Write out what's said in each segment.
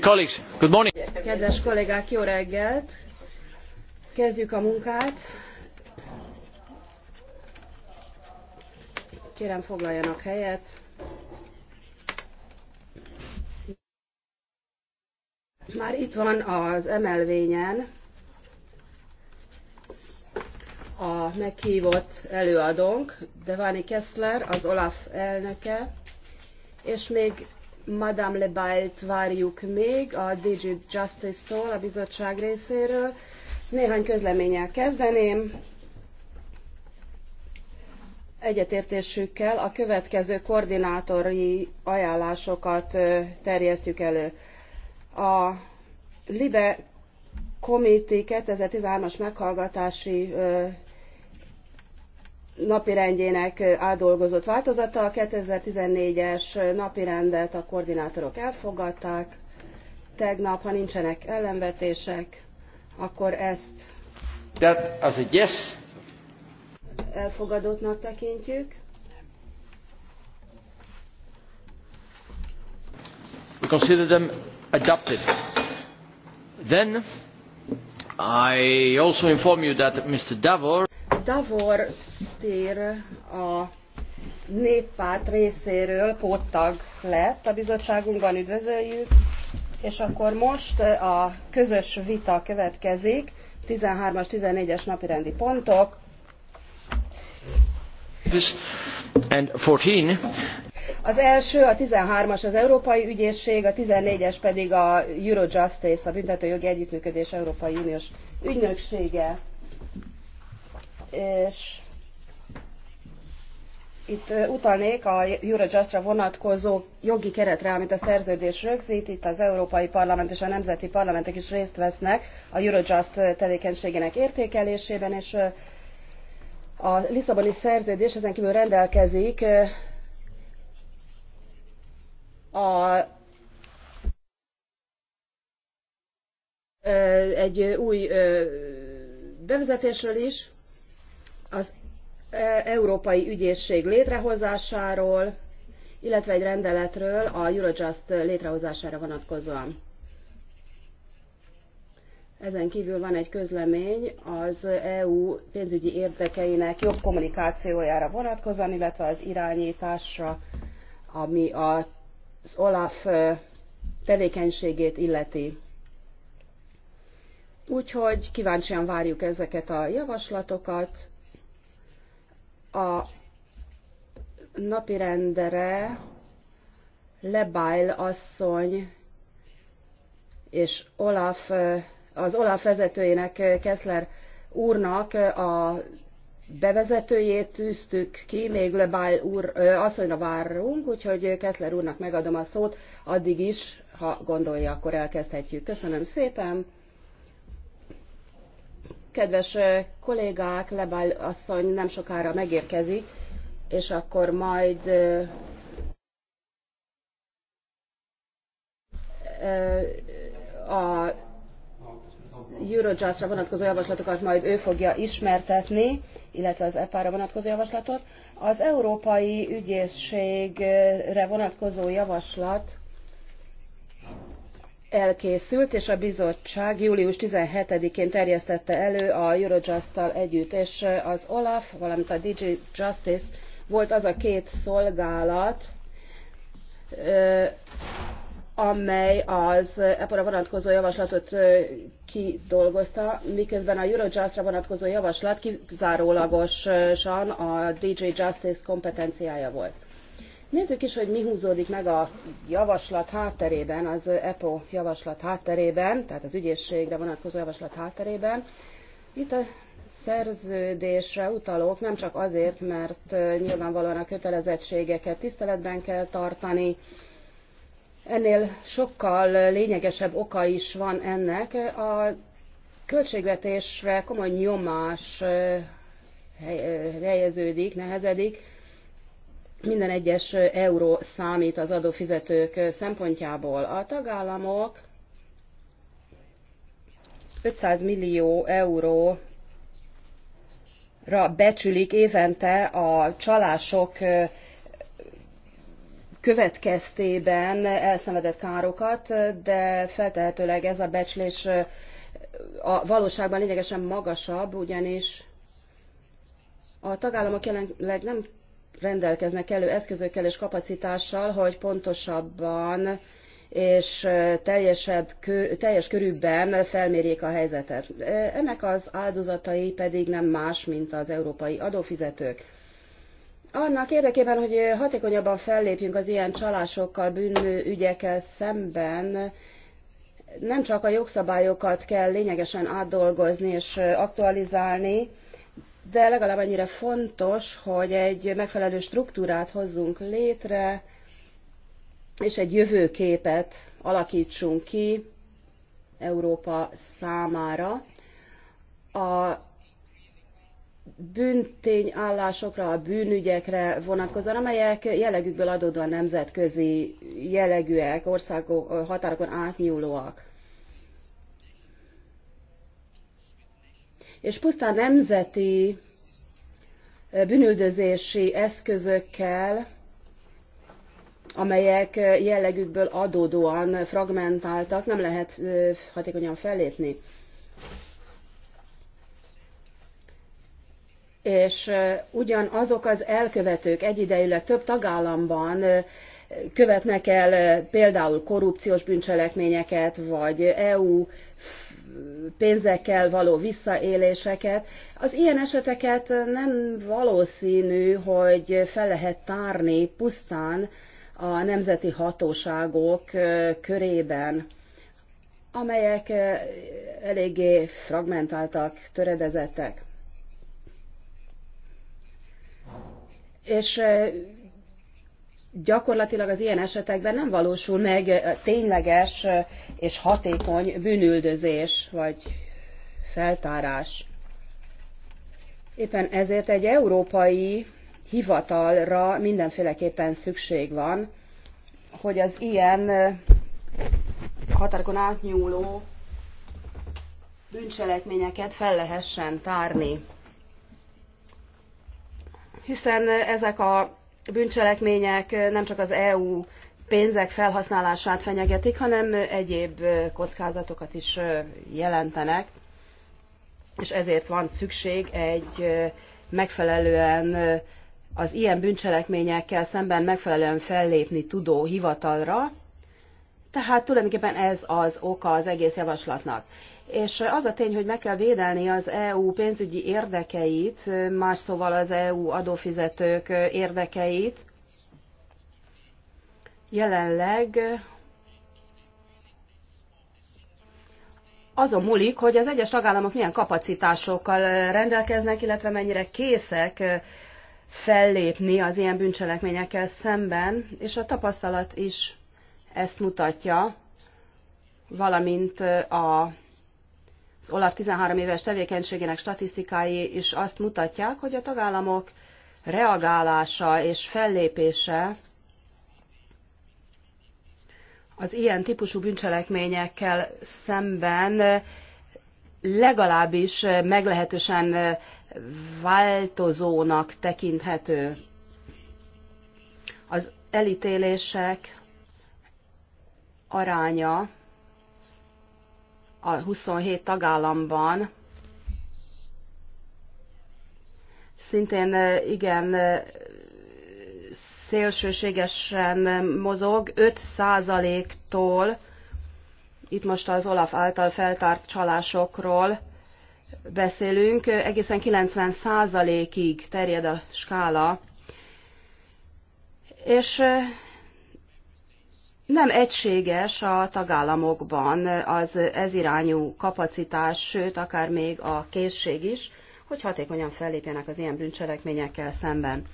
Kedves kollégák, jó reggelt! Kezdjük a munkát. Kérem foglaljanak helyet. Már itt van az emelvényen a meghívott előadónk, Devani Kessler, az Olaf elnöke, és még Madame Lebailt várjuk még a DG Justice-tól, a bizottság részéről. Néhány közleménnyel kezdeném. Egyetértésükkel a következő koordinátori ajánlásokat terjesztjük elő. A LIBE Komité 2013-as meghallgatási napirendjének átdolgozott változata. A 2014-es napirendet a koordinátorok elfogadták. Tegnap, ha nincsenek ellenvetések, akkor ezt That as a yes. elfogadottnak tekintjük. We consider them adopted. Then I also inform you that Mr. Davor Davor Petír a néppárt részéről póttag lett a bizottságunkban, üdvözöljük. És akkor most a közös vita következik, 13-as, 14-es napirendi pontok. And 14. Az első, a 13-as az Európai Ügyészség, a 14-es pedig a Eurojustice, a Büntetőjogi Együttműködés Európai Uniós Ügynöksége. És itt utalnék a Eurojustra vonatkozó jogi keretre, amit a szerződés rögzít. Itt az Európai Parlament és a Nemzeti Parlamentek is részt vesznek a Eurojust tevékenységének értékelésében, és a Lisszaboni szerződés ezen kívül rendelkezik a egy új bevezetésről is. Az E, európai ügyészség létrehozásáról, illetve egy rendeletről a Eurojust létrehozására vonatkozóan. Ezen kívül van egy közlemény az EU pénzügyi érdekeinek jobb kommunikációjára vonatkozóan, illetve az irányításra, ami az OLAF e, tevékenységét illeti. Úgyhogy kíváncsian várjuk ezeket a javaslatokat, a napirendre Lebail asszony és Olaf, az Olaf vezetőjének, Kessler úrnak a bevezetőjét tűztük ki, még Lebail úr asszonyra várunk, úgyhogy Kessler úrnak megadom a szót, addig is, ha gondolja, akkor elkezdhetjük. Köszönöm szépen! Kedves kollégák, Lebál asszony nem sokára megérkezik, és akkor majd a Eurojust-ra vonatkozó javaslatokat majd ő fogja ismertetni, illetve az EPA-ra vonatkozó javaslatot. Az Európai Ügyészségre vonatkozó javaslat elkészült, és a bizottság július 17-én terjesztette elő a Eurojust-tal együtt, és az OLAF, valamint a DG Justice volt az a két szolgálat, amely az epo ra vonatkozó javaslatot kidolgozta, miközben a Eurojust-ra vonatkozó javaslat kizárólagosan a DG Justice kompetenciája volt. Nézzük is, hogy mi húzódik meg a javaslat hátterében, az EPO javaslat hátterében, tehát az ügyészségre vonatkozó javaslat hátterében. Itt a szerződésre utalok nem csak azért, mert nyilvánvalóan a kötelezettségeket tiszteletben kell tartani, ennél sokkal lényegesebb oka is van ennek. A költségvetésre komoly nyomás helyeződik, nehezedik, minden egyes euró számít az adófizetők szempontjából. A tagállamok 500 millió euróra becsülik évente a csalások következtében elszenvedett károkat, de feltehetőleg ez a becslés a valóságban lényegesen magasabb, ugyanis a tagállamok jelenleg nem rendelkeznek elő eszközökkel és kapacitással, hogy pontosabban és teljesebb, teljes körűbben felmérjék a helyzetet. Ennek az áldozatai pedig nem más, mint az európai adófizetők. Annak érdekében, hogy hatékonyabban fellépjünk az ilyen csalásokkal, bűnügyekkel szemben, nem csak a jogszabályokat kell lényegesen átdolgozni és aktualizálni, de legalább annyira fontos, hogy egy megfelelő struktúrát hozzunk létre, és egy jövőképet alakítsunk ki Európa számára. A bűntényállásokra, a bűnügyekre vonatkozóan, amelyek jellegükből adódóan nemzetközi jellegűek, országok határokon átnyúlóak. és pusztán nemzeti bűnüldözési eszközökkel, amelyek jellegükből adódóan fragmentáltak, nem lehet hatékonyan fellépni. És ugyanazok az elkövetők egyidejűleg több tagállamban követnek el például korrupciós bűncselekményeket, vagy EU pénzekkel való visszaéléseket. Az ilyen eseteket nem valószínű, hogy fel lehet tárni pusztán a nemzeti hatóságok körében, amelyek eléggé fragmentáltak, töredezettek. És gyakorlatilag az ilyen esetekben nem valósul meg tényleges és hatékony bűnüldözés vagy feltárás. Éppen ezért egy európai hivatalra mindenféleképpen szükség van, hogy az ilyen határokon átnyúló bűncselekményeket fel lehessen tárni. Hiszen ezek a bűncselekmények nem csak az EU pénzek felhasználását fenyegetik, hanem egyéb kockázatokat is jelentenek, és ezért van szükség egy megfelelően az ilyen bűncselekményekkel szemben megfelelően fellépni tudó hivatalra, tehát tulajdonképpen ez az oka az egész javaslatnak és az a tény, hogy meg kell védelni az EU pénzügyi érdekeit, más szóval az EU adófizetők érdekeit, jelenleg azon múlik, hogy az egyes tagállamok milyen kapacitásokkal rendelkeznek, illetve mennyire készek fellépni az ilyen bűncselekményekkel szemben, és a tapasztalat is ezt mutatja, valamint a az OLAF 13 éves tevékenységének statisztikái is azt mutatják, hogy a tagállamok reagálása és fellépése az ilyen típusú bűncselekményekkel szemben legalábbis meglehetősen változónak tekinthető. Az elítélések aránya a 27 tagállamban szintén igen szélsőségesen mozog, 5%-tól, itt most az Olaf által feltárt csalásokról beszélünk, egészen 90%-ig terjed a skála, és nem egységes a tagállamokban az ez irányú kapacitás, sőt, akár még a készség is, hogy hatékonyan fellépjenek az ilyen bűncselekményekkel szemben.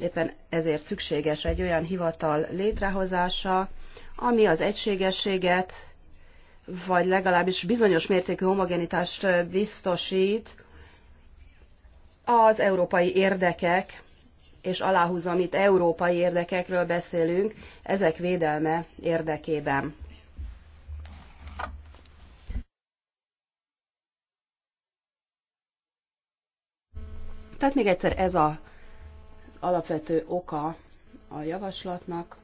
Éppen ezért szükséges egy olyan hivatal létrehozása, ami az egységességet, vagy legalábbis bizonyos mértékű homogenitást biztosít az európai érdekek és aláhúzom, itt európai érdekekről beszélünk, ezek védelme érdekében. Tehát még egyszer ez a, az alapvető oka a javaslatnak.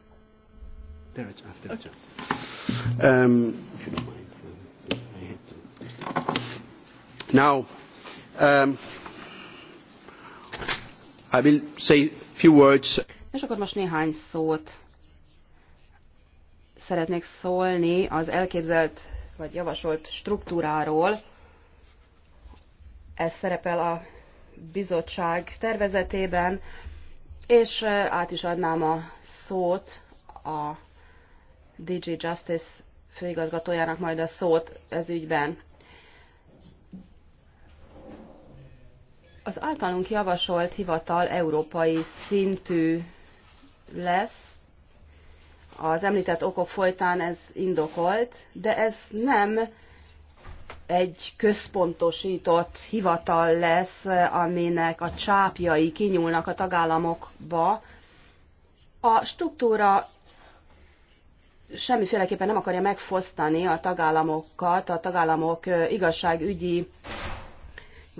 Um, now, um, I will say few words. És akkor most néhány szót szeretnék szólni az elképzelt vagy javasolt struktúráról. Ez szerepel a bizottság tervezetében, és át is adnám a szót a DG Justice főigazgatójának majd a szót ez ügyben. Az általunk javasolt hivatal európai szintű lesz, az említett okok folytán ez indokolt, de ez nem egy központosított hivatal lesz, aminek a csápjai kinyúlnak a tagállamokba. A struktúra semmiféleképpen nem akarja megfosztani a tagállamokat, a tagállamok igazságügyi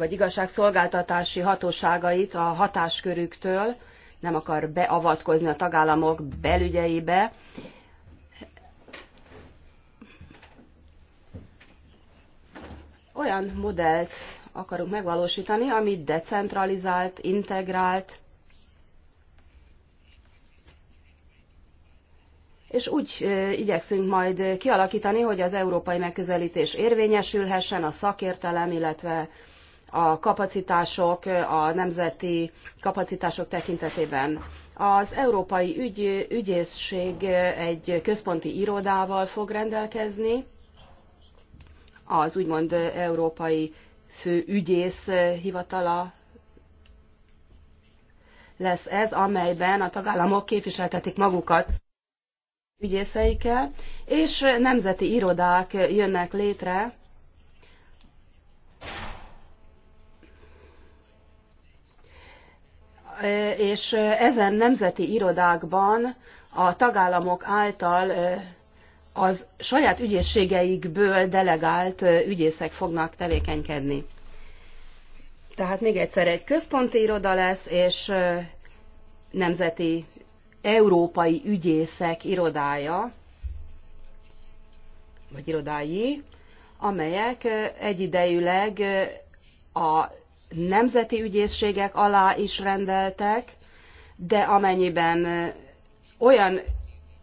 vagy igazságszolgáltatási hatóságait a hatáskörüktől, nem akar beavatkozni a tagállamok belügyeibe. Olyan modellt akarunk megvalósítani, ami decentralizált, integrált, és úgy igyekszünk majd kialakítani, hogy az európai megközelítés érvényesülhessen, a szakértelem, illetve a kapacitások, a nemzeti kapacitások tekintetében. Az Európai Ügy, Ügyészség egy központi irodával fog rendelkezni, az úgymond Európai Főügyész hivatala lesz ez, amelyben a tagállamok képviseltetik magukat ügyészeikkel, és nemzeti irodák jönnek létre, és ezen nemzeti irodákban a tagállamok által az saját ügyészségeikből delegált ügyészek fognak tevékenykedni. Tehát még egyszer egy központi iroda lesz, és nemzeti európai ügyészek irodája, vagy irodái, amelyek egyidejűleg a nemzeti ügyészségek alá is rendeltek, de amennyiben olyan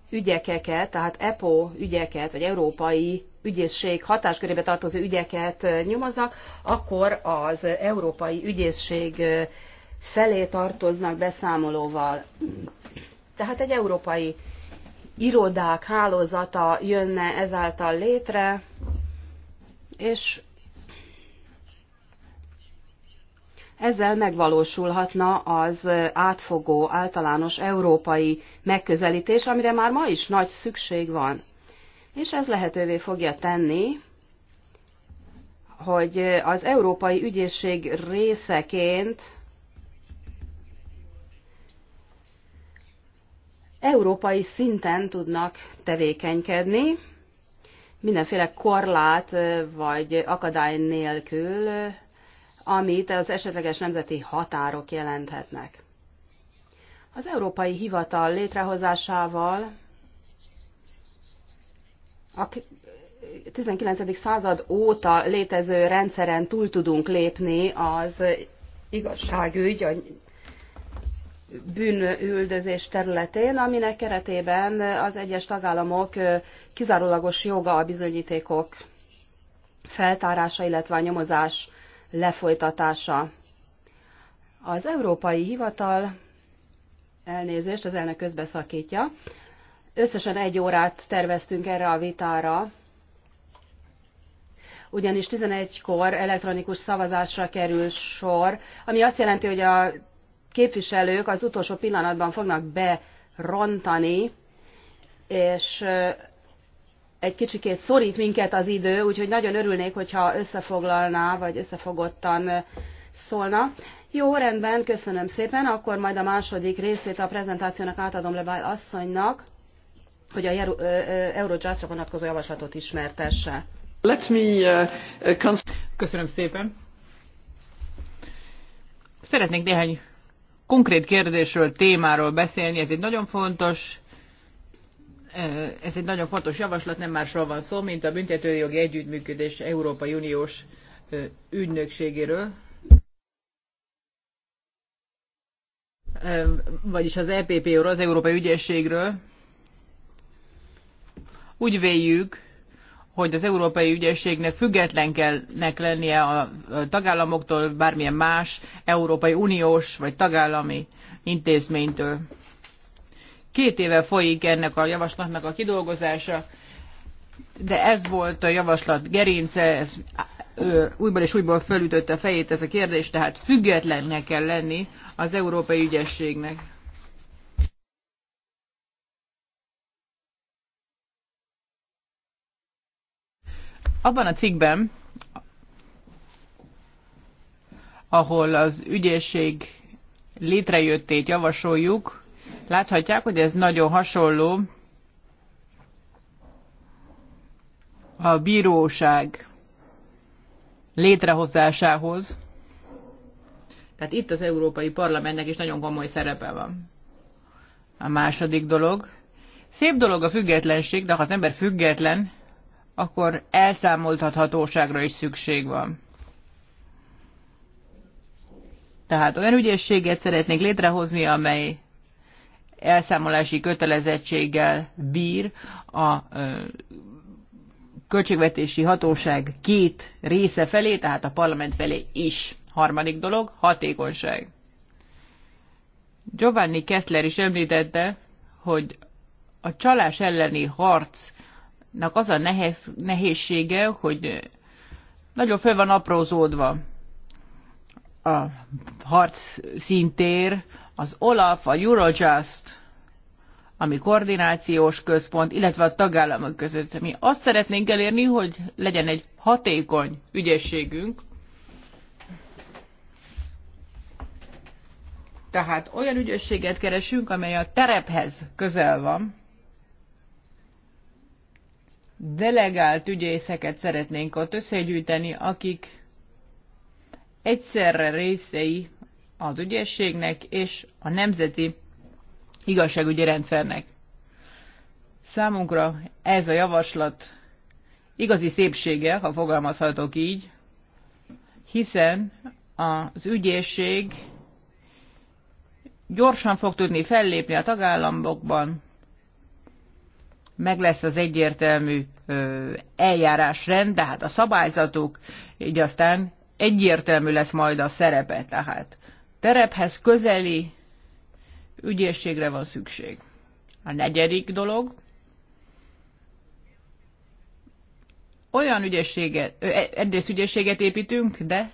ügyekeket, tehát EPO ügyeket, vagy európai ügyészség hatáskörébe tartozó ügyeket nyomoznak, akkor az európai ügyészség felé tartoznak beszámolóval. Tehát egy európai irodák hálózata jönne ezáltal létre, és Ezzel megvalósulhatna az átfogó általános európai megközelítés, amire már ma is nagy szükség van. És ez lehetővé fogja tenni, hogy az Európai Ügyészség részeként európai szinten tudnak tevékenykedni, mindenféle korlát vagy akadály nélkül amit az esetleges nemzeti határok jelenthetnek. Az Európai Hivatal létrehozásával a 19. század óta létező rendszeren túl tudunk lépni az igazságügy, a bűnüldözés területén, aminek keretében az egyes tagállamok kizárólagos joga a bizonyítékok feltárása, illetve a nyomozás lefolytatása. Az Európai Hivatal elnézést, az elnök közbeszakítja. Összesen egy órát terveztünk erre a vitára, ugyanis 11-kor elektronikus szavazásra kerül sor, ami azt jelenti, hogy a képviselők az utolsó pillanatban fognak berontani, és egy kicsikét szorít minket az idő, úgyhogy nagyon örülnék, hogyha összefoglalná, vagy összefogottan szólna. Jó, rendben, köszönöm szépen. Akkor majd a második részét a prezentációnak átadom Lebály asszonynak, hogy a Eurojustra vonatkozó javaslatot ismertesse. Let me, uh, uh köszönöm szépen. Szeretnék néhány konkrét kérdésről, témáról beszélni. Ez egy nagyon fontos ez egy nagyon fontos javaslat, nem másról van szó, mint a büntetőjogi együttműködés Európai Uniós ügynökségéről, vagyis az EPP-ről, az Európai Ügyességről. Úgy véljük, hogy az Európai ügyességnek független kellnek lennie a tagállamoktól, bármilyen más Európai Uniós vagy tagállami intézménytől. Két éve folyik ennek a javaslatnak a kidolgozása, de ez volt a javaslat gerince, ez újból és újból fölütötte a fejét ez a kérdés, tehát függetlennek kell lenni az európai ügyességnek. Abban a cikkben, ahol az ügyészség létrejöttét javasoljuk, Láthatják, hogy ez nagyon hasonló a bíróság létrehozásához. Tehát itt az Európai Parlamentnek is nagyon komoly szerepe van. A második dolog. Szép dolog a függetlenség, de ha az ember független, akkor elszámoltathatóságra is szükség van. Tehát olyan ügyességet szeretnék létrehozni, amely elszámolási kötelezettséggel bír a költségvetési hatóság két része felé, tehát a parlament felé is. Harmadik dolog, hatékonyság. Giovanni Kessler is említette, hogy a csalás elleni harcnak az a nehéz, nehézsége, hogy nagyon föl van aprózódva a harc szintér, az OLAF, a Eurojust, ami koordinációs központ, illetve a tagállamok között. Mi azt szeretnénk elérni, hogy legyen egy hatékony ügyességünk, Tehát olyan ügyösséget keresünk, amely a terephez közel van. Delegált ügyészeket szeretnénk ott összegyűjteni, akik egyszerre részei az ügyészségnek és a nemzeti igazságügyi rendszernek. Számunkra ez a javaslat igazi szépsége, ha fogalmazhatok így, hiszen az ügyészség gyorsan fog tudni fellépni a tagállamokban, meg lesz az egyértelmű eljárásrend, tehát a szabályzatok, így aztán egyértelmű lesz majd a szerepe, tehát terephez közeli ügyészségre van szükség. A negyedik dolog, olyan ügyességet, e, egyrészt ügyességet építünk, de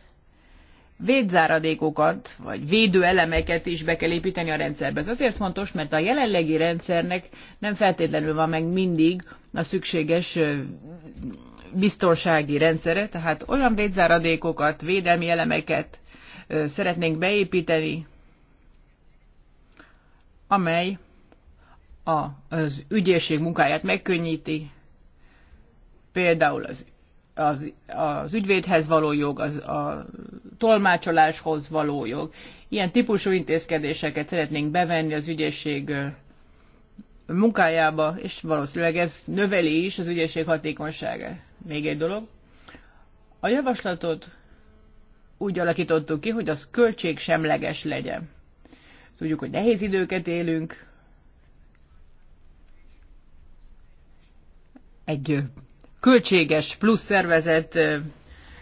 védzáradékokat, vagy védőelemeket is be kell építeni a rendszerbe. Ez azért fontos, mert a jelenlegi rendszernek nem feltétlenül van meg mindig a szükséges biztonsági rendszere, tehát olyan védzáradékokat, védelmi elemeket szeretnénk beépíteni, amely a, az ügyészség munkáját megkönnyíti, például az, az, az ügyvédhez való jog, az, a tolmácsoláshoz való jog. Ilyen típusú intézkedéseket szeretnénk bevenni az ügyészség munkájába, és valószínűleg ez növeli is az ügyészség hatékonyságát. Még egy dolog. A javaslatot úgy alakítottuk ki, hogy az költségsemleges legyen. Tudjuk, hogy nehéz időket élünk. Egy költséges plusz szervezet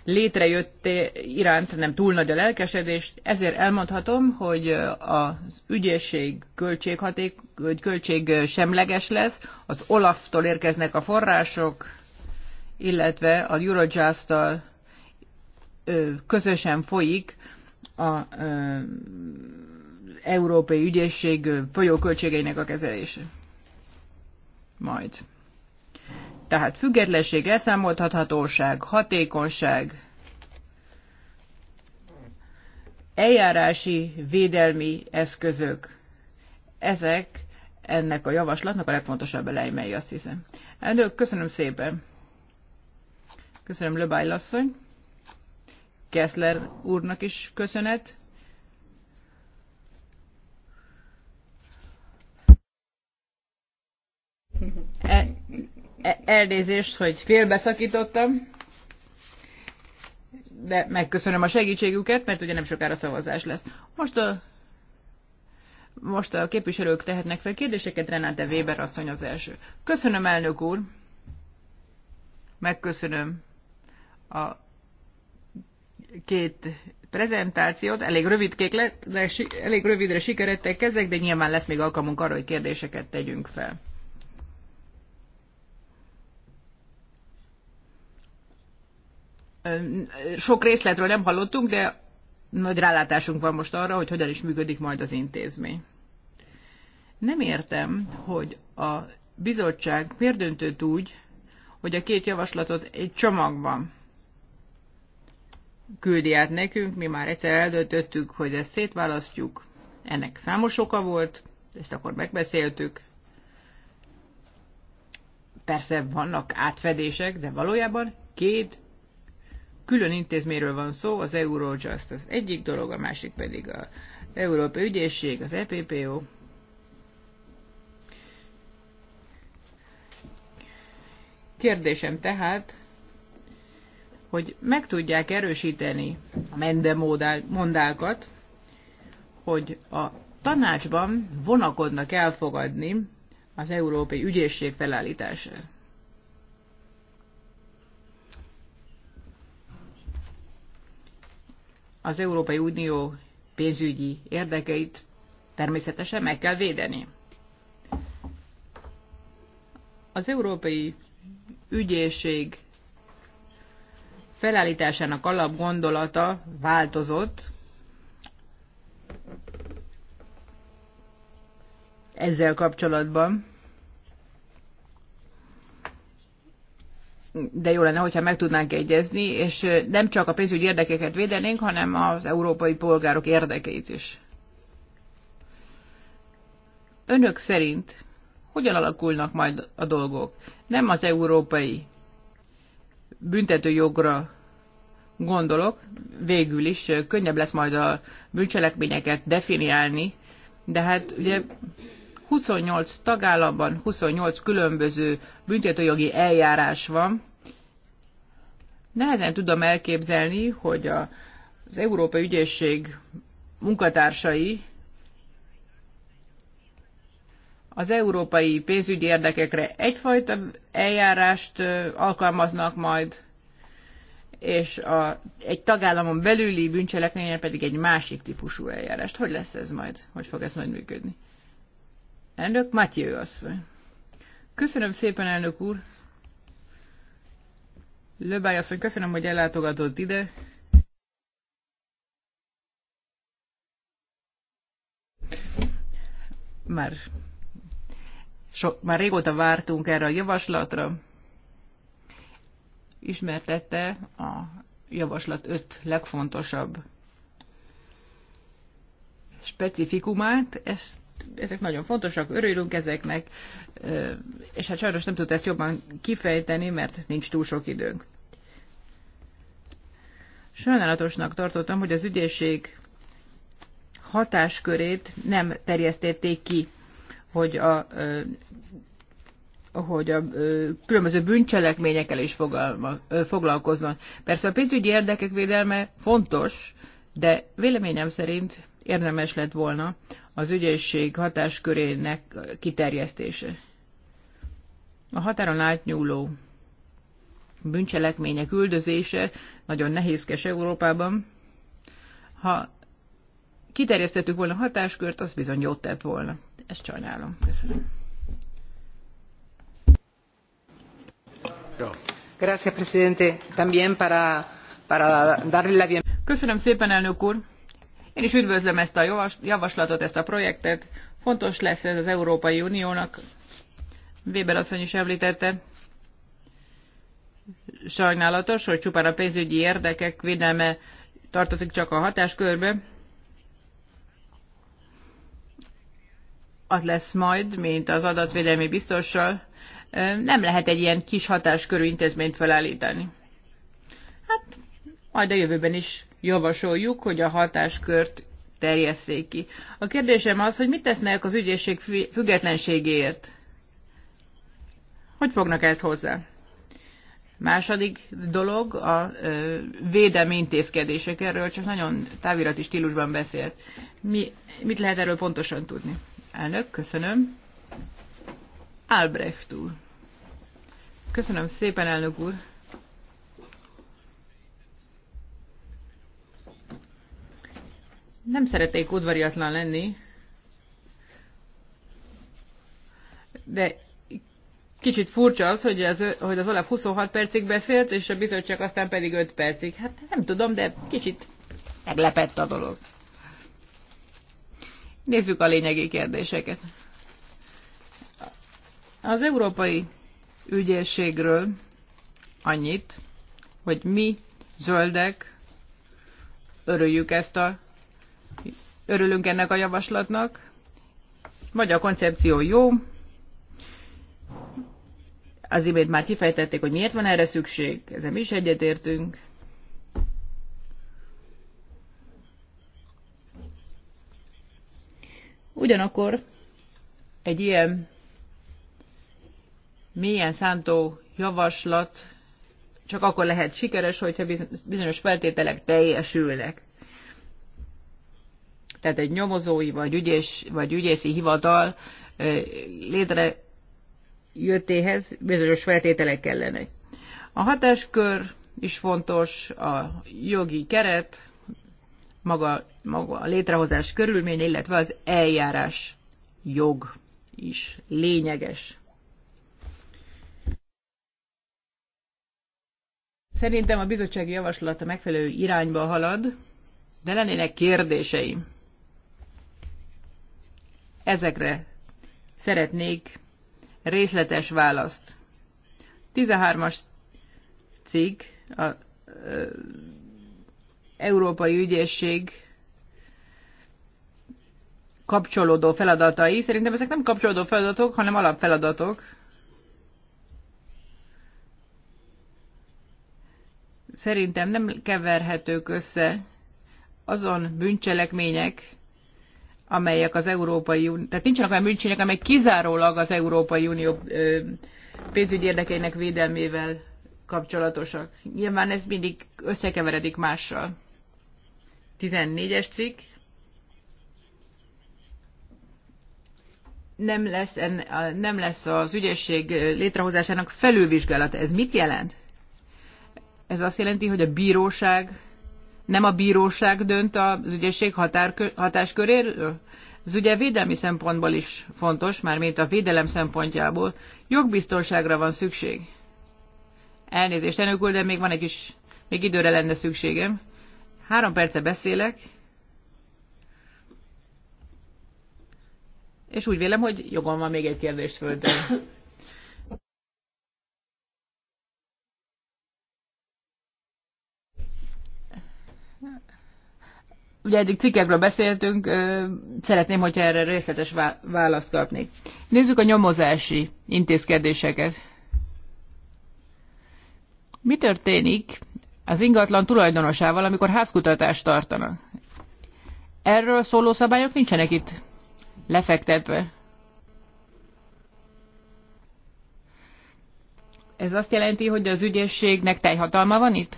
létrejött iránt nem túl nagy a lelkesedés, ezért elmondhatom, hogy az ügyészség költséghaték, költség semleges lesz, az Olaf-tól érkeznek a források, illetve a Eurojust-tal közösen folyik a Európai Ügyészség folyóköltségeinek a kezelése. Majd. Tehát függetlenség, elszámoltathatóság, hatékonyság, eljárási védelmi eszközök. Ezek ennek a javaslatnak a legfontosabb elemei, azt hiszem. Elnök, köszönöm szépen. Köszönöm, Löbály asszony. Kessler úrnak is köszönet. E, e, elnézést, hogy félbeszakítottam, de megköszönöm a segítségüket, mert ugye nem sokára szavazás lesz. Most a, most a képviselők tehetnek fel kérdéseket, Renáte Weber asszony az első. Köszönöm, elnök úr! Megköszönöm a két prezentációt, elég rövid kék lett, de elég rövidre sikerettek kezdek, de nyilván lesz még alkalmunk arra, hogy kérdéseket tegyünk fel. Sok részletről nem hallottunk, de nagy rálátásunk van most arra, hogy hogyan is működik majd az intézmény. Nem értem, hogy a bizottság miért döntött úgy, hogy a két javaslatot egy csomagban küldi át nekünk, mi már egyszer eldöntöttük, hogy ezt szétválasztjuk. Ennek számos oka volt, ezt akkor megbeszéltük. Persze vannak átfedések, de valójában két külön intézményről van szó, az Eurojust az egyik dolog, a másik pedig az Európai Ügyészség, az EPPO. Kérdésem tehát, hogy meg tudják erősíteni a mendemondákat, hogy a tanácsban vonakodnak elfogadni az Európai Ügyészség felállítását. Az Európai Unió pénzügyi érdekeit természetesen meg kell védeni. Az Európai Ügyészség felállításának alapgondolata változott, ezzel kapcsolatban. De jó lenne, hogyha meg tudnánk egyezni, és nem csak a pénzügyi érdekeket védenénk, hanem az európai polgárok érdekeit is. Önök szerint hogyan alakulnak majd a dolgok? Nem az európai büntetőjogra gondolok, végül is könnyebb lesz majd a bűncselekményeket definiálni, de hát ugye 28 tagállamban 28 különböző büntetőjogi eljárás van. Nehezen tudom elképzelni, hogy a, az Európai Ügyészség munkatársai az európai pénzügyi érdekekre egyfajta eljárást alkalmaznak majd, és a, egy tagállamon belüli bűncselekményen pedig egy másik típusú eljárást. Hogy lesz ez majd? Hogy fog ez majd működni? Elnök Matyő asszony. Köszönöm szépen, elnök úr. Löbály asszony, köszönöm, hogy ellátogatott ide. Már So, már régóta vártunk erre a javaslatra. Ismertette a javaslat öt legfontosabb specifikumát. Ezt, ezek nagyon fontosak, örülünk ezeknek, és hát sajnos nem tudta ezt jobban kifejteni, mert nincs túl sok időnk. Sajnálatosnak tartottam, hogy az ügyészség hatáskörét nem terjesztették ki hogy a hogy a ö, különböző bűncselekményekkel is fogalma, ö, foglalkozzon. Persze a pénzügyi érdekek védelme fontos, de véleményem szerint érdemes lett volna az ügyészség hatáskörének kiterjesztése. A határon átnyúló bűncselekmények üldözése nagyon nehézkes Európában. Ha kiterjesztettük volna a hatáskört, az bizony jót tett volna. Ezt sajnálom. Köszönöm. Gracias, presidente. También para, para darle la Köszönöm szépen, elnök úr. Én is üdvözlöm ezt a javaslatot, ezt a projektet. Fontos lesz ez az Európai Uniónak. Weber asszony is említette. Sajnálatos, hogy csupán a pénzügyi érdekek védelme tartozik csak a hatáskörbe. az lesz majd, mint az adatvédelmi biztossal, nem lehet egy ilyen kis hatáskörű intézményt felállítani. Hát, majd a jövőben is javasoljuk, hogy a hatáskört terjesszék ki. A kérdésem az, hogy mit tesznek az ügyészség függetlenségéért? Hogy fognak ezt hozzá? Második dolog a ö, védelmi intézkedések. Erről csak nagyon távirati stílusban beszélt. Mi, mit lehet erről pontosan tudni? Elnök, köszönöm. Albrecht úr. Köszönöm szépen, elnök úr. Nem szeretnék udvariatlan lenni, de kicsit furcsa az, hogy az, hogy az Olaf 26 percig beszélt, és a bizottság aztán pedig 5 percig. Hát nem tudom, de kicsit meglepett a dolog. Nézzük a lényegi kérdéseket. Az Európai Ügyészségről annyit, hogy mi, zöldek, örüljük ezt a, örülünk ennek a javaslatnak. vagy a koncepció jó. Az imént már kifejtették, hogy miért van erre szükség, ezen mi is egyetértünk. Ugyanakkor egy ilyen mélyen szántó javaslat csak akkor lehet sikeres, hogyha bizonyos feltételek teljesülnek. Tehát egy nyomozói vagy, ügyés, vagy ügyészi hivatal létre jöttéhez bizonyos feltételek kellene. A hatáskör is fontos, a jogi keret, maga, maga a létrehozás körülmény, illetve az eljárás jog is lényeges. Szerintem a bizottsági javaslat a megfelelő irányba halad, de lennének kérdéseim. Ezekre szeretnék részletes választ. 13-as cikk a Európai Ügyészség kapcsolódó feladatai. Szerintem ezek nem kapcsolódó feladatok, hanem alapfeladatok. Szerintem nem keverhetők össze azon bűncselekmények, amelyek az Európai Unió, tehát nincsenek olyan bűncselekmények, amelyek kizárólag az Európai Unió pénzügyi érdekeinek védelmével kapcsolatosak. Nyilván ez mindig összekeveredik mással. 14-es cikk nem lesz, nem lesz az ügyesség létrehozásának felülvizsgálata. Ez mit jelent? Ez azt jelenti, hogy a bíróság, nem a bíróság dönt az ügyesség hatásköréről? Ez ugye védelmi szempontból is fontos, mármint a védelem szempontjából. Jogbiztonságra van szükség. Elnézést, elnök úr, de még van egy kis, még időre lenne szükségem. Három perce beszélek, és úgy vélem, hogy jogom van még egy kérdést föltenni. Ugye eddig cikkekről beszéltünk, szeretném, hogyha erre részletes választ kapnék. Nézzük a nyomozási intézkedéseket. Mi történik az ingatlan tulajdonosával, amikor házkutatást tartanak. Erről szóló szabályok nincsenek itt lefektetve. Ez azt jelenti, hogy az ügyészségnek teljhatalma van itt?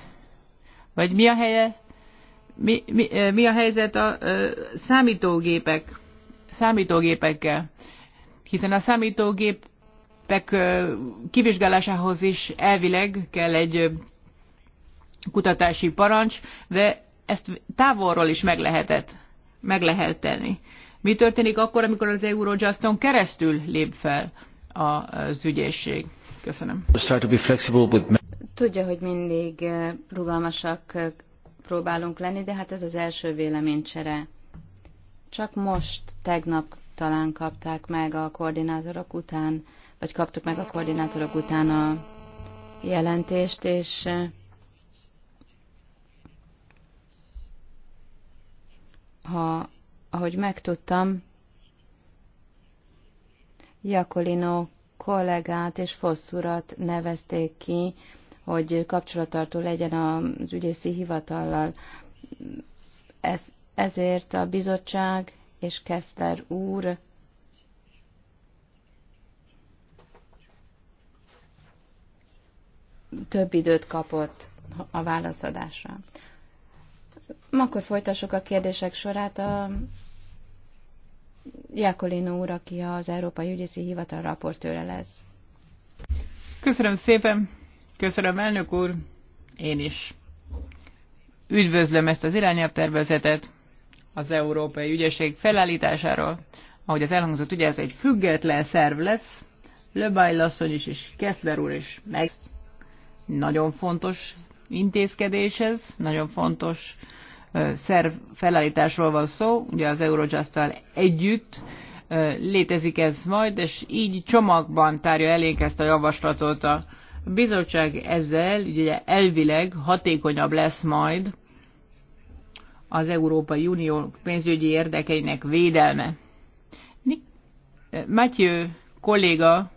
Vagy mi a helye? Mi, mi, eh, mi a helyzet a ö, eh, számítógépek, számítógépekkel? Hiszen a számítógépek ö, eh, kivizsgálásához is elvileg kell egy kutatási parancs, de ezt távolról is meg, lehetett, meg lehet tenni. Mi történik akkor, amikor az Eurojuston keresztül lép fel az ügyészség? Köszönöm. Tudja, hogy mindig eh, rugalmasak eh, próbálunk lenni, de hát ez az első véleménycsere. Csak most, tegnap talán kapták meg a koordinátorok után, vagy kaptuk meg a koordinátorok után a jelentést, és eh, ha, ahogy megtudtam, Jakolino kollégát és fosszurat nevezték ki, hogy kapcsolatartó legyen az ügyészi hivatallal. Ez, ezért a bizottság és Keszter úr több időt kapott a válaszadásra. Akkor folytassuk a kérdések sorát. A Jákolino úr, aki az Európai Ügyészi Hivatal raportőre lesz. Köszönöm szépen, köszönöm elnök úr, én is. Üdvözlöm ezt az irányelvtervezetet az Európai Ügyesség felállításáról. Ahogy az elhangzott, ugye ez egy független szerv lesz, Löbály asszony is, és Kessler úr is meg. Nagyon fontos intézkedéshez, nagyon fontos szerv felállításról van szó, ugye az eurojust együtt létezik ez majd, és így csomagban tárja elénk ezt a javaslatot a bizottság ezzel, ugye elvileg hatékonyabb lesz majd az Európai Unió pénzügyi érdekeinek védelme. Mathieu kolléga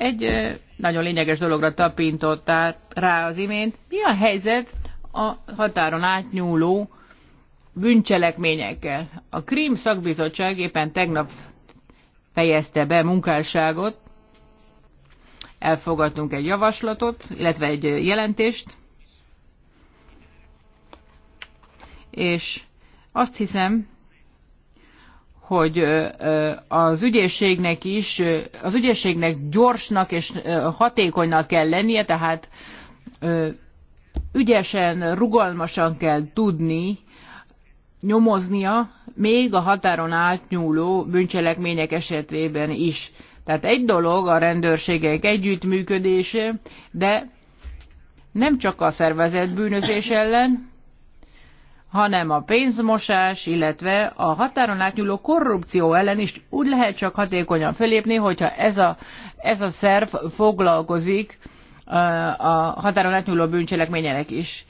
egy nagyon lényeges dologra tapintott rá az imént. Mi a helyzet a határon átnyúló bűncselekményekkel? A Krím szakbizottság éppen tegnap fejezte be munkásságot, elfogadtunk egy javaslatot, illetve egy jelentést, és azt hiszem, hogy az ügyészségnek is, az ügyészségnek gyorsnak és hatékonynak kell lennie, tehát ügyesen, rugalmasan kell tudni nyomoznia, még a határon átnyúló bűncselekmények esetében is. Tehát egy dolog a rendőrségek együttműködése, de nem csak a szervezett bűnözés ellen, hanem a pénzmosás, illetve a határon átnyúló korrupció ellen is úgy lehet csak hatékonyan felépni, hogyha ez a, ez a szerv foglalkozik uh, a határon átnyúló bűncselekményenek is.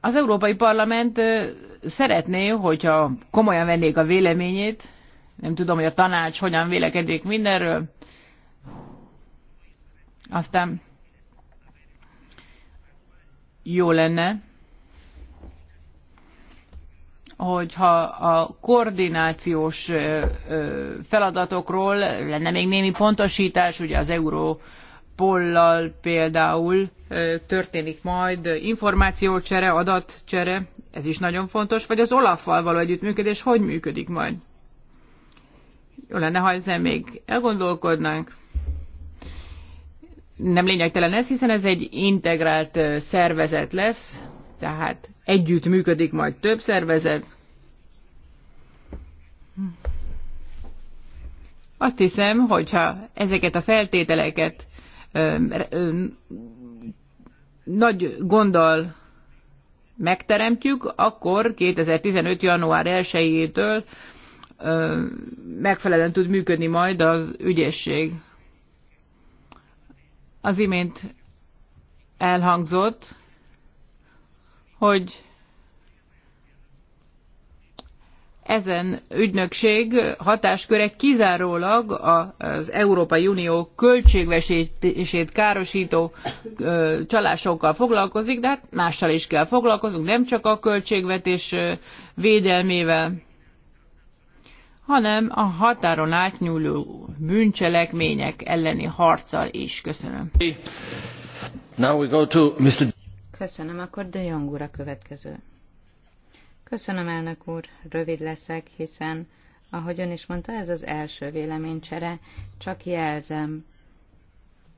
Az Európai Parlament uh, szeretné, hogyha komolyan vennék a véleményét, nem tudom, hogy a tanács hogyan vélekedik mindenről, aztán jó lenne, hogyha a koordinációs feladatokról lenne még némi pontosítás, ugye az Európollal például történik majd információcsere, adatcsere, ez is nagyon fontos, vagy az Olaffal való együttműködés hogy működik majd? Jó lenne, ha ezen még elgondolkodnánk. Nem lényegtelen ez, hiszen ez egy integrált szervezet lesz, tehát együtt működik majd több szervezet. Azt hiszem, hogyha ezeket a feltételeket ö, ö, nagy gonddal megteremtjük, akkor 2015. január 1-től megfelelően tud működni majd az ügyesség. Az imént elhangzott, hogy ezen ügynökség hatásköre kizárólag az Európai Unió költségvetését károsító csalásokkal foglalkozik, de hát mással is kell foglalkozunk, nem csak a költségvetés védelmével, hanem a határon átnyúló bűncselekmények elleni harccal is. Köszönöm. Now we go to Mr. Köszönöm, akkor De Jong úr a következő. Köszönöm, elnök úr, rövid leszek, hiszen, ahogy ön is mondta, ez az első véleménycsere, csak jelzem,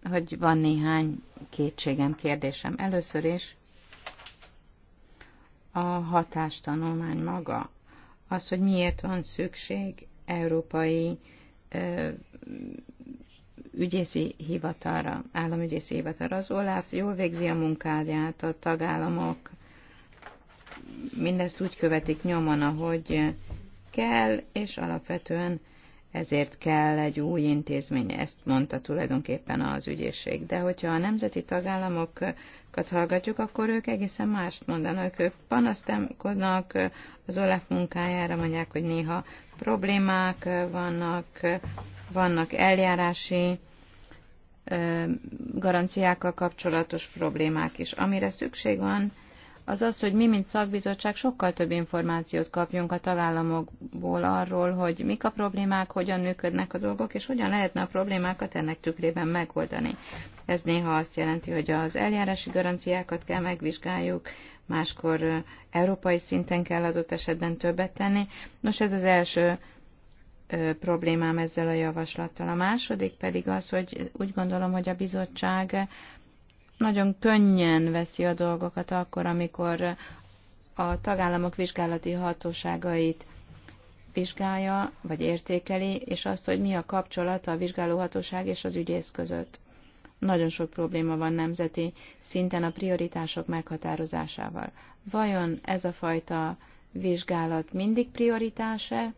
hogy van néhány kétségem, kérdésem. Először is a hatástanulmány maga, az, hogy miért van szükség európai ügyészi hivatalra, államügyészi hivatalra. Az OLAF jól végzi a munkáját, a tagállamok mindezt úgy követik nyomon, ahogy kell, és alapvetően ezért kell egy új intézmény, ezt mondta tulajdonképpen az ügyészség. De hogyha a nemzeti tagállamokat hallgatjuk, akkor ők egészen mást mondanak. Ők panasztemkodnak az OLEF munkájára, mondják, hogy néha problémák vannak, vannak eljárási garanciákkal kapcsolatos problémák is. Amire szükség van, az az, hogy mi, mint szakbizottság sokkal több információt kapjunk a tagállamokból arról, hogy mik a problémák, hogyan működnek a dolgok, és hogyan lehetne a problémákat ennek tükrében megoldani. Ez néha azt jelenti, hogy az eljárási garanciákat kell megvizsgáljuk, máskor európai szinten kell adott esetben többet tenni. Nos, ez az első problémám ezzel a javaslattal. A második pedig az, hogy úgy gondolom, hogy a bizottság nagyon könnyen veszi a dolgokat akkor, amikor a tagállamok vizsgálati hatóságait vizsgálja, vagy értékeli, és azt, hogy mi a kapcsolat a vizsgálóhatóság és az ügyész között. Nagyon sok probléma van nemzeti szinten a prioritások meghatározásával. Vajon ez a fajta vizsgálat mindig prioritása,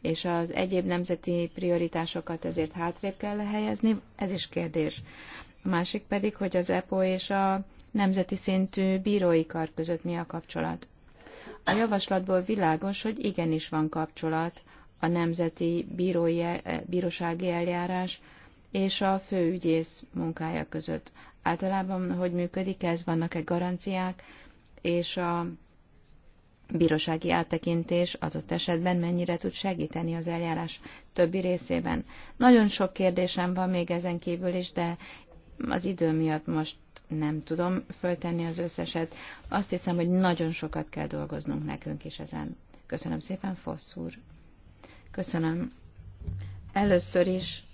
és az egyéb nemzeti prioritásokat ezért hátrébb kell helyezni? Ez is kérdés. A másik pedig, hogy az EPO és a nemzeti szintű bírói kar között mi a kapcsolat. A javaslatból világos, hogy igenis van kapcsolat a nemzeti bírói, eh, bírósági eljárás és a főügyész munkája között. Általában hogy működik ez, vannak-e garanciák, és a bírósági áttekintés adott esetben mennyire tud segíteni az eljárás többi részében. Nagyon sok kérdésem van még ezen kívül is, de az idő miatt most nem tudom föltenni az összeset. Azt hiszem, hogy nagyon sokat kell dolgoznunk nekünk is ezen. Köszönöm szépen, Fossz úr. Köszönöm. Először is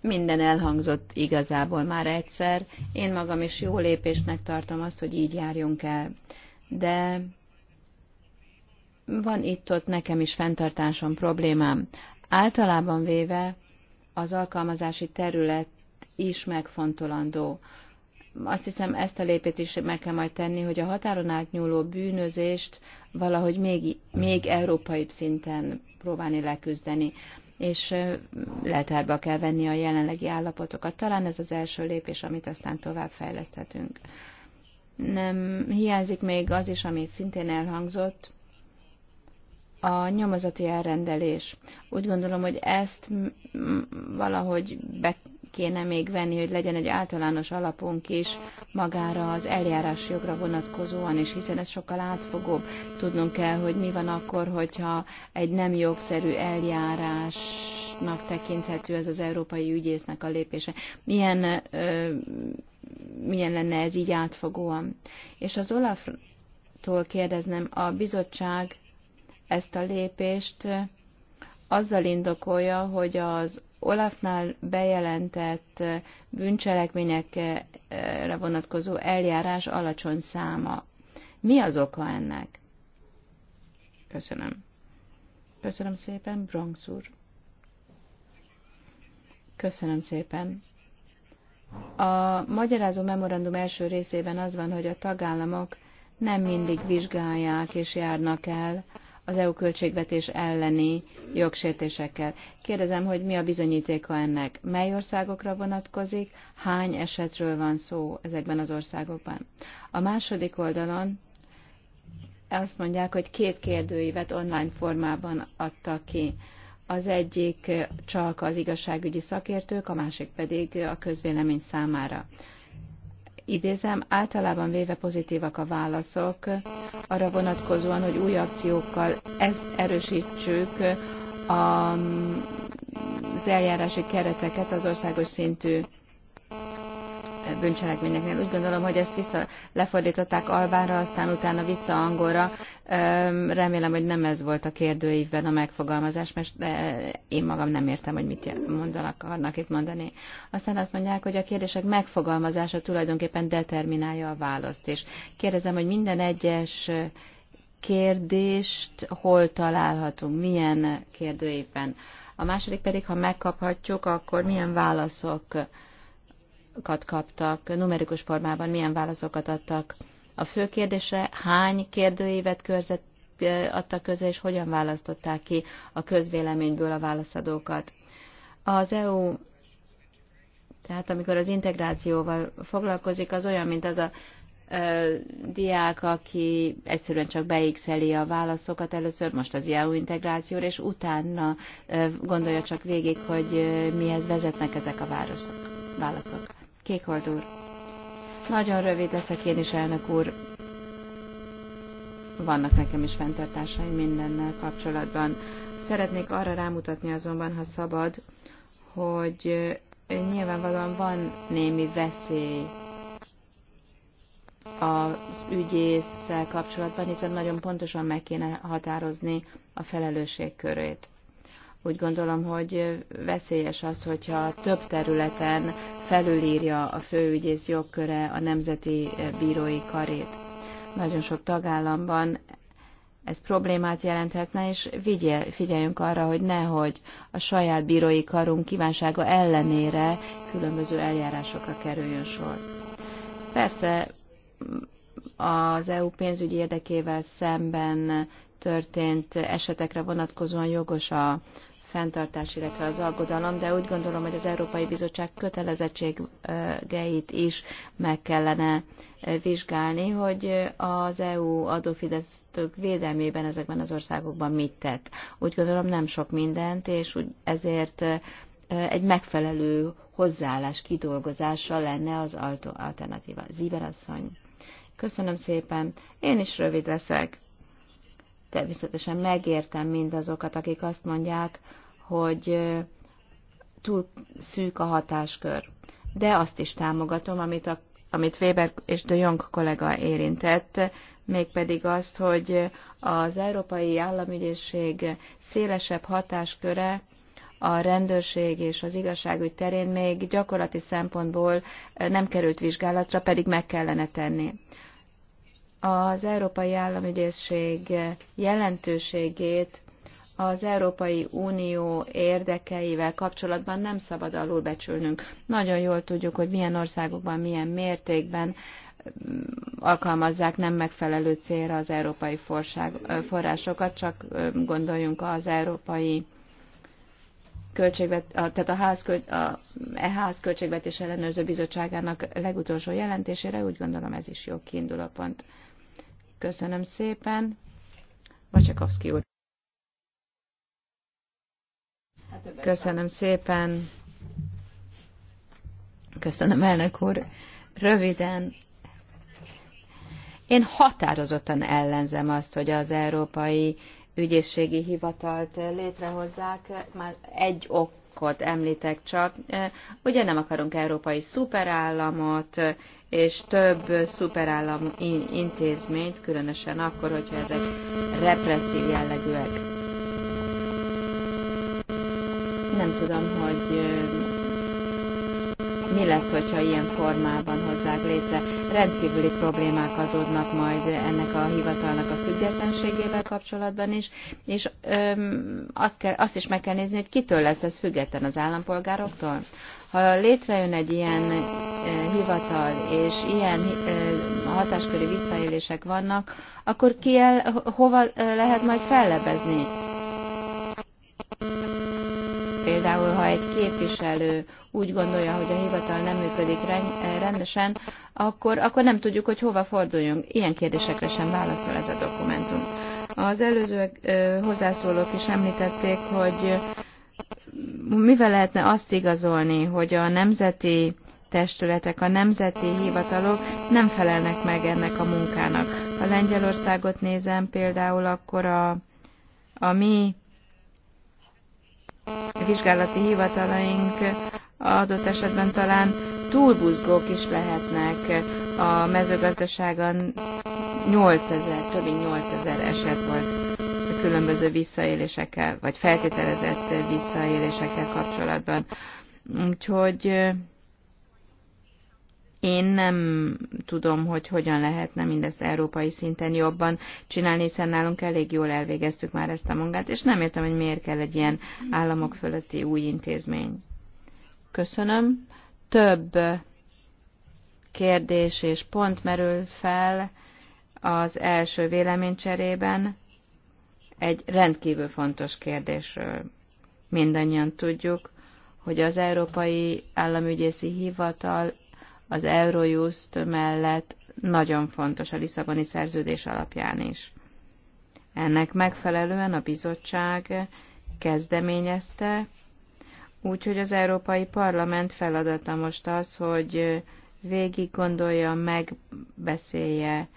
minden elhangzott igazából már egyszer. Én magam is jó lépésnek tartom azt, hogy így járjunk el. De van itt-ott nekem is fenntartásom, problémám. Általában véve az alkalmazási terület is megfontolandó. Azt hiszem, ezt a lépét is meg kell majd tenni, hogy a határon átnyúló bűnözést valahogy még, még európai szinten próbálni leküzdeni, és letárba kell venni a jelenlegi állapotokat. Talán ez az első lépés, amit aztán tovább fejleszthetünk. Nem hiányzik még az is, ami szintén elhangzott, a nyomozati elrendelés. Úgy gondolom, hogy ezt valahogy be kéne még venni, hogy legyen egy általános alapunk is magára az eljárás jogra vonatkozóan, és hiszen ez sokkal átfogóbb. Tudnunk kell, hogy mi van akkor, hogyha egy nem jogszerű eljárásnak tekinthető ez az európai ügyésznek a lépése. Milyen, ö, milyen lenne ez így átfogóan? És az Olaf-tól kérdezném, a bizottság ezt a lépést azzal indokolja, hogy az Olafnál bejelentett bűncselekményekre vonatkozó eljárás alacsony száma. Mi az oka ennek? Köszönöm. Köszönöm szépen, Bronx úr. Köszönöm szépen. A magyarázó memorandum első részében az van, hogy a tagállamok nem mindig vizsgálják és járnak el az EU költségvetés elleni jogsértésekkel. Kérdezem, hogy mi a bizonyítéka ennek? Mely országokra vonatkozik? Hány esetről van szó ezekben az országokban? A második oldalon azt mondják, hogy két kérdőívet online formában adtak ki. Az egyik csak az igazságügyi szakértők, a másik pedig a közvélemény számára idézem, általában véve pozitívak a válaszok arra vonatkozóan, hogy új akciókkal ezt erősítsük a, mm, az eljárási kereteket az országos szintű bűncselekményeknél. Úgy gondolom, hogy ezt vissza lefordították Albánra, aztán utána vissza Angolra. Remélem, hogy nem ez volt a kérdőívben a megfogalmazás, mert én magam nem értem, hogy mit mondanak, akarnak itt mondani. Aztán azt mondják, hogy a kérdések megfogalmazása tulajdonképpen determinálja a választ. És kérdezem, hogy minden egyes kérdést hol találhatunk, milyen kérdőívben. A második pedig, ha megkaphatjuk, akkor milyen válaszok válaszokat kaptak, numerikus formában milyen válaszokat adtak a fő kérdésre, hány kérdőívet körzett, adtak közé, és hogyan választották ki a közvéleményből a válaszadókat. Az EU, tehát amikor az integrációval foglalkozik, az olyan, mint az a ö, diák, aki egyszerűen csak beixeli a válaszokat először, most az EU integrációra, és utána ö, gondolja csak végig, hogy ö, mihez vezetnek ezek a válaszok válaszok. Kékhold úr. Nagyon rövid leszek én is, elnök úr. Vannak nekem is fenntartásaim mindennel kapcsolatban. Szeretnék arra rámutatni azonban, ha szabad, hogy eh, nyilvánvalóan van némi veszély az ügyésszel kapcsolatban, hiszen nagyon pontosan meg kéne határozni a felelősség körét. Úgy gondolom, hogy veszélyes az, hogyha több területen felülírja a főügyész jogköre a nemzeti bírói karét. Nagyon sok tagállamban ez problémát jelenthetne, és figyeljünk arra, hogy nehogy a saját bírói karunk kívánsága ellenére különböző eljárásokra kerüljön sor. Persze az EU pénzügyi érdekével szemben történt esetekre vonatkozóan jogos a, fenntartás, illetve az aggodalom, de úgy gondolom, hogy az Európai Bizottság kötelezettségeit is meg kellene vizsgálni, hogy az EU adófizetők védelmében ezekben az országokban mit tett. Úgy gondolom nem sok mindent, és úgy ezért egy megfelelő hozzáállás kidolgozása lenne az alternatíva. Ziberasszony, Köszönöm szépen. Én is rövid leszek. Természetesen megértem mindazokat, akik azt mondják, hogy túl szűk a hatáskör. De azt is támogatom, amit, a, amit Weber és de Jong kollega érintett, mégpedig azt, hogy az Európai Államügyészség szélesebb hatásköre a rendőrség és az igazságügy terén még gyakorlati szempontból nem került vizsgálatra, pedig meg kellene tenni. Az Európai Államügyészség jelentőségét az Európai Unió érdekeivel kapcsolatban nem szabad alulbecsülnünk. Nagyon jól tudjuk, hogy milyen országokban, milyen mértékben mm, alkalmazzák nem megfelelő célra az európai forrásokat, csak gondoljunk az európai költségvet, tehát a, ház, a e-ház költségvetés ellenőrző bizottságának legutolsó jelentésére, úgy gondolom ez is jó kiinduló pont. Köszönöm szépen. Vacsakovszki úr. Köszönöm szépen. Köszönöm, elnök úr. Röviden, én határozottan ellenzem azt, hogy az Európai Ügyészségi Hivatalt létrehozzák. Már egy okot említek csak. Ugye nem akarunk európai szuperállamot, és több szuperállam intézményt, különösen akkor, hogyha ezek represszív jellegűek nem tudom, hogy mi lesz, hogyha ilyen formában hozzák létre. Rendkívüli problémák adódnak majd ennek a hivatalnak a függetlenségével kapcsolatban is, és öm, azt, kell, azt is meg kell nézni, hogy kitől lesz ez független az állampolgároktól. Ha létrejön egy ilyen hivatal, és ilyen ö, hatásköri visszaélések vannak, akkor ki el, hova lehet majd fellebezni? Például, ha egy képviselő úgy gondolja, hogy a hivatal nem működik eh, rendesen, akkor, akkor nem tudjuk, hogy hova forduljunk. Ilyen kérdésekre sem válaszol ez a dokumentum. Az előző eh, hozzászólók is említették, hogy mivel lehetne azt igazolni, hogy a nemzeti testületek, a nemzeti hivatalok nem felelnek meg ennek a munkának. Ha Lengyelországot nézem például, akkor a, a mi vizsgálati hivatalaink adott esetben talán túlbuzgók is lehetnek a mezőgazdaságon 8000, több mint 8000 eset volt különböző visszaélésekkel, vagy feltételezett visszaélésekkel kapcsolatban. Úgyhogy én nem tudom, hogy hogyan lehetne mindezt európai szinten jobban csinálni, hiszen nálunk elég jól elvégeztük már ezt a munkát, és nem értem, hogy miért kell egy ilyen államok fölötti új intézmény. Köszönöm. Több kérdés és pont merül fel az első véleménycserében egy rendkívül fontos kérdésről. Mindannyian tudjuk, hogy az Európai Államügyészi Hivatal az Eurojust mellett nagyon fontos a Lisszaboni szerződés alapján is. Ennek megfelelően a bizottság kezdeményezte, úgyhogy az Európai Parlament feladata most az, hogy végig gondolja, megbeszélje.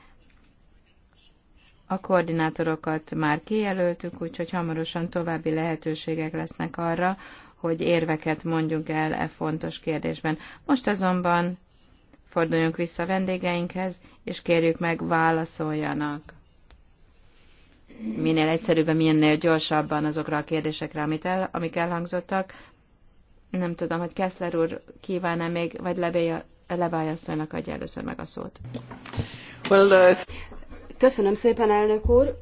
A koordinátorokat már kijelöltük, úgyhogy hamarosan további lehetőségek lesznek arra, hogy érveket mondjunk el e fontos kérdésben. Most azonban forduljunk vissza vendégeinkhez, és kérjük meg, válaszoljanak. Minél egyszerűbben, minél gyorsabban azokra a kérdésekre, amit el, amik elhangzottak. Nem tudom, hogy Keszler úr kíván-e még, vagy Lebájasszonynak adja először meg a szót. Well, uh... Köszönöm szépen, elnök úr.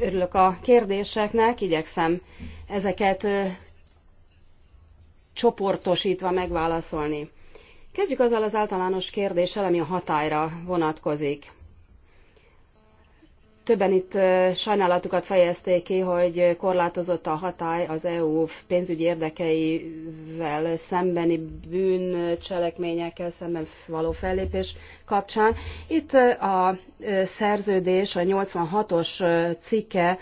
Örülök a kérdéseknek, igyekszem ezeket csoportosítva megválaszolni. Kezdjük azzal az általános kérdéssel, ami a hatályra vonatkozik. Többen itt sajnálatukat fejezték ki, hogy korlátozott a hatály az EU pénzügyi érdekeivel szembeni bűncselekményekkel szemben való fellépés kapcsán. Itt a szerződés, a 86-os cikke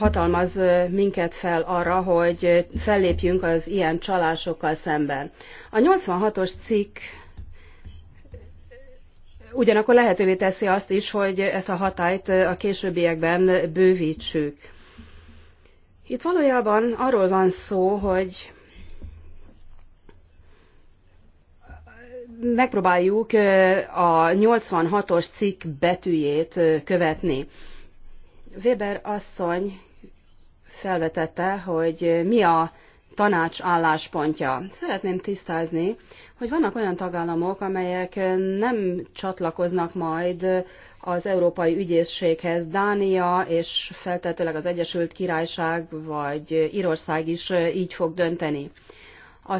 hatalmaz minket fel arra, hogy fellépjünk az ilyen csalásokkal szemben. A 86-os cikk ugyanakkor lehetővé teszi azt is, hogy ezt a hatályt a későbbiekben bővítsük. Itt valójában arról van szó, hogy megpróbáljuk a 86-os cikk betűjét követni. Weber asszony felvetette, hogy mi a tanács álláspontja. Szeretném tisztázni, hogy vannak olyan tagállamok, amelyek nem csatlakoznak majd az Európai Ügyészséghez. Dánia és feltetőleg az Egyesült Királyság vagy Írország is így fog dönteni. A,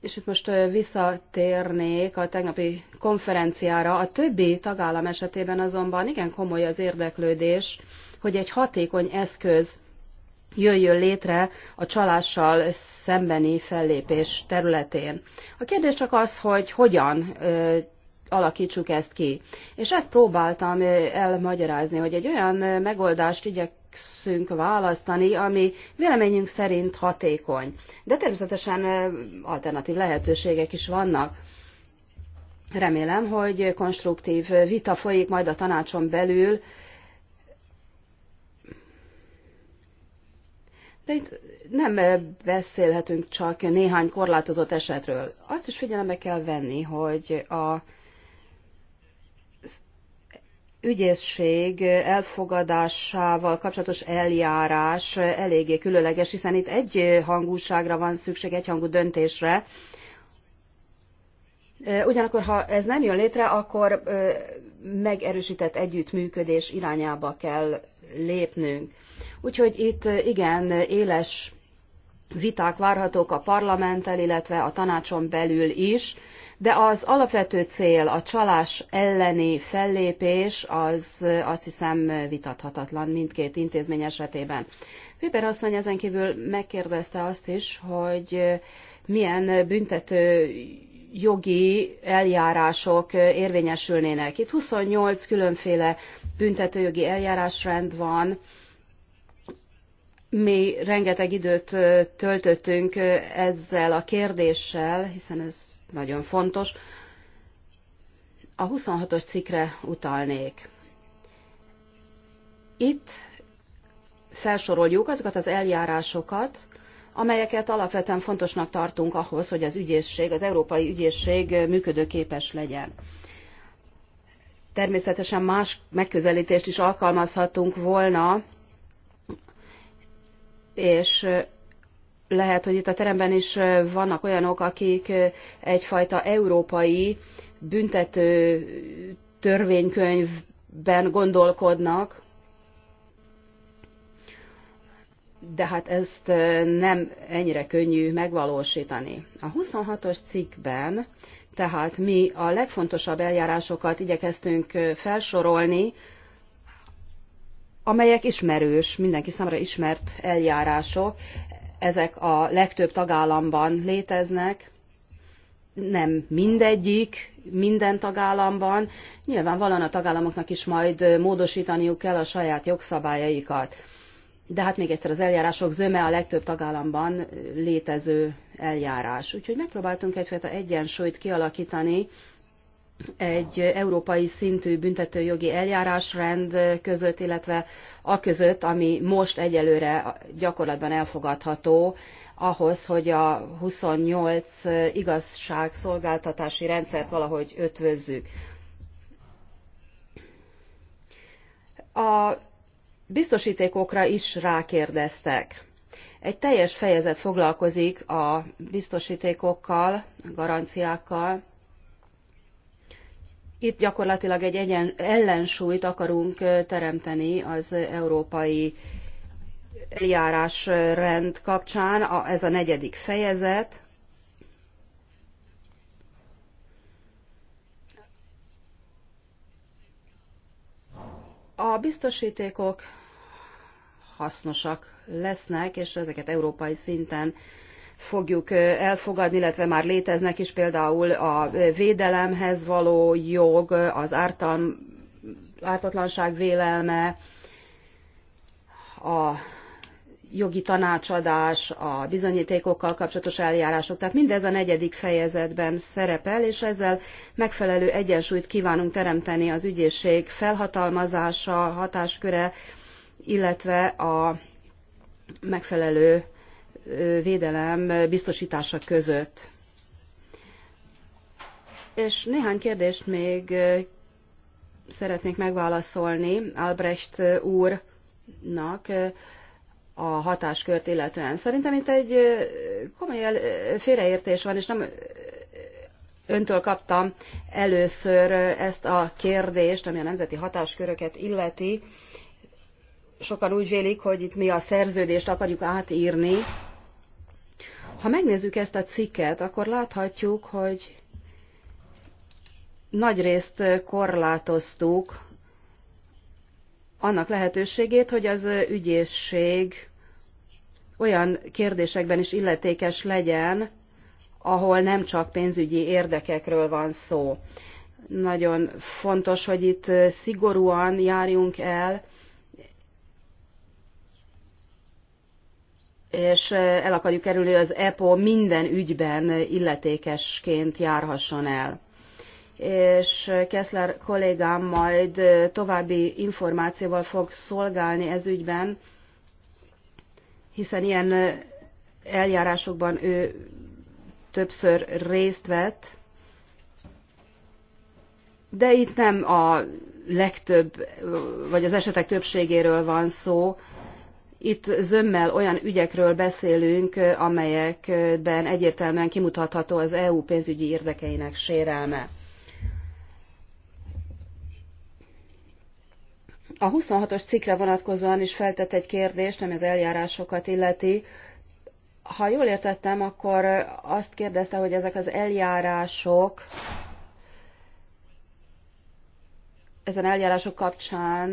és itt most visszatérnék a tegnapi konferenciára. A többi tagállam esetében azonban igen komoly az érdeklődés, hogy egy hatékony eszköz jöjjön létre a csalással szembeni fellépés területén. A kérdés csak az, hogy hogyan alakítsuk ezt ki. És ezt próbáltam elmagyarázni, hogy egy olyan megoldást igyekszünk választani, ami véleményünk szerint hatékony. De természetesen alternatív lehetőségek is vannak. Remélem, hogy konstruktív vita folyik majd a tanácson belül De itt nem eh, beszélhetünk csak néhány korlátozott esetről. Azt is figyelembe kell venni, hogy a ügyészség elfogadásával kapcsolatos eljárás eléggé különleges, hiszen itt egy hangúságra van szükség, egy hangú döntésre. Eh, ugyanakkor, ha ez nem jön létre, akkor eh, megerősített együttműködés irányába kell lépnünk. Úgyhogy itt eh, igen éles viták várhatók a parlamenttel, illetve a tanácson belül is, de az alapvető cél, a csalás elleni fellépés, az eh, azt hiszem vitathatatlan mindkét intézmény esetében. Weber asszony ezen kívül megkérdezte azt is, hogy eh, milyen büntető jogi eljárások érvényesülnének. Itt 28 különféle büntetőjogi eljárásrend van, mi rengeteg időt töltöttünk ezzel a kérdéssel, hiszen ez nagyon fontos. A 26-os cikkre utalnék. Itt felsoroljuk azokat az eljárásokat, amelyeket alapvetően fontosnak tartunk ahhoz, hogy az ügyészség, az európai ügyészség működőképes legyen. Természetesen más megközelítést is alkalmazhatunk volna, és lehet, hogy itt a teremben is vannak olyanok, akik egyfajta európai büntető törvénykönyvben gondolkodnak, de hát ezt nem ennyire könnyű megvalósítani. A 26-os cikkben tehát mi a legfontosabb eljárásokat igyekeztünk felsorolni, amelyek ismerős, mindenki számára ismert eljárások, ezek a legtöbb tagállamban léteznek, nem mindegyik, minden tagállamban. Nyilvánvalóan a tagállamoknak is majd módosítaniuk kell a saját jogszabályaikat. De hát még egyszer az eljárások zöme a legtöbb tagállamban létező eljárás. Úgyhogy megpróbáltunk egyfajta egyensúlyt kialakítani egy európai szintű büntetőjogi eljárásrend között, illetve a között, ami most egyelőre gyakorlatban elfogadható, ahhoz, hogy a 28 igazságszolgáltatási rendszert valahogy ötvözzük. A biztosítékokra is rákérdeztek. Egy teljes fejezet foglalkozik a biztosítékokkal, garanciákkal, itt gyakorlatilag egy egyen, ellensúlyt akarunk teremteni az európai eljárásrend kapcsán. A, ez a negyedik fejezet. A biztosítékok hasznosak lesznek, és ezeket európai szinten fogjuk elfogadni, illetve már léteznek is például a védelemhez való jog, az ártalm, ártatlanság vélelme, a jogi tanácsadás, a bizonyítékokkal kapcsolatos eljárások, tehát mindez a negyedik fejezetben szerepel, és ezzel megfelelő egyensúlyt kívánunk teremteni az ügyészség felhatalmazása, hatásköre, illetve a megfelelő védelem biztosítása között. És néhány kérdést még szeretnék megválaszolni Albrecht úrnak a hatáskört illetően. Szerintem itt egy komoly félreértés van, és nem öntől kaptam először ezt a kérdést, ami a nemzeti hatásköröket illeti. Sokan úgy vélik, hogy itt mi a szerződést akarjuk átírni, ha megnézzük ezt a cikket, akkor láthatjuk, hogy nagyrészt korlátoztuk annak lehetőségét, hogy az ügyészség olyan kérdésekben is illetékes legyen, ahol nem csak pénzügyi érdekekről van szó. Nagyon fontos, hogy itt szigorúan járjunk el, és el akarjuk kerülni, hogy az EPO minden ügyben illetékesként járhasson el. És Kessler kollégám majd további információval fog szolgálni ez ügyben, hiszen ilyen eljárásokban ő többször részt vett, de itt nem a legtöbb, vagy az esetek többségéről van szó, itt zömmel olyan ügyekről beszélünk, amelyekben egyértelműen kimutatható az EU pénzügyi érdekeinek sérelme. A 26-os cikkre vonatkozóan is feltett egy kérdést, ami az eljárásokat illeti. Ha jól értettem, akkor azt kérdezte, hogy ezek az eljárások ezen eljárások kapcsán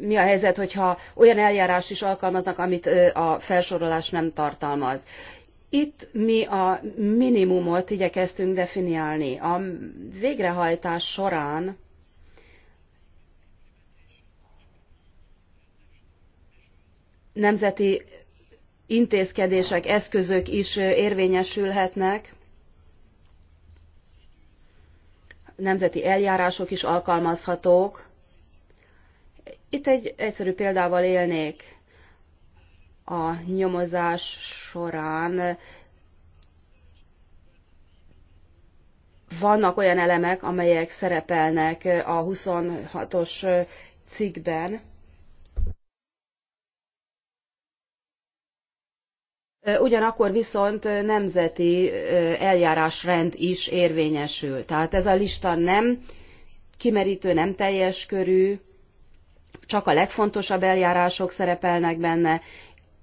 mi a helyzet, hogyha olyan eljárás is alkalmaznak, amit a felsorolás nem tartalmaz. Itt mi a minimumot igyekeztünk definiálni. A végrehajtás során nemzeti intézkedések, eszközök is érvényesülhetnek, nemzeti eljárások is alkalmazhatók. Itt egy egyszerű példával élnék. A nyomozás során vannak olyan elemek, amelyek szerepelnek a 26-os cikkben, Ugyanakkor viszont nemzeti eljárásrend is érvényesül. Tehát ez a lista nem kimerítő, nem teljes körű, csak a legfontosabb eljárások szerepelnek benne,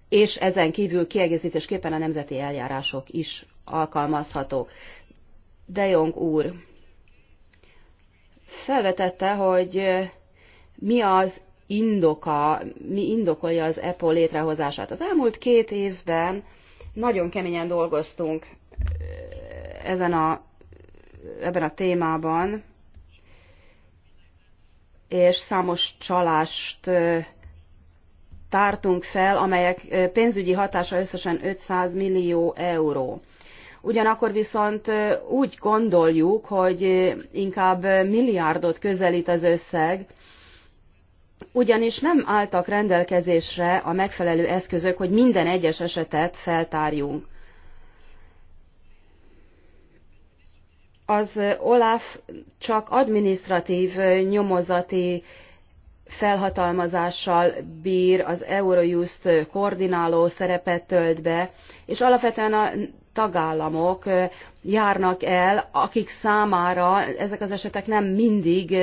és ezen kívül kiegészítésképpen a nemzeti eljárások is alkalmazhatók. De Jong úr felvetette, hogy mi az indoka, mi indokolja az EPO létrehozását. Az elmúlt két évben nagyon keményen dolgoztunk eh, ezen a, ebben a témában, és számos csalást eh, tártunk fel, amelyek eh, pénzügyi hatása összesen 500 millió euró. Ugyanakkor viszont úgy gondoljuk, hogy inkább milliárdot közelít az összeg, ugyanis nem álltak rendelkezésre a megfelelő eszközök, hogy minden egyes esetet feltárjunk. Az OLAF csak adminisztratív nyomozati felhatalmazással bír, az Eurojust koordináló szerepet tölt be, és alapvetően a tagállamok járnak el, akik számára ezek az esetek nem mindig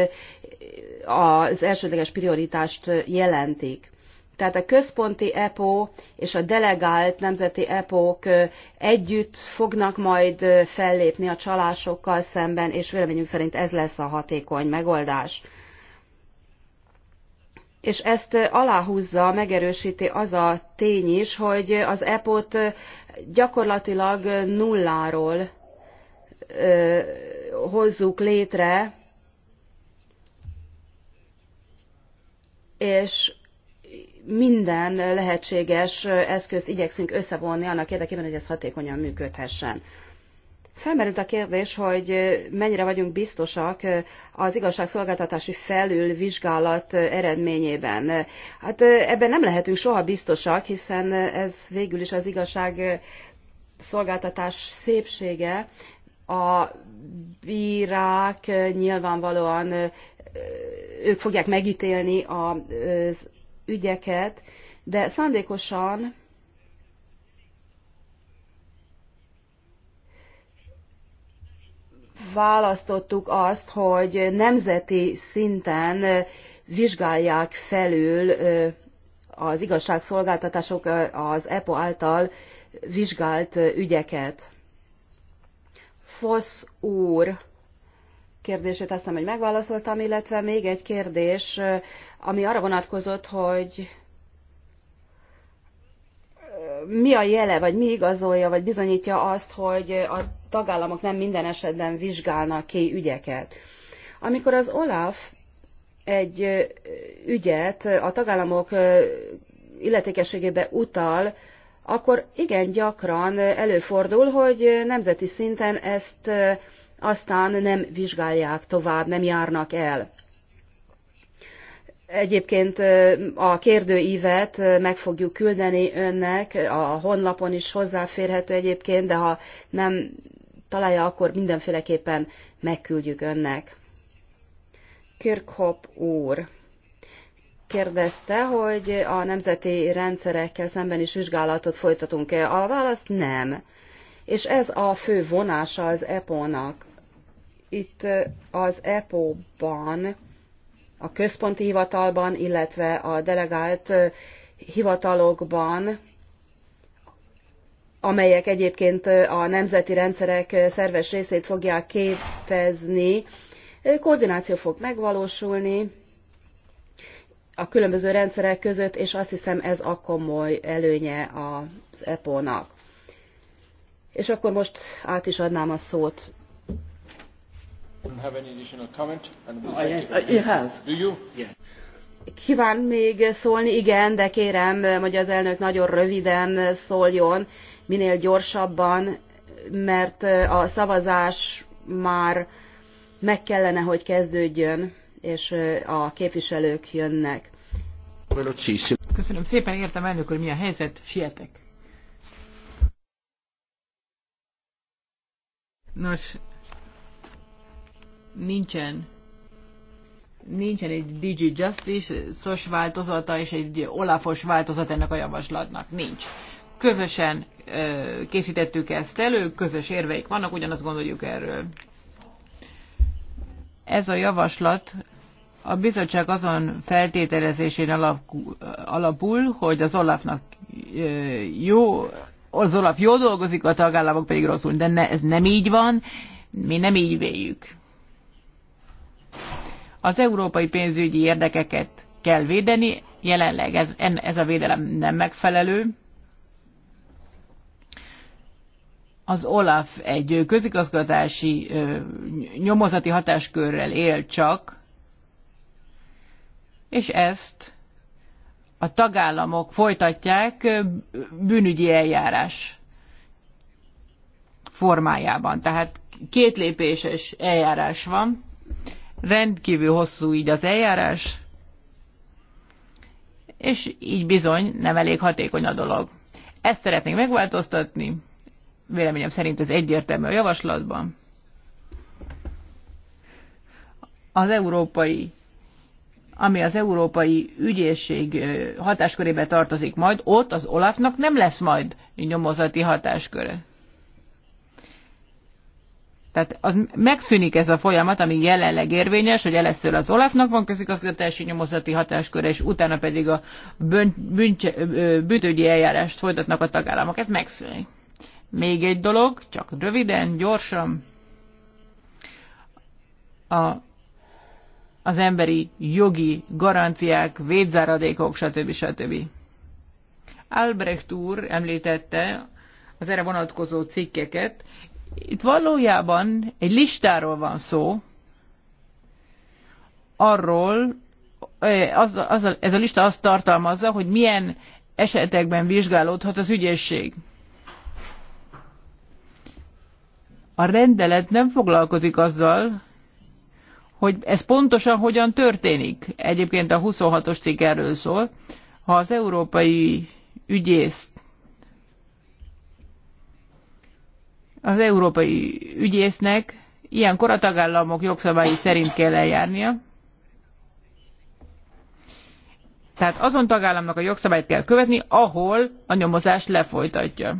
az elsődleges prioritást jelentik. Tehát a központi EPO és a delegált nemzeti EPO-k együtt fognak majd fellépni a csalásokkal szemben, és véleményünk szerint ez lesz a hatékony megoldás és ezt aláhúzza, megerősíti az a tény is, hogy az EPO-t gyakorlatilag nulláról hozzuk létre, és minden lehetséges eszközt igyekszünk összevonni annak érdekében, hogy ez hatékonyan működhessen. Felmerült a kérdés, hogy mennyire vagyunk biztosak az igazságszolgáltatási felülvizsgálat eredményében. Hát ebben nem lehetünk soha biztosak, hiszen ez végül is az igazság szolgáltatás szépsége. A bírák nyilvánvalóan ők fogják megítélni az ügyeket, de szándékosan választottuk azt, hogy nemzeti szinten vizsgálják felül az igazságszolgáltatások az EPO által vizsgált ügyeket. Fosz úr kérdését azt hiszem, hogy megválaszoltam, illetve még egy kérdés, ami arra vonatkozott, hogy mi a jele, vagy mi igazolja, vagy bizonyítja azt, hogy a tagállamok nem minden esetben vizsgálnak ki ügyeket. Amikor az OLAF egy ügyet a tagállamok illetékességébe utal, akkor igen gyakran előfordul, hogy nemzeti szinten ezt aztán nem vizsgálják tovább, nem járnak el. Egyébként a kérdőívet meg fogjuk küldeni önnek, a honlapon is hozzáférhető egyébként, de ha nem találja, akkor mindenféleképpen megküldjük önnek. Kirkhop úr kérdezte, hogy a nemzeti rendszerekkel szemben is vizsgálatot folytatunk-e. A válasz nem. És ez a fő vonása az EPO-nak. Itt az EPO-ban, a központi hivatalban, illetve a delegált hivatalokban amelyek egyébként a nemzeti rendszerek szerves részét fogják képezni, koordináció fog megvalósulni a különböző rendszerek között, és azt hiszem ez a komoly előnye az EPO-nak. És akkor most át is adnám a szót. Oh, uh, Kíván még szólni? Igen, de kérem, hogy az elnök nagyon röviden szóljon minél gyorsabban, mert a szavazás már meg kellene, hogy kezdődjön, és a képviselők jönnek. Köszönöm szépen, értem elnök hogy mi a helyzet, sietek. Nos, nincsen nincsen egy Digi justice szos változata és egy Olafos változat ennek a javaslatnak. Nincs. Közösen készítettük ezt elő, közös érveik vannak, ugyanazt gondoljuk erről. Ez a javaslat a bizottság azon feltételezésén alapul, hogy az Olafnak jó, az Olaf jól dolgozik, a tagállamok pedig rosszul, de ne, ez nem így van, mi nem így véljük. Az európai pénzügyi érdekeket kell védeni, jelenleg ez, ez a védelem nem megfelelő, az OLAF egy közigazgatási nyomozati hatáskörrel él csak, és ezt a tagállamok folytatják bűnügyi eljárás formájában. Tehát két lépéses eljárás van, rendkívül hosszú így az eljárás, és így bizony nem elég hatékony a dolog. Ezt szeretnénk megváltoztatni, Véleményem szerint ez egyértelmű a javaslatban. Az európai ami az Európai Ügyészség hatáskörébe tartozik majd, ott az Olafnak nem lesz majd nyomozati hatásköre. Tehát az, megszűnik ez a folyamat, ami jelenleg érvényes, hogy először az Olafnak van közigazgatási nyomozati hatásköre, és utána pedig a bűn, eljárást folytatnak a tagállamok. Ez megszűnik. Még egy dolog, csak röviden, gyorsan. A, az emberi jogi garanciák, védzáradékok, stb. stb. Albrecht úr említette az erre vonatkozó cikkeket. Itt valójában egy listáról van szó, arról, az, az, ez a lista azt tartalmazza, hogy milyen esetekben vizsgálódhat az ügyesség. a rendelet nem foglalkozik azzal, hogy ez pontosan hogyan történik. Egyébként a 26-os cikk erről szól. Ha az európai ügyész az európai ügyésznek ilyenkor a tagállamok jogszabályi szerint kell eljárnia. Tehát azon tagállamnak a jogszabályt kell követni, ahol a nyomozást lefolytatja.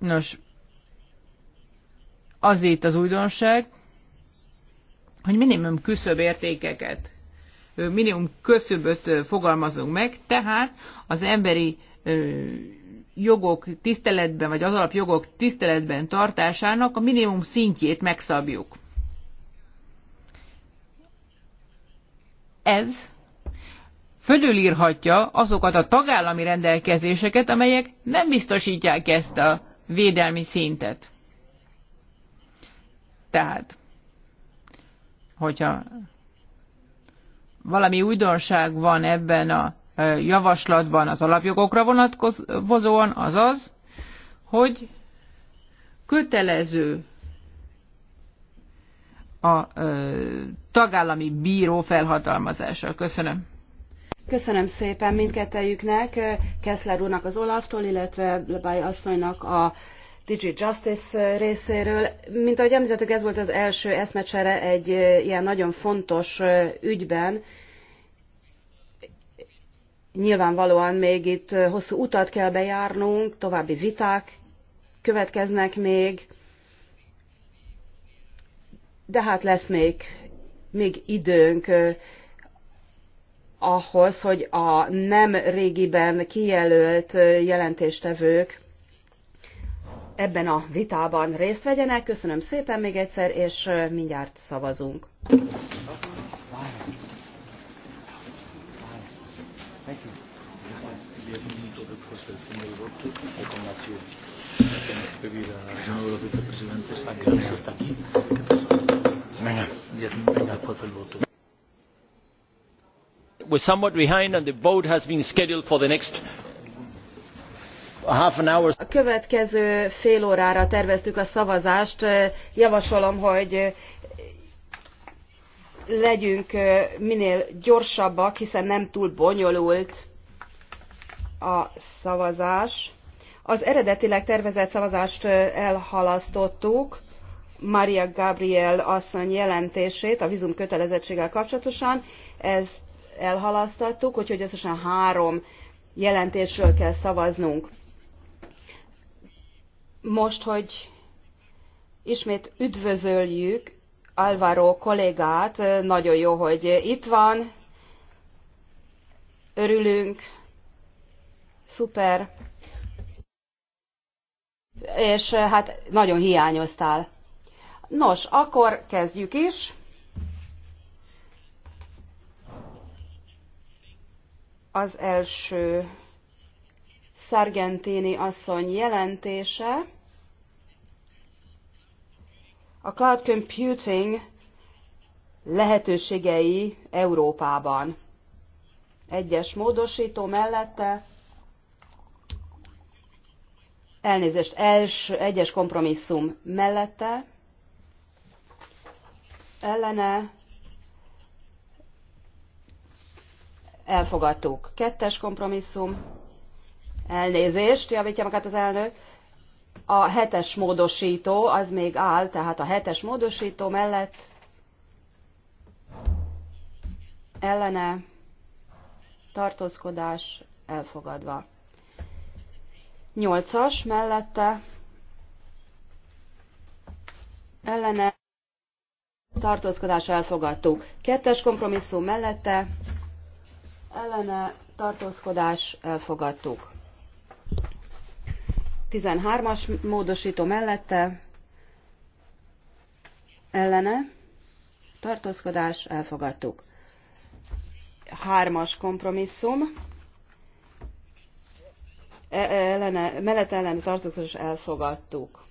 Nos, az itt az újdonság, hogy minimum küszöbb értékeket, minimum köszöböt fogalmazunk meg, tehát az emberi jogok tiszteletben, vagy az alapjogok tiszteletben tartásának a minimum szintjét megszabjuk. Ez fölülírhatja azokat a tagállami rendelkezéseket, amelyek nem biztosítják ezt a védelmi szintet. Tehát, hogyha valami újdonság van ebben a javaslatban az alapjogokra vonatkozóan, az az, hogy kötelező a tagállami bíró felhatalmazása. Köszönöm. Köszönöm szépen mindkettejüknek, Kessler úrnak az Olaftól, illetve Lebály asszonynak a Digi Justice részéről. Mint ahogy említettük, ez volt az első eszmecsere egy ilyen nagyon fontos ügyben. Nyilvánvalóan még itt hosszú utat kell bejárnunk, további viták következnek még, de hát lesz még, még időnk ahhoz, hogy a nem régiben kijelölt jelentéstevők ebben a vitában részt vegyenek. Köszönöm szépen még egyszer, és mindjárt szavazunk. Venga. Venga, voto we are somewhat behind and the vote has been scheduled for the next half an hour. A következő fél órára terveztük a szavazást. Javasolom, hogy legyünk minél gyorsabbak, hiszen nem túl bonyolult a szavazás. Az eredetileg tervezett szavazást elhalasztottuk, Maria Gabriel asszony jelentését a vízum kötelezettséggel kapcsolatosan. Ezt elhalasztattuk, úgyhogy összesen három jelentésről kell szavaznunk. Most, hogy ismét üdvözöljük Alvaro kollégát, nagyon jó, hogy itt van, örülünk, szuper, és hát nagyon hiányoztál. Nos, akkor kezdjük is. az első Sargentini asszony jelentése, a cloud computing lehetőségei Európában. Egyes módosító mellette elnézést, els, egyes kompromisszum mellette ellene elfogadtuk. Kettes kompromisszum, elnézést, javítja magát az elnök. A hetes módosító, az még áll, tehát a hetes módosító mellett ellene tartózkodás elfogadva. Nyolcas mellette ellene tartózkodás elfogadtuk. Kettes kompromisszum mellette ellene tartózkodás elfogadtuk. 13-as módosító mellette ellene tartózkodás elfogadtuk. 3-as kompromisszum e- ellene, mellette ellene tartózkodás elfogadtuk.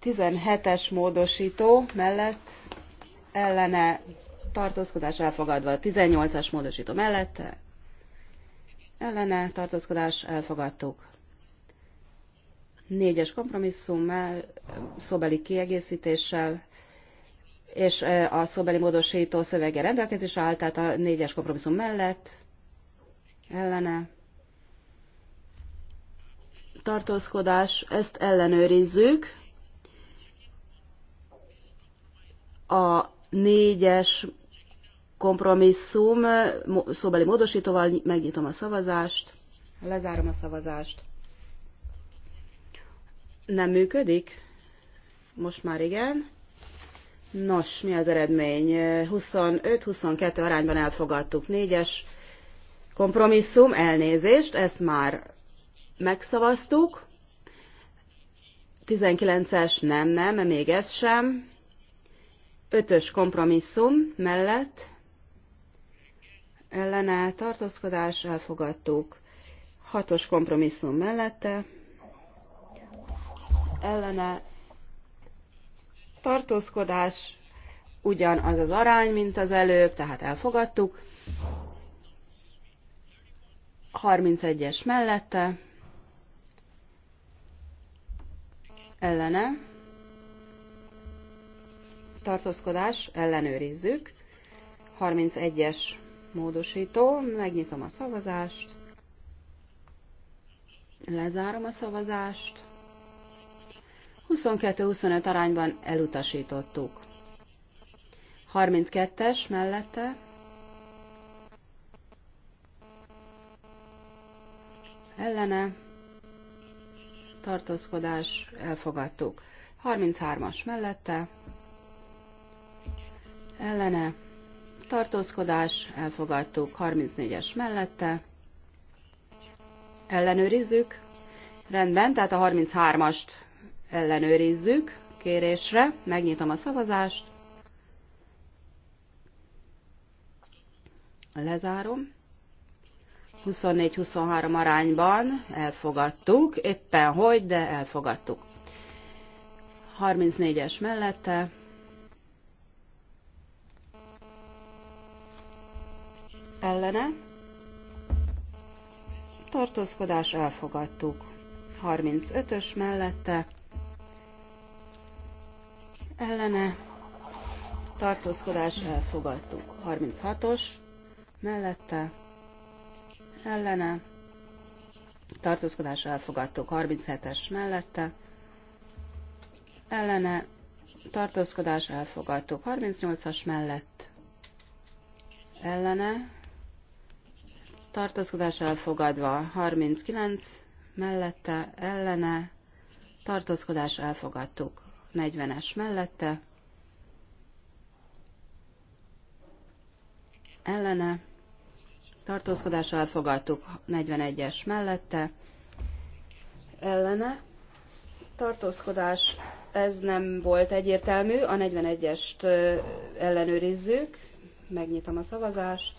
17-es módosító mellett ellene tartózkodás elfogadva. 18-as módosító mellette ellene tartózkodás elfogadtuk. Négyes kompromisszummal, szóbeli kiegészítéssel, és a szóbeli módosító szövege rendelkezés állt, tehát a négyes kompromisszum mellett, ellene. Tartózkodás, ezt ellenőrizzük. A négyes kompromisszum szóbeli módosítóval megnyitom a szavazást, lezárom a szavazást. Nem működik? Most már igen. Nos, mi az eredmény? 25-22 arányban elfogadtuk. Négyes kompromisszum, elnézést, ezt már megszavaztuk. 19-es nem, nem, még ez sem. 5-ös kompromisszum mellett ellene tartózkodás elfogadtuk. Hatos kompromisszum mellette ellene tartózkodás ugyanaz az arány, mint az előbb, tehát elfogadtuk. 31-es mellette ellene tartózkodás ellenőrizzük. 31-es módosító, megnyitom a szavazást, lezárom a szavazást, 22-25 arányban elutasítottuk. 32-es mellette ellene tartózkodás elfogadtuk. 33-as mellette ellene tartózkodás, elfogadtuk 34-es mellette, ellenőrizzük, rendben, tehát a 33-ast ellenőrizzük kérésre, megnyitom a szavazást, lezárom. 24-23 arányban elfogadtuk, éppen hogy, de elfogadtuk. 34-es mellette ellene, tartózkodás elfogadtuk. 35-ös mellette, ellene, tartózkodás elfogadtuk. 36-os mellette, ellene, tartózkodás elfogadtuk. 37-es mellette, ellene, tartózkodás elfogadtuk. 38-as mellett, ellene, tartózkodás elfogadva, 39 mellette, ellene, tartózkodás elfogadtuk, 40-es mellette, ellene, tartózkodás elfogadtuk, 41-es mellette, ellene, tartózkodás, ez nem volt egyértelmű, a 41-est ellenőrizzük, megnyitom a szavazást,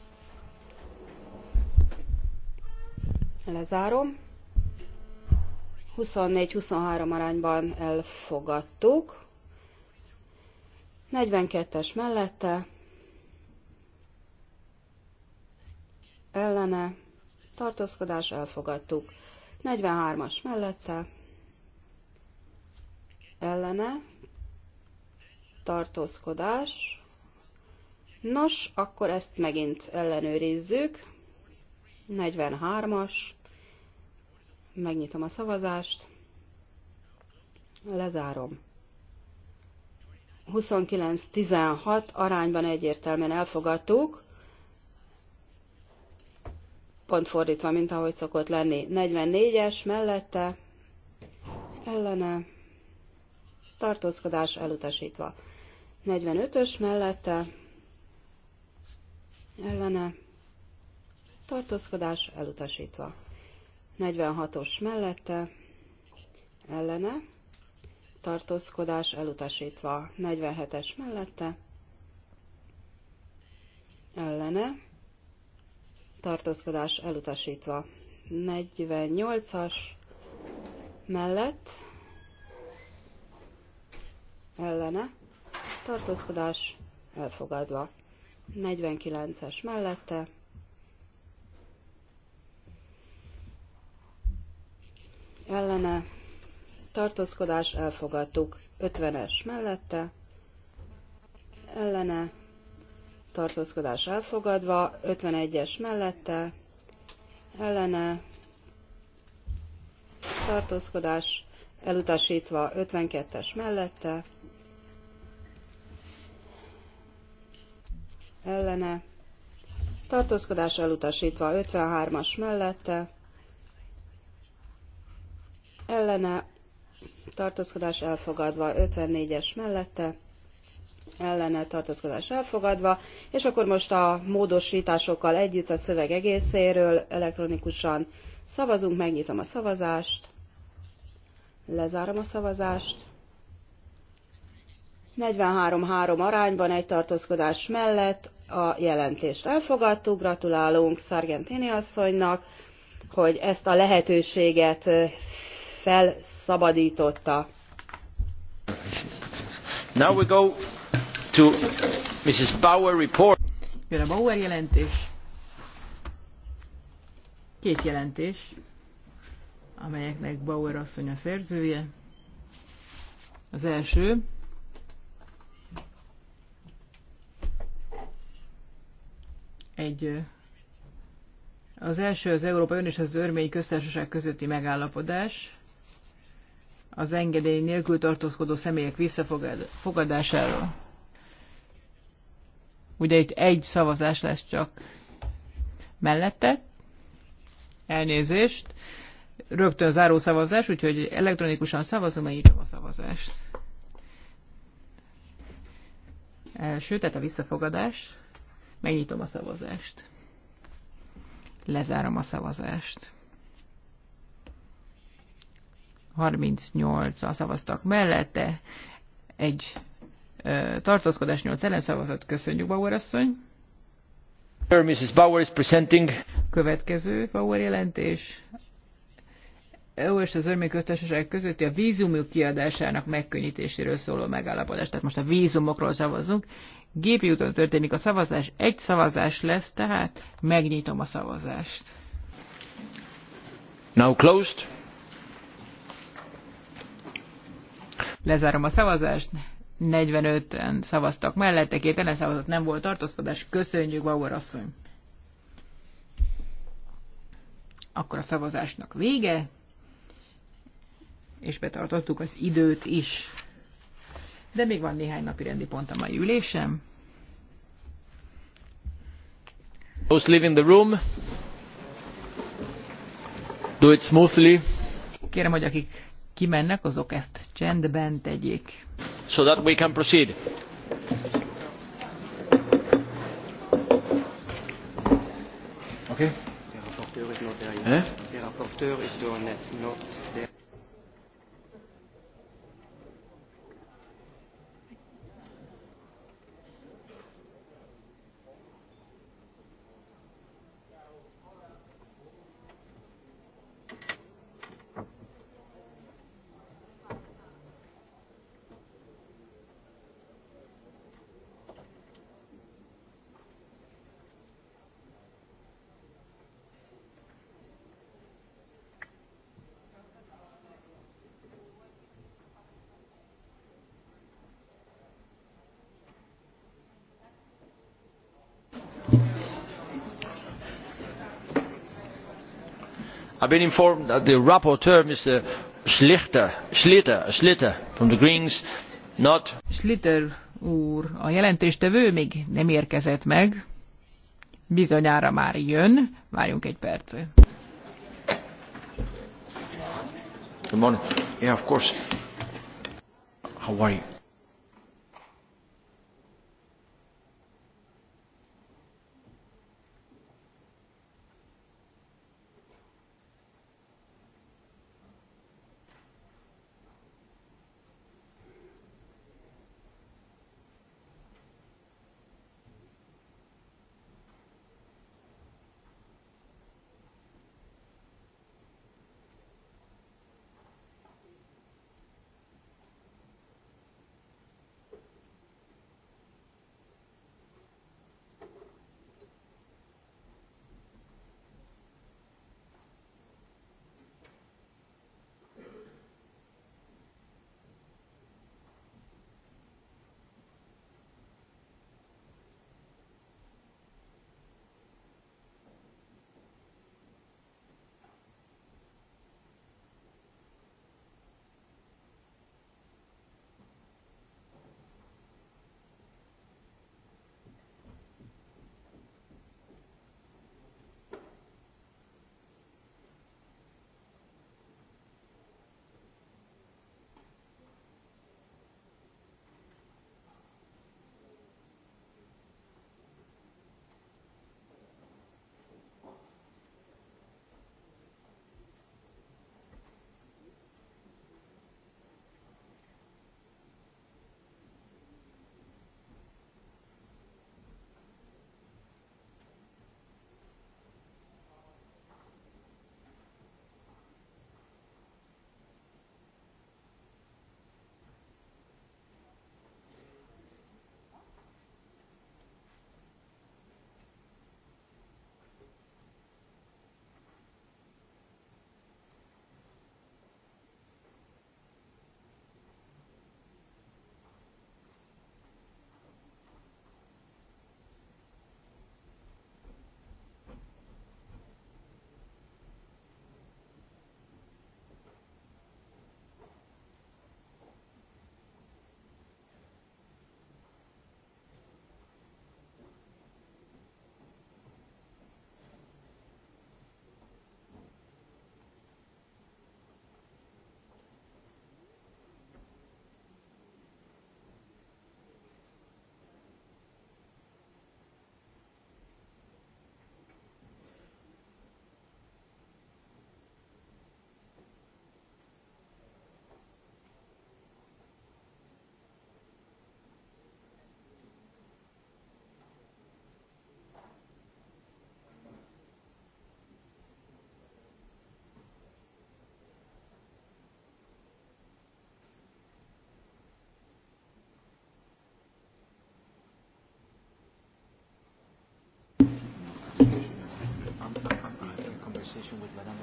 Lezárom. 24-23 arányban elfogadtuk. 42-es mellette. Ellene. Tartózkodás elfogadtuk. 43-as mellette. Ellene. Tartózkodás. Nos, akkor ezt megint ellenőrizzük. 43-as, megnyitom a szavazást, lezárom. 29-16 arányban egyértelműen elfogadtuk, pont fordítva, mint ahogy szokott lenni. 44-es mellette, ellene, tartózkodás elutasítva. 45-ös mellette, ellene, tartózkodás elutasítva. 46-os mellette, ellene, tartózkodás elutasítva. 47-es mellette, ellene, tartózkodás elutasítva. 48-as mellett, ellene, tartózkodás elfogadva. 49-es mellette, ellene tartózkodás elfogadtuk. 50-es mellette ellene tartózkodás elfogadva, 51-es mellette ellene tartózkodás elutasítva, 52-es mellette ellene tartózkodás elutasítva, 53-as mellette ellene, tartózkodás elfogadva, 54-es mellette, ellene tartózkodás elfogadva, és akkor most a módosításokkal együtt a szöveg egészéről elektronikusan szavazunk, megnyitom a szavazást, lezárom a szavazást, 43-3 arányban egy tartózkodás mellett a jelentést elfogadtuk, gratulálunk Sargentini asszonynak, hogy ezt a lehetőséget felszabadította. Now we go to Mrs. Bauer report. Jön a Bauer jelentés. Két jelentés, amelyeknek Bauer asszony a szerzője. Az első, egy az első az Európai Ön és az Örmény Köztársaság közötti megállapodás az engedély nélkül tartózkodó személyek visszafogadásáról. Ugye itt egy szavazás lesz csak mellette. Elnézést. Rögtön záró szavazás, úgyhogy elektronikusan szavazom, megnyitom a szavazást. Első, tehát a visszafogadás. Megnyitom a szavazást. Lezárom a szavazást. 38-an szavaztak mellette, egy ö, tartózkodás 8 szavazott. Köszönjük, Bauer asszony! Mrs. Bauer is presenting. Következő Bauer jelentés. EU és az örmény köztársaság közötti a vízumok kiadásának megkönnyítéséről szóló megállapodás. Tehát most a vízumokról szavazunk. Gépi úton történik a szavazás, egy szavazás lesz, tehát megnyitom a szavazást. Now closed. Lezárom a szavazást. 45-en szavaztak mellette, két szavazat nem volt tartózkodás. Köszönjük, Bauer asszony! Akkor a szavazásnak vége, és betartottuk az időt is. De még van néhány napi rendi pont a mai ülésem. Those leaving the room, do it smoothly. Kérem, hogy akik kimennek, azok ezt csendben tegyék. So that we can proceed. Okay. Eh? have been informed that the rapporteur mr schlyter from the greens not schlyter úr a jelentéstevő még nem érkezett meg bizonyára már jön várjunk egy percet Good morning. Yeah, of course. How are you?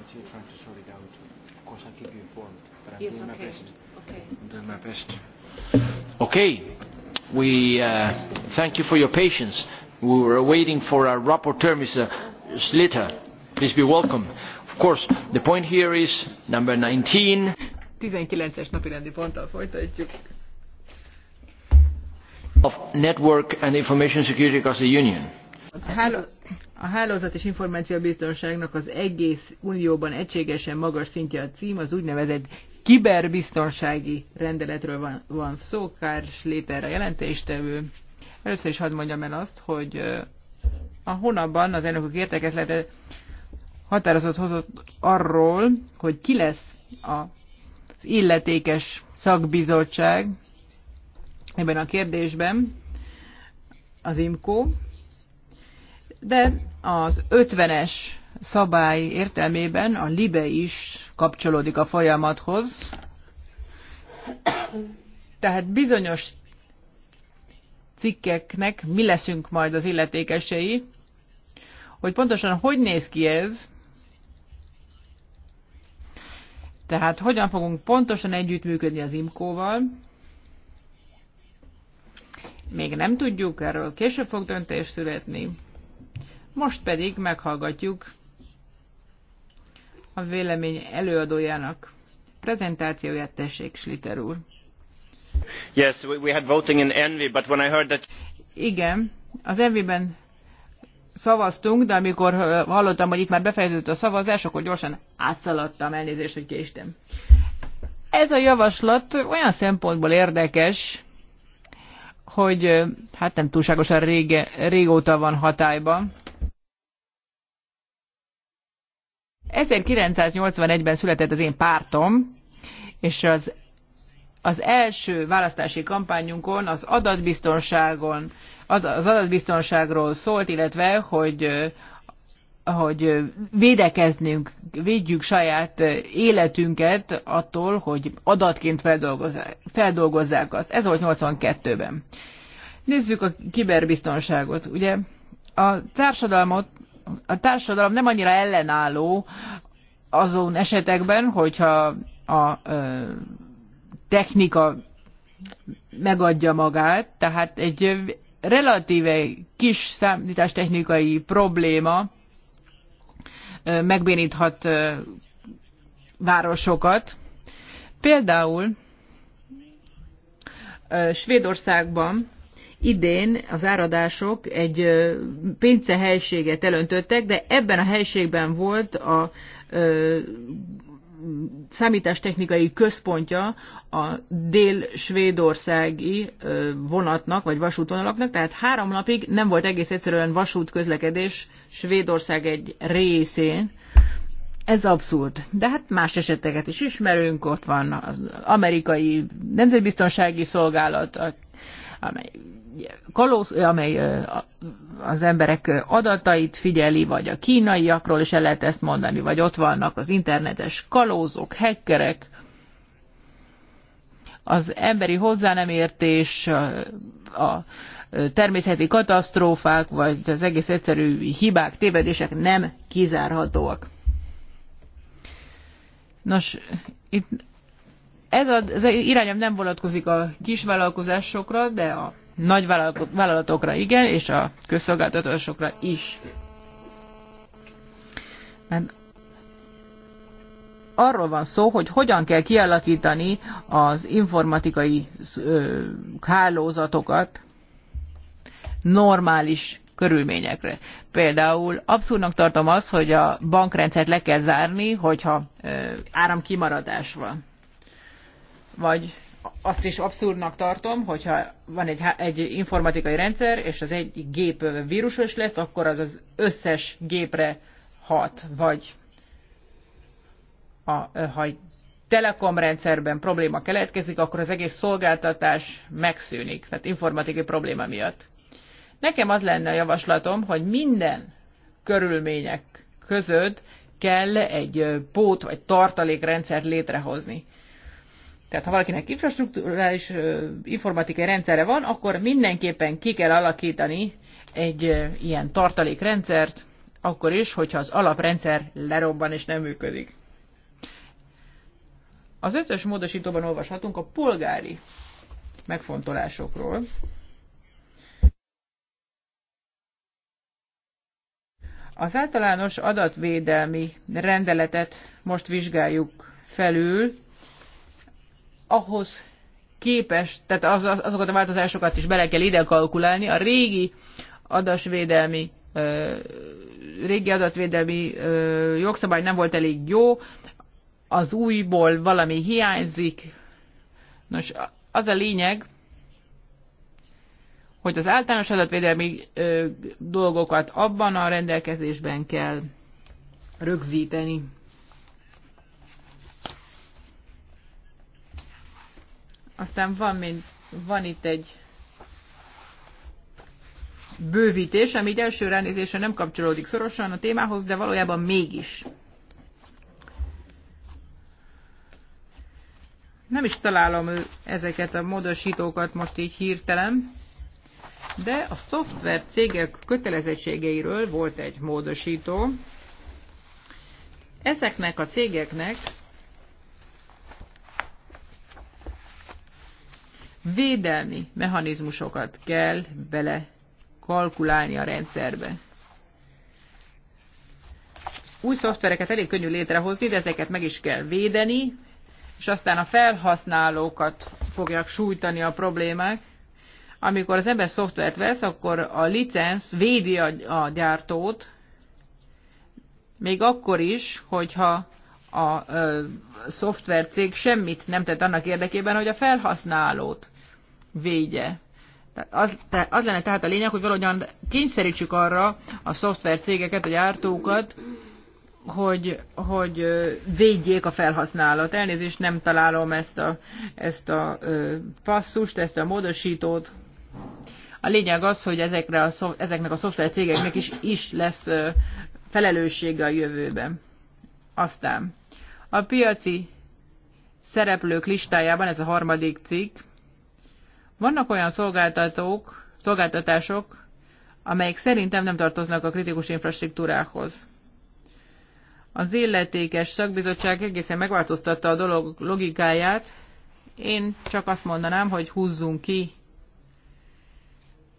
that you're trying to sort it out. Of course, I'll keep you informed, but I'm yes, doing okay. my best. Okay. I'm doing my best. Okay. We uh, thank you for your patience. We were waiting for our rapporteur, Mr. Slitter. Please be welcome. Of course, the point here is number 19. 19-es napirendi ponttal folytatjuk. Of network and information security across the union. Hello. A hálózat és információbiztonságnak az egész unióban egységesen magas szintje a cím, az úgynevezett kiberbiztonsági rendeletről van, van szó, kárs Léterre jelentéstevő. Először is hadd mondjam el azt, hogy a hónapban az elnökök értekezlete határozott hozott arról, hogy ki lesz az illetékes szakbizottság ebben a kérdésben, az IMCO, de az 50-es szabály értelmében a libe is kapcsolódik a folyamathoz. Tehát bizonyos cikkeknek mi leszünk majd az illetékesei, hogy pontosan hogy néz ki ez, tehát hogyan fogunk pontosan együttműködni az IMKO-val, még nem tudjuk, erről később fog döntést születni. Most pedig meghallgatjuk a vélemény előadójának prezentációját, tessék, Sliter úr. Yes, we had voting in Envy, but when I heard that... Igen, az Envy-ben szavaztunk, de amikor hallottam, hogy itt már befejeződött a szavazás, akkor gyorsan átszaladtam, elnézést, hogy késtem. Ez a javaslat olyan szempontból érdekes, hogy hát nem túlságosan rége, régóta van hatályban. 1981-ben született az én pártom, és az, az első választási kampányunkon az adatbiztonságon, az, az adatbiztonságról szólt, illetve, hogy hogy védekeznünk, védjük saját életünket attól, hogy adatként feldolgozzák, feldolgozzák azt. Ez volt 82-ben. Nézzük a kiberbiztonságot. Ugye a társadalmat a társadalom nem annyira ellenálló azon esetekben, hogyha a technika megadja magát, tehát egy relatíve kis számítástechnikai probléma megbéníthat városokat. Például Svédországban idén az áradások egy pince helységet elöntöttek, de ebben a helységben volt a számítástechnikai központja a dél-svédországi vonatnak, vagy vasútvonalaknak, tehát három napig nem volt egész egyszerűen vasútközlekedés Svédország egy részén. Ez abszurd. De hát más eseteket is ismerünk, ott van az amerikai nemzetbiztonsági szolgálat, a amely, kalóz, amely az emberek adatait figyeli, vagy a kínaiakról is el lehet ezt mondani, vagy ott vannak az internetes kalózok, hackerek, az emberi hozzánemértés, a természeti katasztrófák, vagy az egész egyszerű hibák, tévedések nem kizárhatóak. Nos, itt ez az irányom nem vonatkozik a kisvállalkozásokra, de a nagy vállalatokra igen, és a közszolgáltatásokra is. Mert arról van szó, hogy hogyan kell kialakítani az informatikai hálózatokat normális körülményekre. Például abszurdnak tartom azt, hogy a bankrendszert le kell zárni, hogyha áramkimaradás van vagy azt is abszurdnak tartom, hogyha van egy, egy informatikai rendszer, és az egy gép vírusos lesz, akkor az az összes gépre hat, vagy a, ha egy telekom rendszerben probléma keletkezik, akkor az egész szolgáltatás megszűnik, tehát informatikai probléma miatt. Nekem az lenne a javaslatom, hogy minden körülmények között kell egy pót vagy tartalékrendszert létrehozni. Tehát ha valakinek infrastruktúrális informatikai rendszere van, akkor mindenképpen ki kell alakítani egy ilyen tartalékrendszert, akkor is, hogyha az alaprendszer lerobban és nem működik. Az ötös módosítóban olvashatunk a polgári megfontolásokról. Az általános adatvédelmi rendeletet most vizsgáljuk felül, ahhoz képes, tehát az, az, azokat a változásokat is bele kell ide kalkulálni. A régi adasvédelmi régi adatvédelmi jogszabály nem volt elég jó, az újból valami hiányzik. Nos, az a lényeg, hogy az általános adatvédelmi dolgokat abban a rendelkezésben kell rögzíteni. Aztán van, még, van itt egy bővítés, ami így első ránézésre nem kapcsolódik szorosan a témához, de valójában mégis. Nem is találom ezeket a módosítókat most így hirtelen, de a szoftver cégek kötelezettségeiről volt egy módosító. Ezeknek a cégeknek védelmi mechanizmusokat kell bele kalkulálni a rendszerbe. Új szoftvereket elég könnyű létrehozni, de ezeket meg is kell védeni, és aztán a felhasználókat fogják sújtani a problémák. Amikor az ember szoftvert vesz, akkor a licensz védi a, a gyártót, még akkor is, hogyha a, a szoftvercég semmit nem tett annak érdekében, hogy a felhasználót védje. Az, az lenne tehát a lényeg, hogy valahogyan kényszerítsük arra a szoftvercégeket, a gyártókat, hogy, hogy védjék a felhasználat. Elnézést, nem találom ezt a, ezt a passzust, ezt a módosítót. A lényeg az, hogy ezekre a, ezeknek a szoftvercégeknek is, is lesz felelőssége a jövőben. Aztán a piaci szereplők listájában, ez a harmadik cikk, vannak olyan szolgáltatók, szolgáltatások, amelyek szerintem nem tartoznak a kritikus infrastruktúrához. Az illetékes szakbizottság egészen megváltoztatta a dolog logikáját. Én csak azt mondanám, hogy húzzunk ki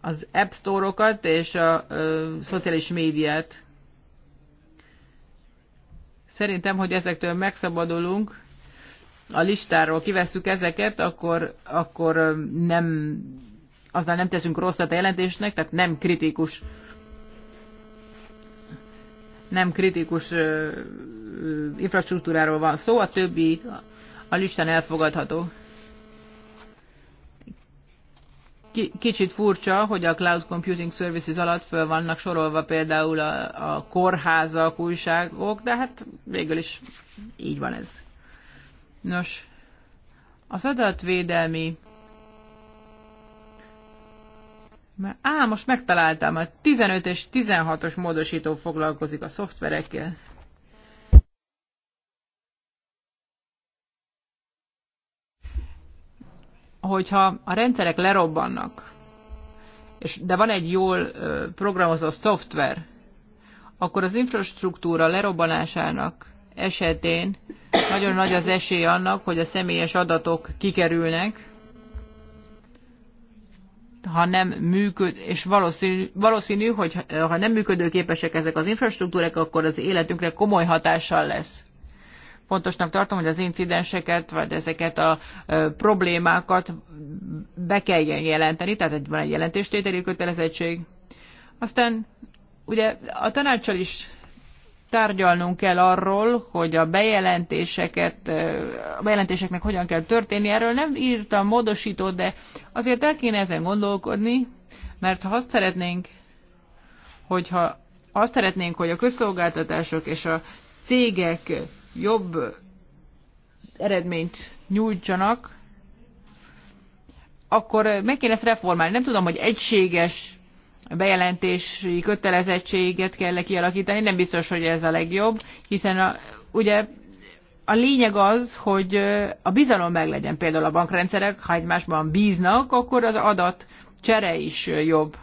az App Store-okat és a ö, szociális médiát. Szerintem, hogy ezektől megszabadulunk, a listáról kivesszük ezeket, akkor, akkor nem, azzal nem teszünk rosszat a jelentésnek, tehát nem kritikus nem kritikus ö, ö, infrastruktúráról van szó, a többi a listán elfogadható. Kicsit furcsa, hogy a Cloud Computing Services alatt föl vannak sorolva például a, a kórházak, újságok, de hát végül is így van ez. Nos, az adatvédelmi... Á, most megtaláltam, a 15 és 16-os módosító foglalkozik a szoftverekkel. Hogyha a rendszerek lerobbannak, és, de van egy jól programozott szoftver, akkor az infrastruktúra lerobbanásának esetén nagyon nagy az esély annak, hogy a személyes adatok kikerülnek, ha nem működ, és valószínű, valószínű hogy ha nem működőképesek ezek az infrastruktúrák, akkor az életünkre komoly hatással lesz. Pontosnak tartom, hogy az incidenseket, vagy ezeket a problémákat be kell jelenteni, tehát van egy jelentéstételi kötelezettség. Aztán ugye a tanácssal is tárgyalnunk kell arról, hogy a bejelentéseket, a bejelentéseknek hogyan kell történni. Erről nem írtam módosítót, de azért el kéne ezen gondolkodni, mert ha azt szeretnénk, hogyha azt szeretnénk, hogy a közszolgáltatások és a cégek jobb eredményt nyújtsanak, akkor meg kéne ezt reformálni. Nem tudom, hogy egységes bejelentési kötelezettséget kell kialakítani. Nem biztos, hogy ez a legjobb, hiszen a, ugye a lényeg az, hogy a bizalom meglegyen például a bankrendszerek, ha egymásban bíznak, akkor az adat csere is jobb.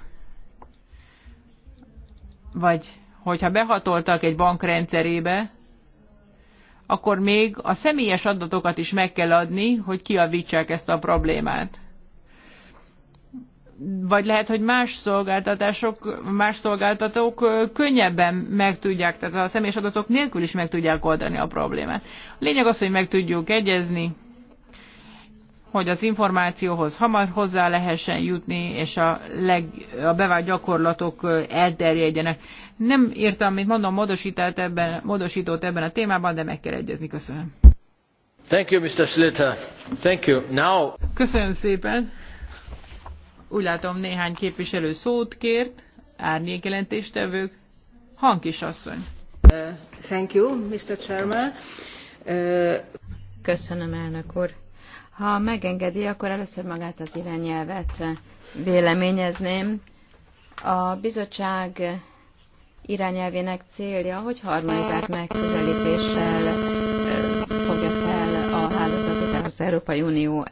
Vagy hogyha behatoltak egy bankrendszerébe, akkor még a személyes adatokat is meg kell adni, hogy kiavítsák ezt a problémát vagy lehet, hogy más szolgáltatások, más szolgáltatók könnyebben meg tudják, tehát a személyes adatok nélkül is meg tudják oldani a problémát. A lényeg az, hogy meg tudjuk egyezni, hogy az információhoz hamar hozzá lehessen jutni, és a, leg, a bevált gyakorlatok elterjedjenek. Nem írtam, mint mondom, módosítót ebben, módosított ebben a témában, de meg kell egyezni. Köszönöm. Thank you, Mr. Slater. Thank you. Now... Köszönöm szépen. Úgy látom, néhány képviselő szót kért, árnyékjelentéstevők. Hankisasszony. Uh, thank you, Mr. Chairman. Uh, Köszönöm, elnök úr. Ha megengedi, akkor először magát az irányelvet véleményezném. A bizottság irányelvének célja, hogy harmonizált megközelítéssel uh, fogja fel a hálózatot az Európai Unió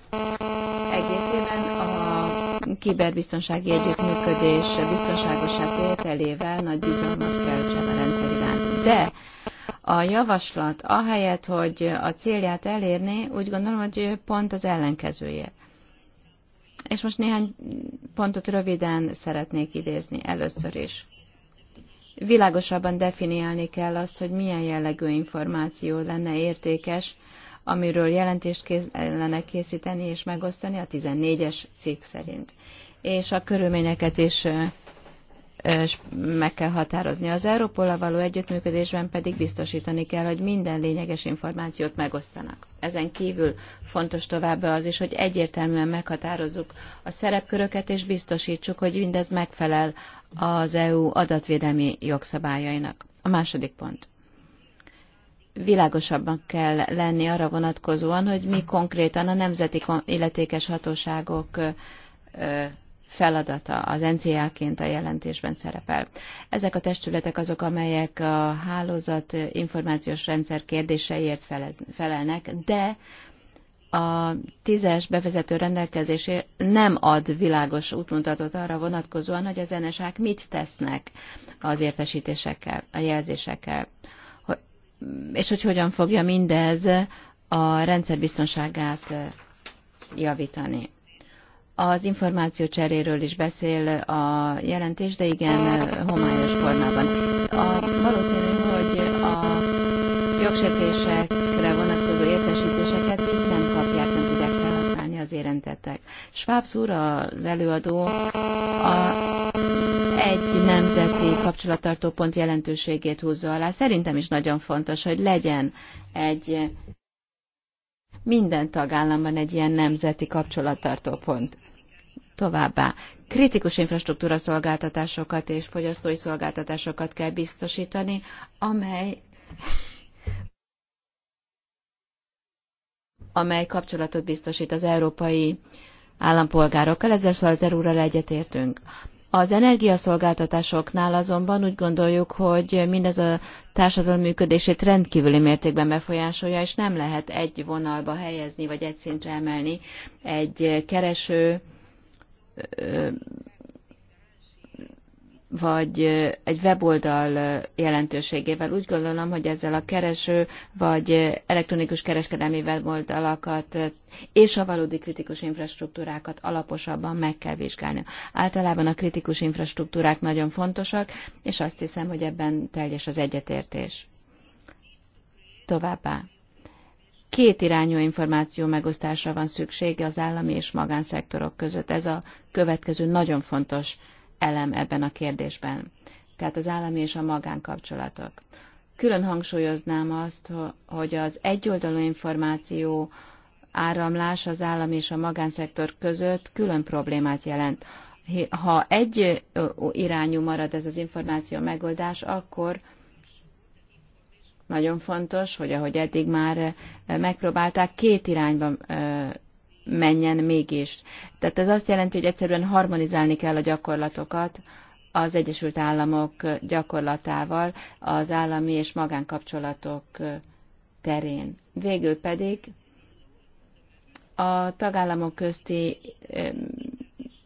kiberbiztonsági együttműködés biztonságosá tételével nagy bizalmat keltsen a rendszer iránt. De a javaslat, ahelyett, hogy a célját elérni, úgy gondolom, hogy pont az ellenkezője. És most néhány pontot röviden szeretnék idézni először is. Világosabban definiálni kell azt, hogy milyen jellegű információ lenne értékes amiről jelentést kellene készíteni és megosztani a 14-es cikk szerint. És a körülményeket is meg kell határozni. Az Európola való együttműködésben pedig biztosítani kell, hogy minden lényeges információt megosztanak. Ezen kívül fontos továbbá az is, hogy egyértelműen meghatározzuk a szerepköröket, és biztosítsuk, hogy mindez megfelel az EU adatvédelmi jogszabályainak. A második pont világosabban kell lenni arra vonatkozóan, hogy mi konkrétan a nemzeti illetékes hatóságok feladata az NCA-ként a jelentésben szerepel. Ezek a testületek azok, amelyek a hálózat információs rendszer kérdéseiért felelnek, de a tízes bevezető rendelkezésé nem ad világos útmutatót arra vonatkozóan, hogy az NSA-k mit tesznek az értesítésekkel, a jelzésekkel és hogy hogyan fogja mindez a rendszerbiztonságát javítani. Az információ cseréről is beszél a jelentés, de igen, homályos formában. A, valószínű, hogy a jogsértésekre vonatkozó értesítéseket itt nem kapják, nem tudják felhasználni az érintettek. Schwab úr, az előadó, a egy nemzeti kapcsolattartó pont jelentőségét húzza alá. Szerintem is nagyon fontos, hogy legyen egy minden tagállamban egy ilyen nemzeti kapcsolattartó pont. Továbbá kritikus infrastruktúra szolgáltatásokat és fogyasztói szolgáltatásokat kell biztosítani, amely amely kapcsolatot biztosít az európai állampolgárokkal, ezzel Szalter úrral egyetértünk. Az energiaszolgáltatásoknál azonban úgy gondoljuk, hogy mindez a társadalom működését rendkívüli mértékben befolyásolja, és nem lehet egy vonalba helyezni, vagy egy szintre emelni egy kereső vagy egy weboldal jelentőségével. Úgy gondolom, hogy ezzel a kereső vagy elektronikus kereskedelmi weboldalakat és a valódi kritikus infrastruktúrákat alaposabban meg kell vizsgálni. Általában a kritikus infrastruktúrák nagyon fontosak, és azt hiszem, hogy ebben teljes az egyetértés. Továbbá két irányú információ megosztásra van szüksége az állami és magánszektorok között. Ez a következő nagyon fontos elem ebben a kérdésben, tehát az állami és a magánkapcsolatok. Külön hangsúlyoznám azt, hogy az egyoldalú információ áramlás az állam és a magánszektor között külön problémát jelent. Ha egy irányú marad ez az információ megoldás, akkor nagyon fontos, hogy ahogy eddig már megpróbálták, két irányban menjen mégis. Tehát ez azt jelenti, hogy egyszerűen harmonizálni kell a gyakorlatokat az Egyesült Államok gyakorlatával az állami és magánkapcsolatok terén. Végül pedig a tagállamok közti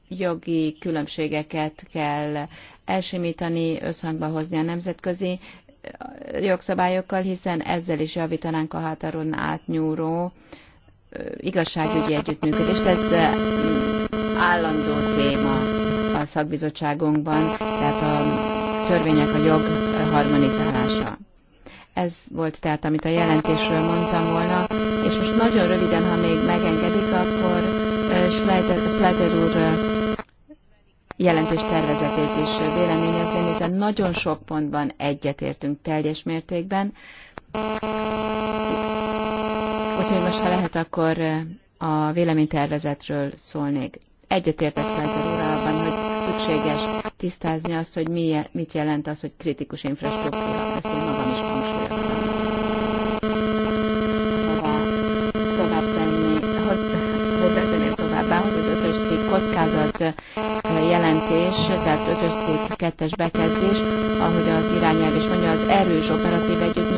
jogi különbségeket kell elsimítani, összhangba hozni a nemzetközi jogszabályokkal, hiszen ezzel is javítanánk a határon átnyúró igazságügyi együttműködést. Ez állandó téma a szakbizottságunkban, tehát a törvények, a jog harmonizálása. Ez volt tehát, amit a jelentésről mondtam volna, és most nagyon röviden, ha még megengedik, akkor Schleiter, úr jelentés tervezetét is véleményezném, hiszen nagyon sok pontban egyetértünk teljes mértékben. Úgyhogy most, ha lehet, akkor eh, a véleménytervezetről szólnék. Egyetértek Szájter úrában, hogy szükséges tisztázni azt, hogy mi, mit jelent az, hogy kritikus infrastruktúra. Ezt én magam is hangsúlyoztam. az kockázat eh, jelentés, tehát ötös cikk kettes bekezdés, ahogy az irányelv is mondja, az erős operatív együtt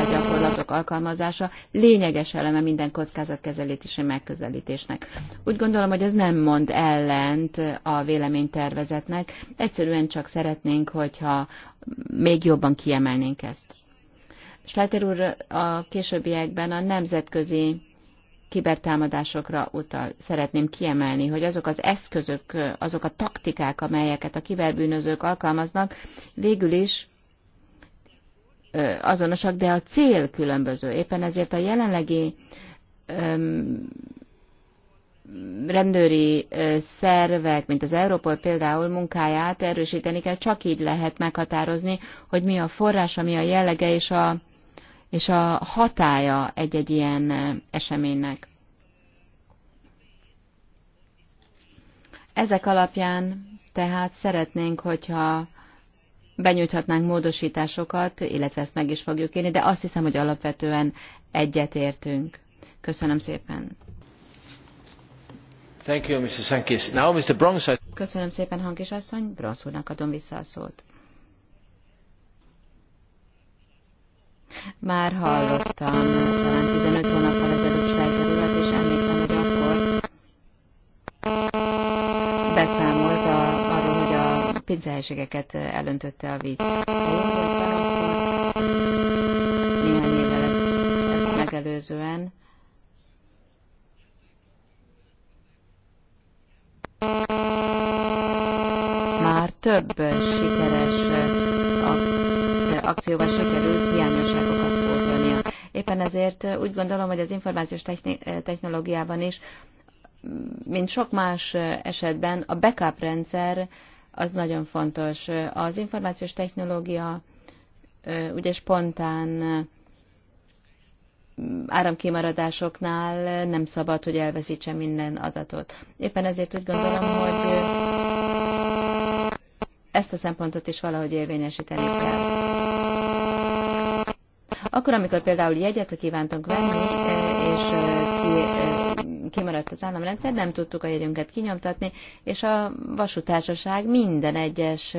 gyakorlatok alkalmazása lényeges eleme minden kockázatkezelési megközelítésnek. Úgy gondolom, hogy ez nem mond ellent a véleménytervezetnek, egyszerűen csak szeretnénk, hogyha még jobban kiemelnénk ezt. Schleiter úr a későbbiekben a nemzetközi kibertámadásokra utal. Szeretném kiemelni, hogy azok az eszközök, azok a taktikák, amelyeket a kiberbűnözők alkalmaznak, végül is azonosak, de a cél különböző. Éppen ezért a jelenlegi rendőri szervek, mint az Európol például munkáját erősíteni kell, csak így lehet meghatározni, hogy mi a forrása, mi a jellege és a, és a hatája egy-egy ilyen eseménynek. Ezek alapján tehát szeretnénk, hogyha benyújthatnánk módosításokat, illetve ezt meg is fogjuk írni, de azt hiszem, hogy alapvetően egyetértünk. Köszönöm szépen. Thank you, Mr. Sankis. Now, Mr. Bronx, I... Köszönöm szépen, Hankis asszony. Bronx úrnak adom vissza a szót. Már hallottam, talán 15 hónap pincehelységeket eh, elöntötte a víz. Néhány évvel ezt megelőzően már több sikeres eh, eh, akcióval sikerült hiányosságokat pótolnia. Éppen ezért úgy gondolom, hogy az információs technológiában is, mm, mint sok más esetben, a backup rendszer az nagyon fontos. Az információs technológia ugye spontán áramkimaradásoknál nem szabad, hogy elveszítse minden adatot. Éppen ezért úgy gondolom, hogy ezt a szempontot is valahogy érvényesíteni kell. Akkor, amikor például jegyet kívántunk venni, és ki kimaradt az államrendszer, nem tudtuk a jegyünket kinyomtatni, és a vasútársaság minden egyes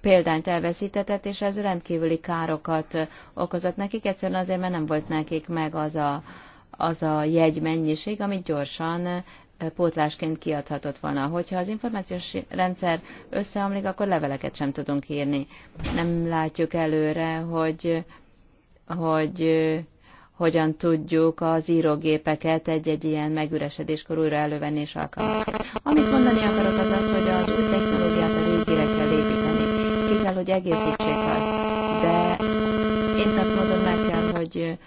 példányt elveszítetett, és ez rendkívüli károkat okozott nekik, egyszerűen azért, mert nem volt nekik meg az a, az a jegymennyiség, amit gyorsan pótlásként kiadhatott volna. Hogyha az információs rendszer összeomlik, akkor leveleket sem tudunk írni. Nem látjuk előre, hogy, hogy hogyan tudjuk az írógépeket egy-egy ilyen megüresedéskor újra elővenni és alkalmazni. Amit mondani akarok az az, hogy az új technológiát a régire kell építeni. Ki kell, hogy egészítsék azt. De nem mondom meg kell, hogy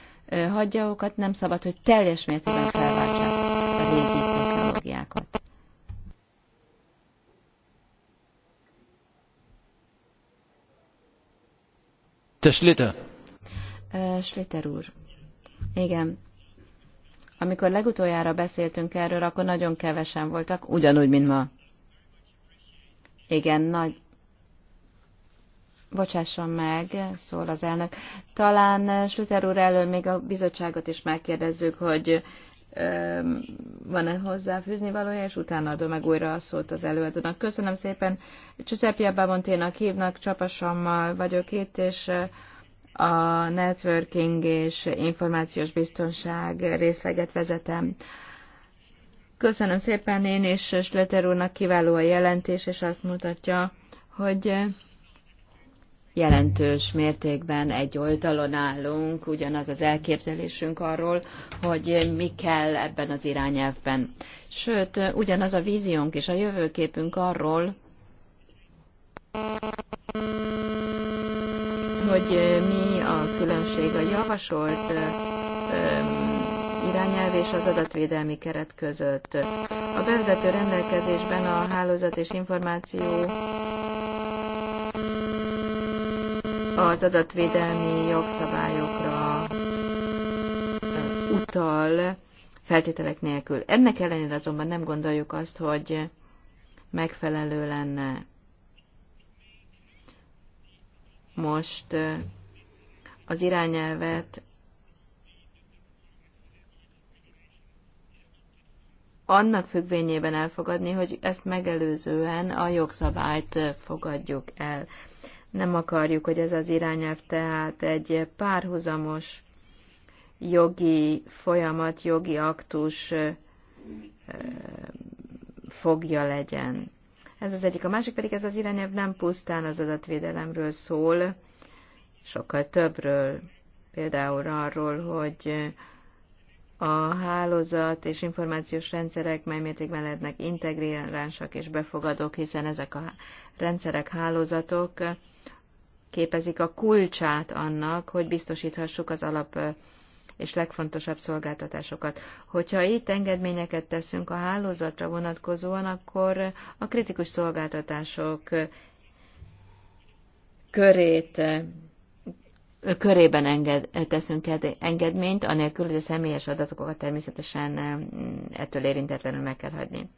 hagyja okat, nem szabad, hogy teljes mértékben felváltsák a régi technológiákat. Te Schlitter. Schlitter úr. Igen. Amikor legutoljára beszéltünk erről, akkor nagyon kevesen voltak, ugyanúgy, mint ma. Igen, nagy. Bocsásson meg, szól az elnök. Talán eh, Slüter úr elől még a bizottságot is megkérdezzük, hogy van-e hozzáfűzni valója, és utána adom meg újra a szót az előadónak. Köszönöm szépen, Giuseppe Bamonténak hívnak, csapasammal vagyok itt, és eh, a networking és információs biztonság részleget vezetem. Köszönöm szépen én és Slöter úrnak kiváló a jelentés, és azt mutatja, hogy jelentős mértékben egy oldalon állunk, ugyanaz az elképzelésünk arról, hogy mi kell ebben az irányelvben. Sőt, ugyanaz a víziónk és a jövőképünk arról, hogy mi a különbség a javasolt irányelv és az adatvédelmi keret között. A bevezető rendelkezésben a hálózat és információ az adatvédelmi jogszabályokra utal feltételek nélkül. Ennek ellenére azonban nem gondoljuk azt, hogy megfelelő lenne most az irányelvet annak függvényében elfogadni, hogy ezt megelőzően a jogszabályt fogadjuk el. Nem akarjuk, hogy ez az irányelv tehát egy párhuzamos jogi folyamat, jogi aktus fogja legyen. Ez az egyik. A másik pedig ez az irányelv nem pusztán az adatvédelemről szól, sokkal többről, például arról, hogy a hálózat és információs rendszerek mely mértékben lehetnek integrálánsak és befogadók, hiszen ezek a rendszerek, hálózatok képezik a kulcsát annak, hogy biztosíthassuk az alap és legfontosabb szolgáltatásokat. Hogyha itt engedményeket teszünk a hálózatra vonatkozóan, akkor a kritikus szolgáltatások körét körében enged, teszünk engedményt, anélkül, hogy a személyes adatokat természetesen mm, ettől érintetlenül meg kell hagyni.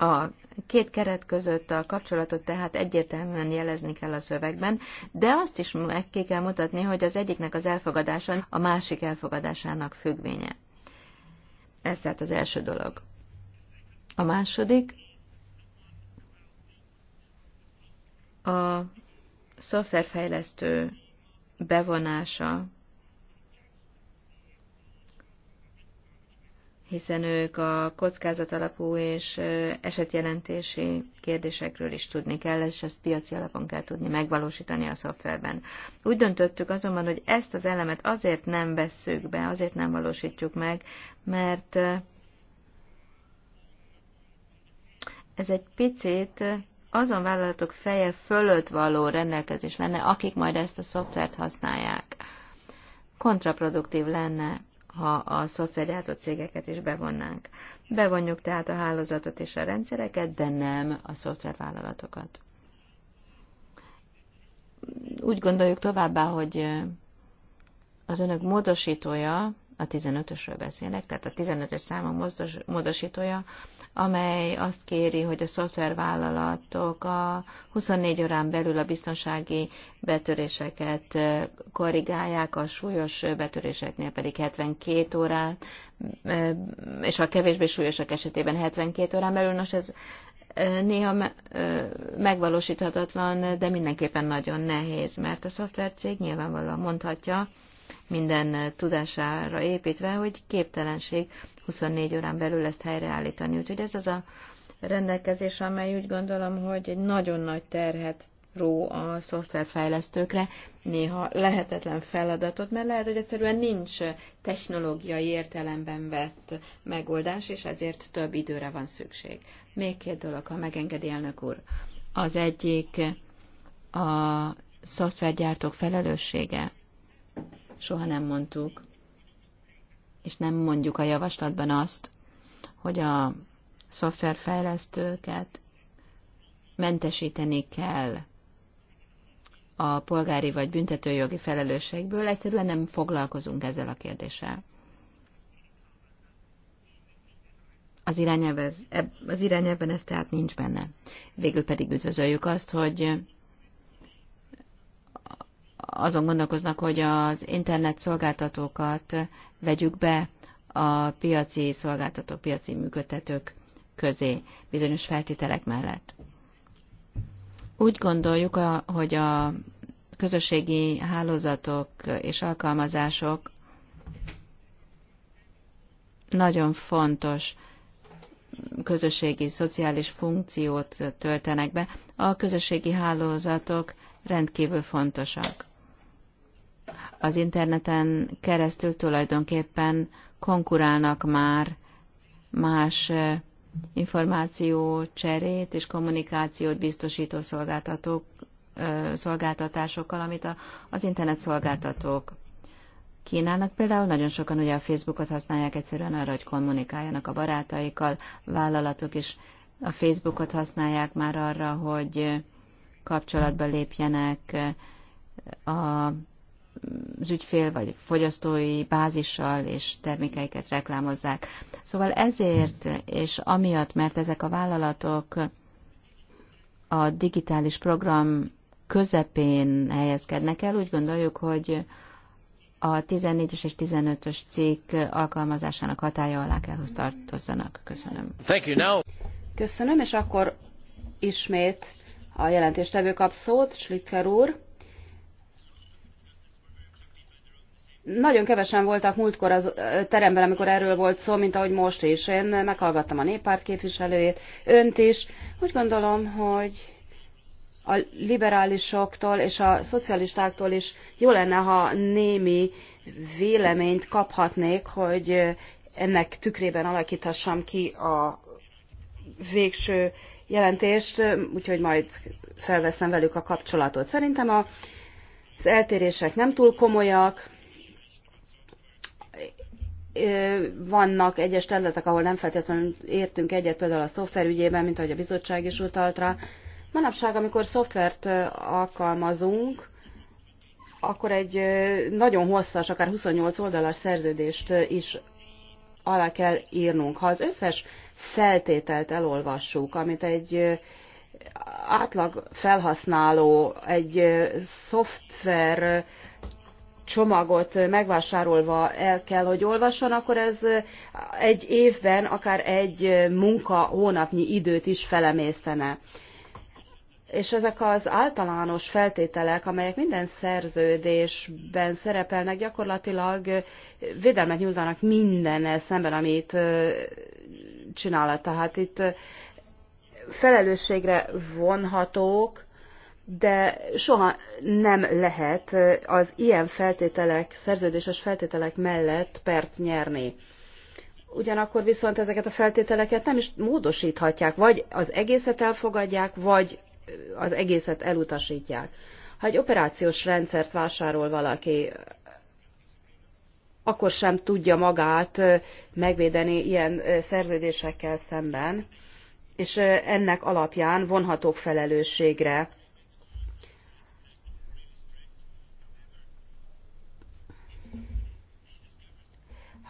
A két keret között a kapcsolatot tehát egyértelműen jelezni kell a szövegben, de azt is meg kell mutatni, hogy az egyiknek az elfogadása a másik elfogadásának függvénye. Ez tehát az első dolog. A második a szoftverfejlesztő bevonása hiszen ők a alapú és esetjelentési kérdésekről is tudni kell, és ezt piaci alapon kell tudni megvalósítani a szoftverben. Úgy döntöttük azonban, hogy ezt az elemet azért nem vesszük be, azért nem valósítjuk meg, mert ez egy picit azon vállalatok feje fölött való rendelkezés lenne, akik majd ezt a szoftvert használják. Kontraproduktív lenne, ha a szoftvergyártó cégeket is bevonnánk. Bevonjuk tehát a hálózatot és a rendszereket, de nem a szoftvervállalatokat. Úgy gondoljuk továbbá, hogy az önök módosítója, a 15-ösről beszélek, tehát a 15-ös számom módosítója amely azt kéri, hogy a szoftvervállalatok a 24 órán belül a biztonsági betöréseket korrigálják, a súlyos betöréseknél pedig 72 órát, és a kevésbé súlyosak esetében 72 órán belül. Nos, ez néha megvalósíthatatlan, de mindenképpen nagyon nehéz, mert a szoftvercég nyilvánvalóan mondhatja, minden tudására építve, hogy képtelenség 24 órán belül ezt helyreállítani. Úgyhogy ez az a rendelkezés, amely úgy gondolom, hogy egy nagyon nagy terhet ró a szoftverfejlesztőkre, néha lehetetlen feladatot, mert lehet, hogy egyszerűen nincs technológiai értelemben vett megoldás, és ezért több időre van szükség. Még két dolog, ha megengedi elnök úr. Az egyik a szoftvergyártók felelőssége soha nem mondtuk, és nem mondjuk a javaslatban azt, hogy a szoftverfejlesztőket mentesíteni kell a polgári vagy büntetőjogi felelősségből, egyszerűen nem foglalkozunk ezzel a kérdéssel. Az, irányelv, az irányelvben ez tehát nincs benne. Végül pedig üdvözöljük azt, hogy azon gondolkoznak, hogy az internet szolgáltatókat vegyük be a piaci szolgáltató, piaci működtetők közé bizonyos feltételek mellett. Úgy gondoljuk, hogy a közösségi hálózatok és alkalmazások nagyon fontos közösségi, szociális funkciót töltenek be. A közösségi hálózatok rendkívül fontosak az interneten keresztül tulajdonképpen konkurálnak már más eh, információ cserét és kommunikációt biztosító szolgáltatók, eh, szolgáltatásokkal, amit az internet szolgáltatók kínálnak. Például nagyon sokan ugye a Facebookot használják egyszerűen arra, hogy kommunikáljanak a barátaikkal, vállalatok is a Facebookot használják már arra, hogy kapcsolatba lépjenek eh, a az ügyfél vagy fogyasztói bázissal és termékeiket reklámozzák. Szóval ezért és amiatt, mert ezek a vállalatok a digitális program közepén helyezkednek el, úgy gondoljuk, hogy a 14-es és 15-ös cikk alkalmazásának hatája alá kell, hogy tartozzanak. Köszönöm. Thank you now. Köszönöm, és akkor ismét a jelentéstevő kap szót, Schlicker úr. Nagyon kevesen voltak múltkor az teremben, amikor erről volt szó, mint ahogy most is. Én meghallgattam a néppárt képviselőjét, önt is. Úgy gondolom, hogy a liberálisoktól és a szocialistáktól is jó lenne, ha némi véleményt kaphatnék, hogy ennek tükrében alakíthassam ki a végső jelentést, úgyhogy majd felveszem velük a kapcsolatot. Szerintem az eltérések nem túl komolyak, vannak egyes területek, ahol nem feltétlenül értünk egyet, például a szoftver ügyében, mint ahogy a bizottság is utalt rá. Manapság, amikor szoftvert alkalmazunk, akkor egy nagyon hosszas, akár 28 oldalas szerződést is alá kell írnunk. Ha az összes feltételt elolvassuk, amit egy átlag felhasználó egy szoftver csomagot megvásárolva el kell, hogy olvasson, akkor ez egy évben akár egy munka hónapnyi időt is felemésztene. És ezek az általános feltételek, amelyek minden szerződésben szerepelnek, gyakorlatilag védelmet nyújtanak mindennel szemben, amit csinál. Tehát itt felelősségre vonhatók, de soha nem lehet az ilyen feltételek, szerződéses feltételek mellett perc nyerni. Ugyanakkor viszont ezeket a feltételeket nem is módosíthatják, vagy az egészet elfogadják, vagy az egészet elutasítják. Ha egy operációs rendszert vásárol valaki, akkor sem tudja magát megvédeni ilyen szerződésekkel szemben, és ennek alapján vonhatók felelősségre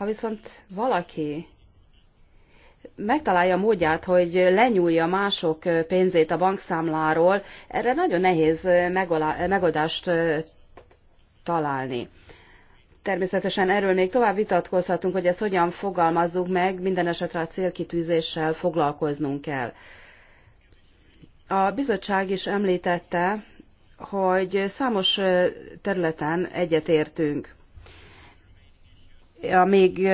Ha viszont valaki megtalálja módját, hogy lenyúlja mások pénzét a bankszámláról, erre nagyon nehéz megoldást találni. Természetesen erről még tovább vitatkozhatunk, hogy ezt hogyan fogalmazzuk meg, minden esetre a célkitűzéssel foglalkoznunk kell. A bizottság is említette, hogy számos területen egyetértünk a még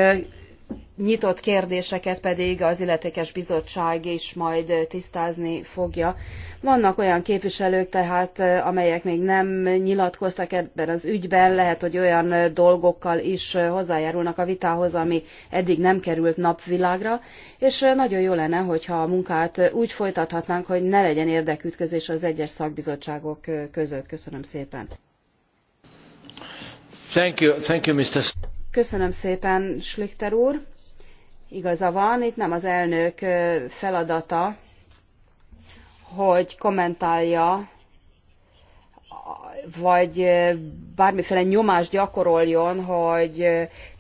nyitott kérdéseket pedig az illetékes bizottság is majd tisztázni fogja. Vannak olyan képviselők tehát, amelyek még nem nyilatkoztak ebben az ügyben, lehet, hogy olyan dolgokkal is hozzájárulnak a vitához, ami eddig nem került napvilágra, és nagyon jó lenne, hogyha a munkát úgy folytathatnánk, hogy ne legyen érdekütközés az egyes szakbizottságok között. Köszönöm szépen. Thank you, thank you, Mr. Köszönöm szépen, Schlichter úr. Igaza van, itt nem az elnök feladata, hogy kommentálja, vagy bármiféle nyomást gyakoroljon, hogy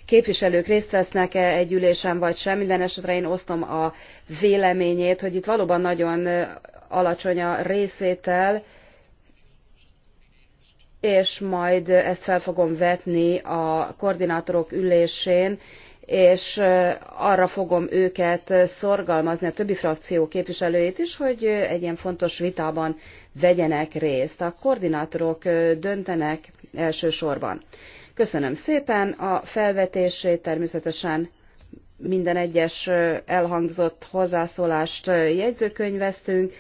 képviselők részt vesznek e egy ülésen vagy sem. Minden esetre én osztom a véleményét, hogy itt valóban nagyon alacsony a részvétel, és majd ezt fel fogom vetni a koordinátorok ülésén, és arra fogom őket szorgalmazni, a többi frakció képviselőit is, hogy egy ilyen fontos vitában vegyenek részt. A koordinátorok döntenek elsősorban. Köszönöm szépen a felvetését, természetesen minden egyes elhangzott hozzászólást jegyzőkönyveztünk.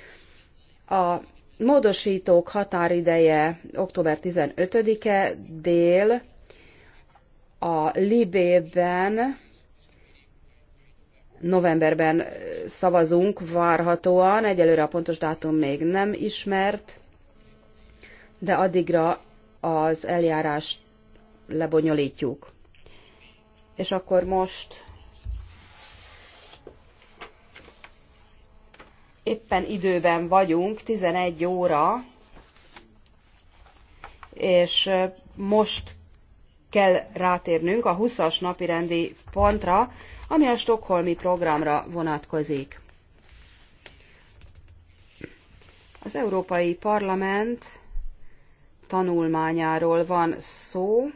A módosítók határideje október 15-e dél, a Libében novemberben szavazunk várhatóan, egyelőre a pontos dátum még nem ismert, de addigra az eljárást lebonyolítjuk. És akkor most éppen időben vagyunk, 11 óra, és most kell rátérnünk a 20-as napirendi pontra, ami a stokholmi programra vonatkozik. Az Európai Parlament tanulmányáról van szó.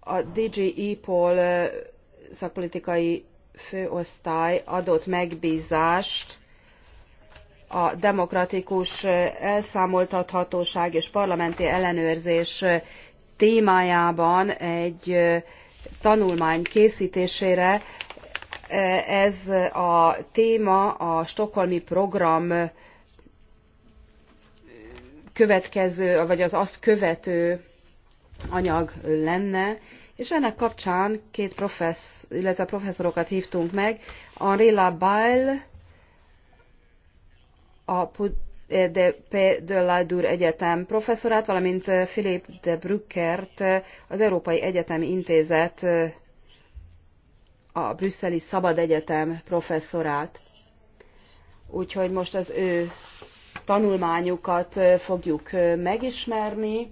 A DG EPOL szakpolitikai főosztály adott megbízást a demokratikus elszámoltathatóság és parlamenti ellenőrzés témájában egy tanulmány készítésére. Ez a téma a Stockholmi program következő, vagy az azt követő anyag lenne, és ennek kapcsán két professz, illetve professzorokat hívtunk meg, Henri Labaille, a de P. de Ladur Egyetem professzorát, valamint eh, Philip de Brückert, eh, az Európai Egyetemi Intézet, eh, a Brüsszeli Szabad Egyetem professzorát. Úgyhogy most az ő tanulmányukat fogjuk megismerni.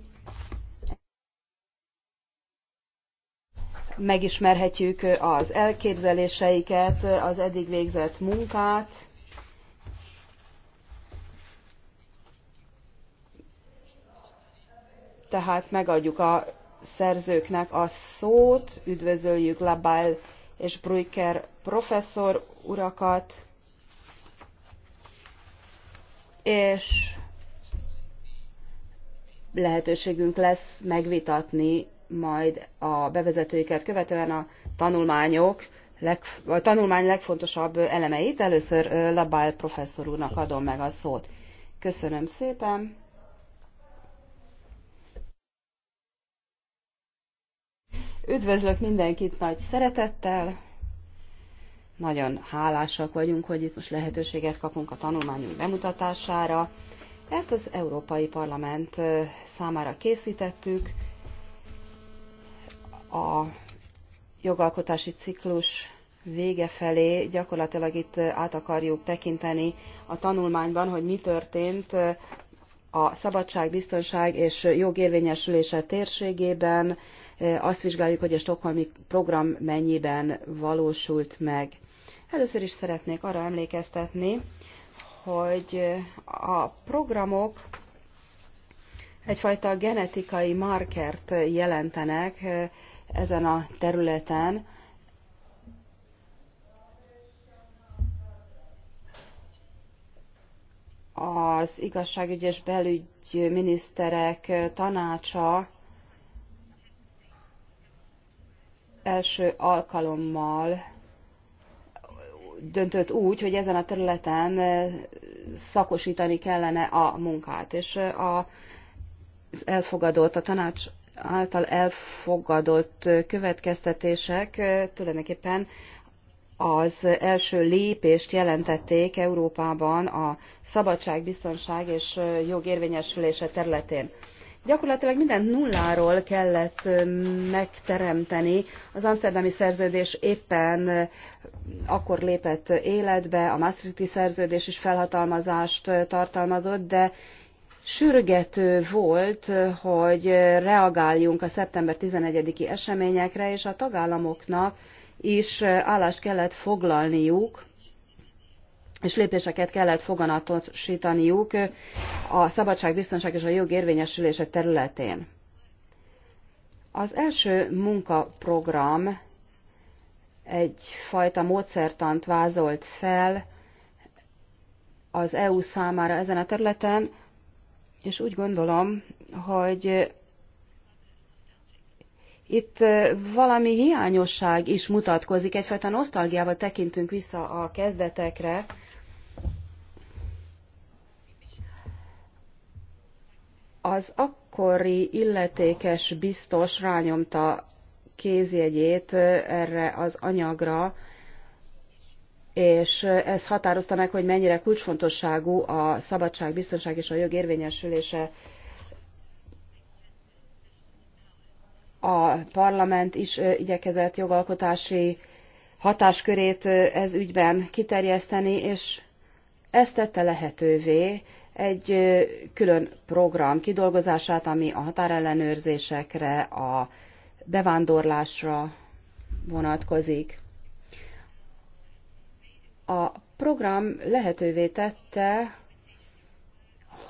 megismerhetjük az elképzeléseiket, az eddig végzett munkát, tehát megadjuk a szerzőknek a szót, üdvözöljük Labál és Bruyker professzor urakat, és lehetőségünk lesz megvitatni majd a bevezetőiket követően a tanulmányok, leg, a tanulmány legfontosabb elemeit. Először Labál professzor úrnak adom meg a szót. Köszönöm szépen. Üdvözlök mindenkit nagy szeretettel. Nagyon hálásak vagyunk, hogy itt most lehetőséget kapunk a tanulmányunk bemutatására. Ezt az Európai Parlament számára készítettük a jogalkotási ciklus vége felé gyakorlatilag itt át akarjuk tekinteni a tanulmányban, hogy mi történt a szabadság, biztonság és jog érvényesülése térségében. Azt vizsgáljuk, hogy a stokholmi program mennyiben valósult meg. Először is szeretnék arra emlékeztetni, hogy a programok egyfajta genetikai markert jelentenek, ezen a területen. Az igazságügy és belügy miniszterek tanácsa első alkalommal döntött úgy, hogy ezen a területen szakosítani kellene a munkát, és a, az elfogadott, a tanács által elfogadott következtetések tulajdonképpen az első lépést jelentették Európában a szabadság, biztonság és jog érvényesülése területén. Gyakorlatilag mindent nulláról kellett megteremteni. Az Amsterdami szerződés éppen akkor lépett életbe, a Maastrichti szerződés is felhatalmazást tartalmazott, de sürgető volt, hogy reagáljunk a szeptember 11-i eseményekre, és a tagállamoknak is állást kellett foglalniuk, és lépéseket kellett foganatosítaniuk a szabadság, biztonság és a jog érvényesülése területén. Az első munkaprogram egyfajta módszertant vázolt fel az EU számára ezen a területen, és úgy gondolom, hogy itt valami hiányosság is mutatkozik, egyfajta nosztalgiával tekintünk vissza a kezdetekre. Az akkori illetékes biztos rányomta kézjegyét erre az anyagra, és ez határozta meg, hogy mennyire kulcsfontosságú a szabadság, biztonság és a jog érvényesülése a parlament is igyekezett jogalkotási hatáskörét ez ügyben kiterjeszteni, és ezt tette lehetővé egy külön program kidolgozását, ami a határellenőrzésekre, a bevándorlásra vonatkozik. A program lehetővé tette,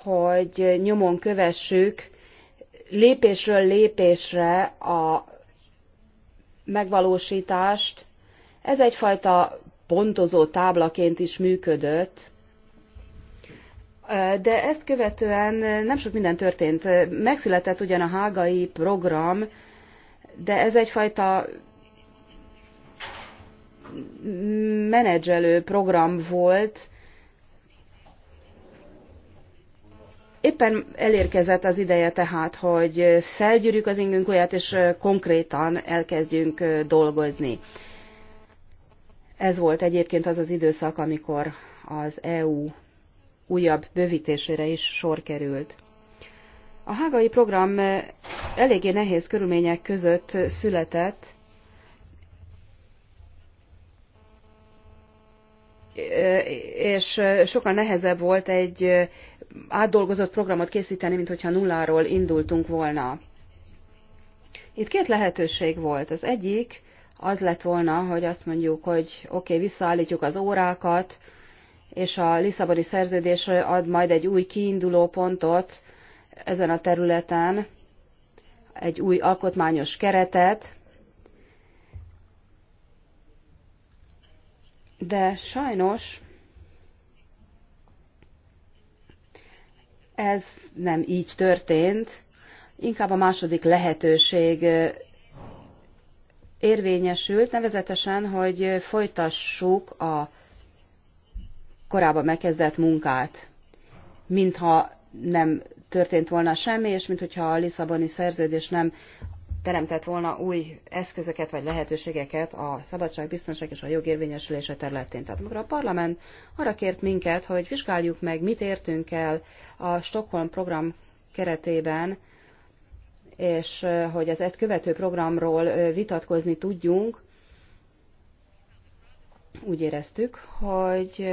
hogy nyomon kövessük lépésről lépésre a megvalósítást. Ez egyfajta pontozó táblaként is működött, de ezt követően nem sok minden történt. Megszületett ugyan a hágai program, de ez egyfajta menedzselő program volt, éppen elérkezett az ideje tehát, hogy felgyűrjük az ingünk olyat, és konkrétan elkezdjünk dolgozni. Ez volt egyébként az az időszak, amikor az EU újabb bővítésére is sor került. A hágai program eléggé nehéz körülmények között született, és sokkal nehezebb volt egy átdolgozott programot készíteni, mint hogyha nulláról indultunk volna. Itt két lehetőség volt. Az egyik az lett volna, hogy azt mondjuk, hogy oké, okay, visszaállítjuk az órákat, és a Lisszaboni szerződés ad majd egy új kiinduló pontot ezen a területen, egy új alkotmányos keretet, de sajnos ez nem így történt, inkább a második lehetőség érvényesült, nevezetesen, hogy folytassuk a korábban megkezdett munkát, mintha nem történt volna semmi, és mintha a Lisszaboni szerződés nem teremtett volna új eszközöket vagy lehetőségeket a szabadság, biztonság és a jogérvényesülése területén. Tehát amikor a parlament arra kért minket, hogy vizsgáljuk meg, mit értünk el a Stockholm program keretében, és hogy az ezt követő programról vitatkozni tudjunk, úgy éreztük, hogy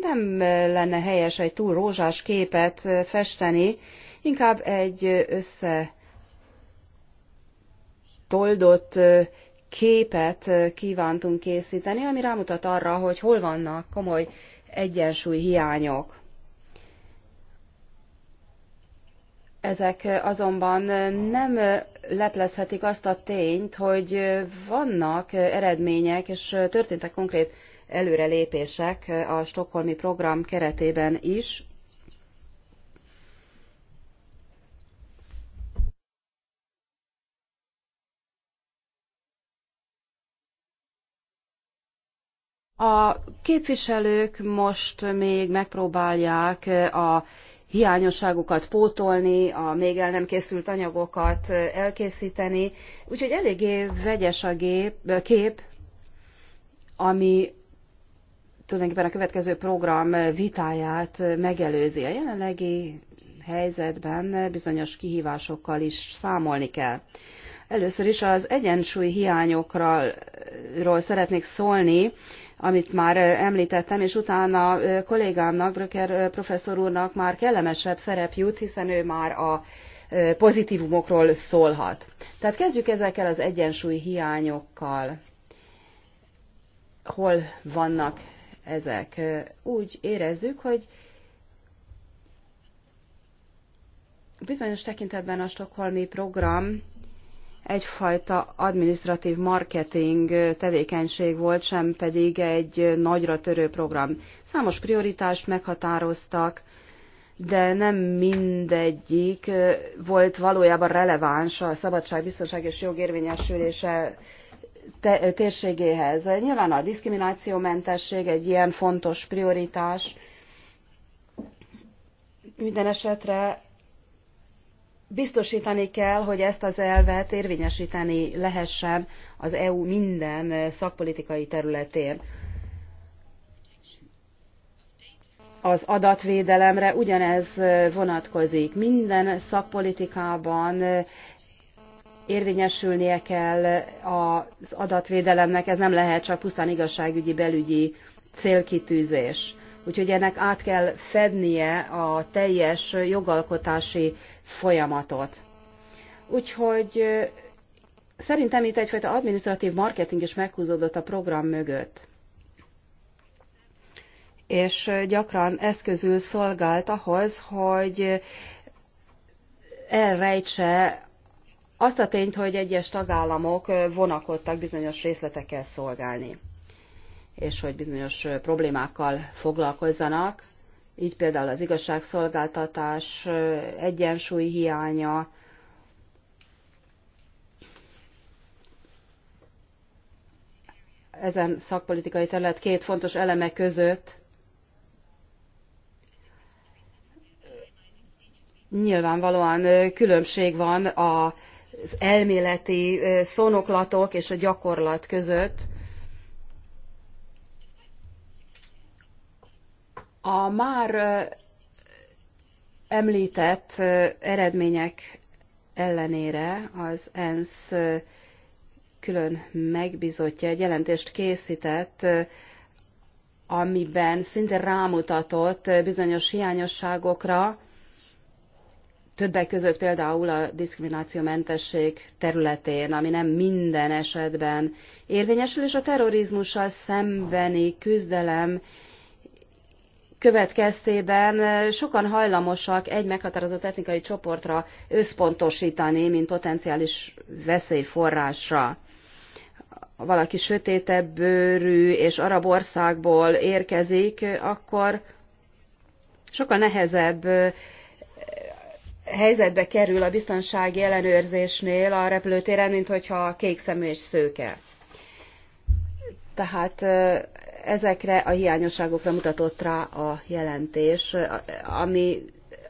nem lenne helyes egy túl rózsás képet festeni, inkább egy össze toldott képet kívántunk készíteni, ami rámutat arra, hogy hol vannak komoly egyensúly hiányok. Ezek azonban nem leplezhetik azt a tényt, hogy vannak eredmények, és történtek konkrét előrelépések a Stockholmi program keretében is. A képviselők most még megpróbálják a hiányosságokat pótolni, a még el nem készült anyagokat elkészíteni, úgyhogy eléggé vegyes a gép, kép, ami tulajdonképpen a következő program vitáját megelőzi. A jelenlegi helyzetben bizonyos kihívásokkal is számolni kell. Először is az egyensúly hiányokról szeretnék szólni, amit már említettem, és utána kollégámnak, Bröker professzor úrnak már kellemesebb szerep jut, hiszen ő már a pozitívumokról szólhat. Tehát kezdjük ezekkel az egyensúly hiányokkal. Hol vannak ezek? Úgy érezzük, hogy bizonyos tekintetben a stokholmi program egyfajta administratív marketing tevékenység volt, sem pedig egy nagyra törő program. Számos prioritást meghatároztak, de nem mindegyik volt valójában releváns a szabadság, biztonság és jogérvényesülése térségéhez. Nyilván a diszkriminációmentesség egy ilyen fontos prioritás. Minden esetre biztosítani kell, hogy ezt az elvet érvényesíteni lehessen az EU minden szakpolitikai területén. Az adatvédelemre ugyanez vonatkozik. Minden szakpolitikában érvényesülnie kell az adatvédelemnek, ez nem lehet csak pusztán igazságügyi belügyi célkitűzés úgyhogy ennek át kell fednie a teljes jogalkotási folyamatot. Úgyhogy szerintem itt egyfajta administratív marketing is meghúzódott a program mögött. És gyakran eszközül szolgált ahhoz, hogy elrejtse azt a tényt, hogy egyes tagállamok vonakodtak bizonyos részletekkel szolgálni és hogy bizonyos problémákkal foglalkozzanak, így például az igazságszolgáltatás egyensúly hiánya, ezen szakpolitikai terület két fontos eleme között nyilvánvalóan különbség van az elméleti szónoklatok és a gyakorlat között. A már említett eredmények ellenére az ENSZ külön megbizotja egy jelentést készített, amiben szinte rámutatott bizonyos hiányosságokra, többek között például a diszkriminációmentesség területén, ami nem minden esetben érvényesül, és a terrorizmussal szembeni küzdelem következtében sokan hajlamosak egy meghatározott etnikai csoportra összpontosítani, mint potenciális veszélyforrásra. Ha valaki sötétebb bőrű és arab országból érkezik, akkor sokkal nehezebb helyzetbe kerül a biztonsági ellenőrzésnél a repülőtéren, mint hogyha kék szemű és szőke. Tehát Ezekre a hiányosságokra mutatott rá a jelentés, ami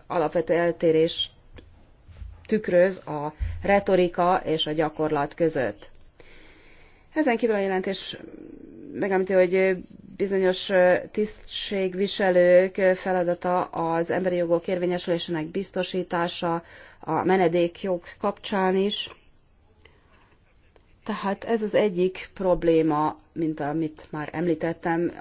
alapvető eltérés tükröz a retorika és a gyakorlat között. Ezen kívül a jelentés megemlíti, hogy bizonyos tisztségviselők feladata az emberi jogok érvényesülésének biztosítása a menedékjog kapcsán is. Tehát ez az egyik probléma, mint amit már említettem,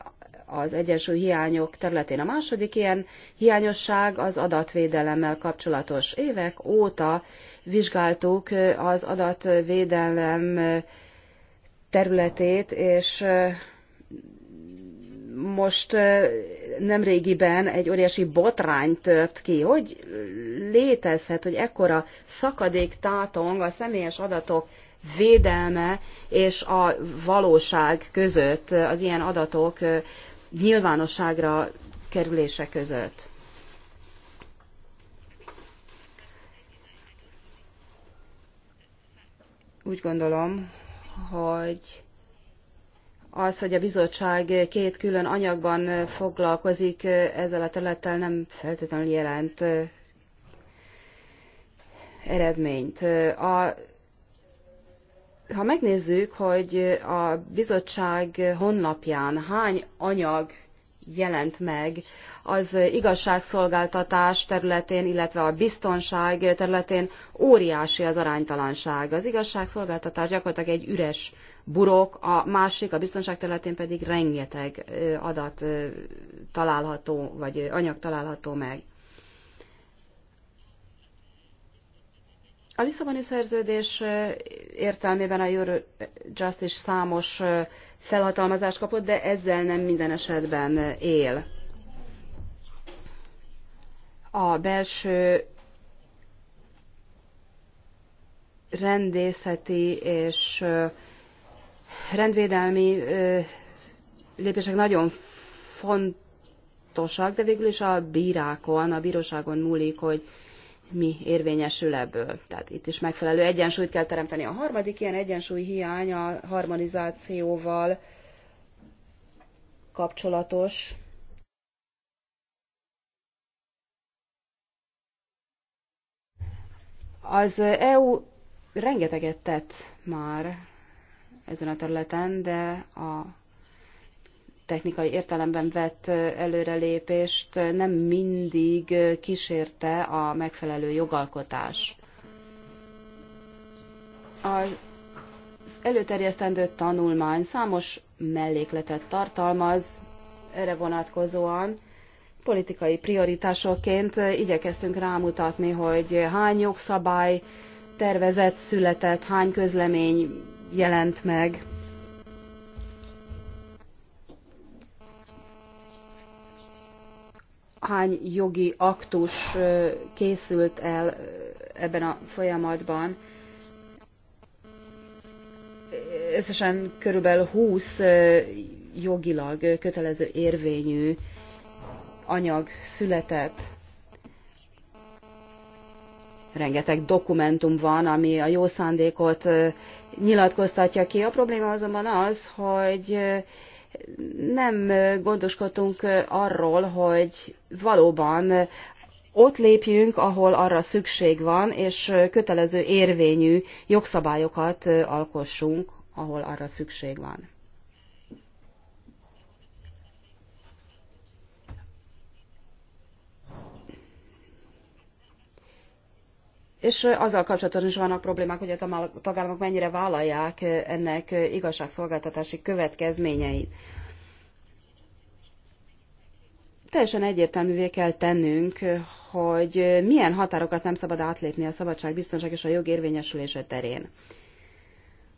az egyensúly hiányok területén. A második ilyen hiányosság az adatvédelemmel kapcsolatos. Évek óta vizsgáltuk az adatvédelem területét, és most nemrégiben egy óriási botrány tört ki. Hogy létezhet, hogy ekkora szakadék tátong a személyes adatok védelme és a valóság között, az ilyen adatok nyilvánosságra kerülése között. Úgy gondolom, hogy az, hogy a bizottság két külön anyagban foglalkozik ezzel a területtel, nem feltétlenül jelent eredményt. A ha megnézzük, hogy a bizottság honlapján hány anyag jelent meg az igazságszolgáltatás területén, illetve a biztonság területén óriási az aránytalanság. Az igazságszolgáltatás gyakorlatilag egy üres burok, a másik, a biztonság területén pedig rengeteg adat található, vagy anyag található meg. A Lisszaboni szerződés értelmében a Euro Justice számos felhatalmazást kapott, de ezzel nem minden esetben él. A belső rendészeti és rendvédelmi lépések nagyon fontosak, de végül is a bírákon, a bíróságon múlik, hogy mi érvényesül ebből. Tehát itt is megfelelő egyensúlyt kell teremteni. A harmadik ilyen egyensúly hiány a harmonizációval kapcsolatos. Az EU rengeteget tett már ezen a területen, de a technikai értelemben vett előrelépést nem mindig kísérte a megfelelő jogalkotás. Az előterjesztendő tanulmány számos mellékletet tartalmaz erre vonatkozóan. Politikai prioritásokként igyekeztünk rámutatni, hogy hány jogszabály tervezett született, hány közlemény jelent meg, hány jogi aktus készült el ebben a folyamatban. Összesen körülbelül 20 jogilag kötelező érvényű anyag született. Rengeteg dokumentum van, ami a jó szándékot nyilatkoztatja ki. A probléma azonban az, hogy nem gondoskodtunk arról, hogy valóban ott lépjünk, ahol arra szükség van, és kötelező érvényű jogszabályokat alkossunk, ahol arra szükség van. és azzal kapcsolatban is vannak problémák, hogy a tagállamok mennyire vállalják ennek igazságszolgáltatási következményeit. Teljesen egyértelművé kell tennünk, hogy milyen határokat nem szabad átlépni a szabadság, biztonság és a jog érvényesülése terén.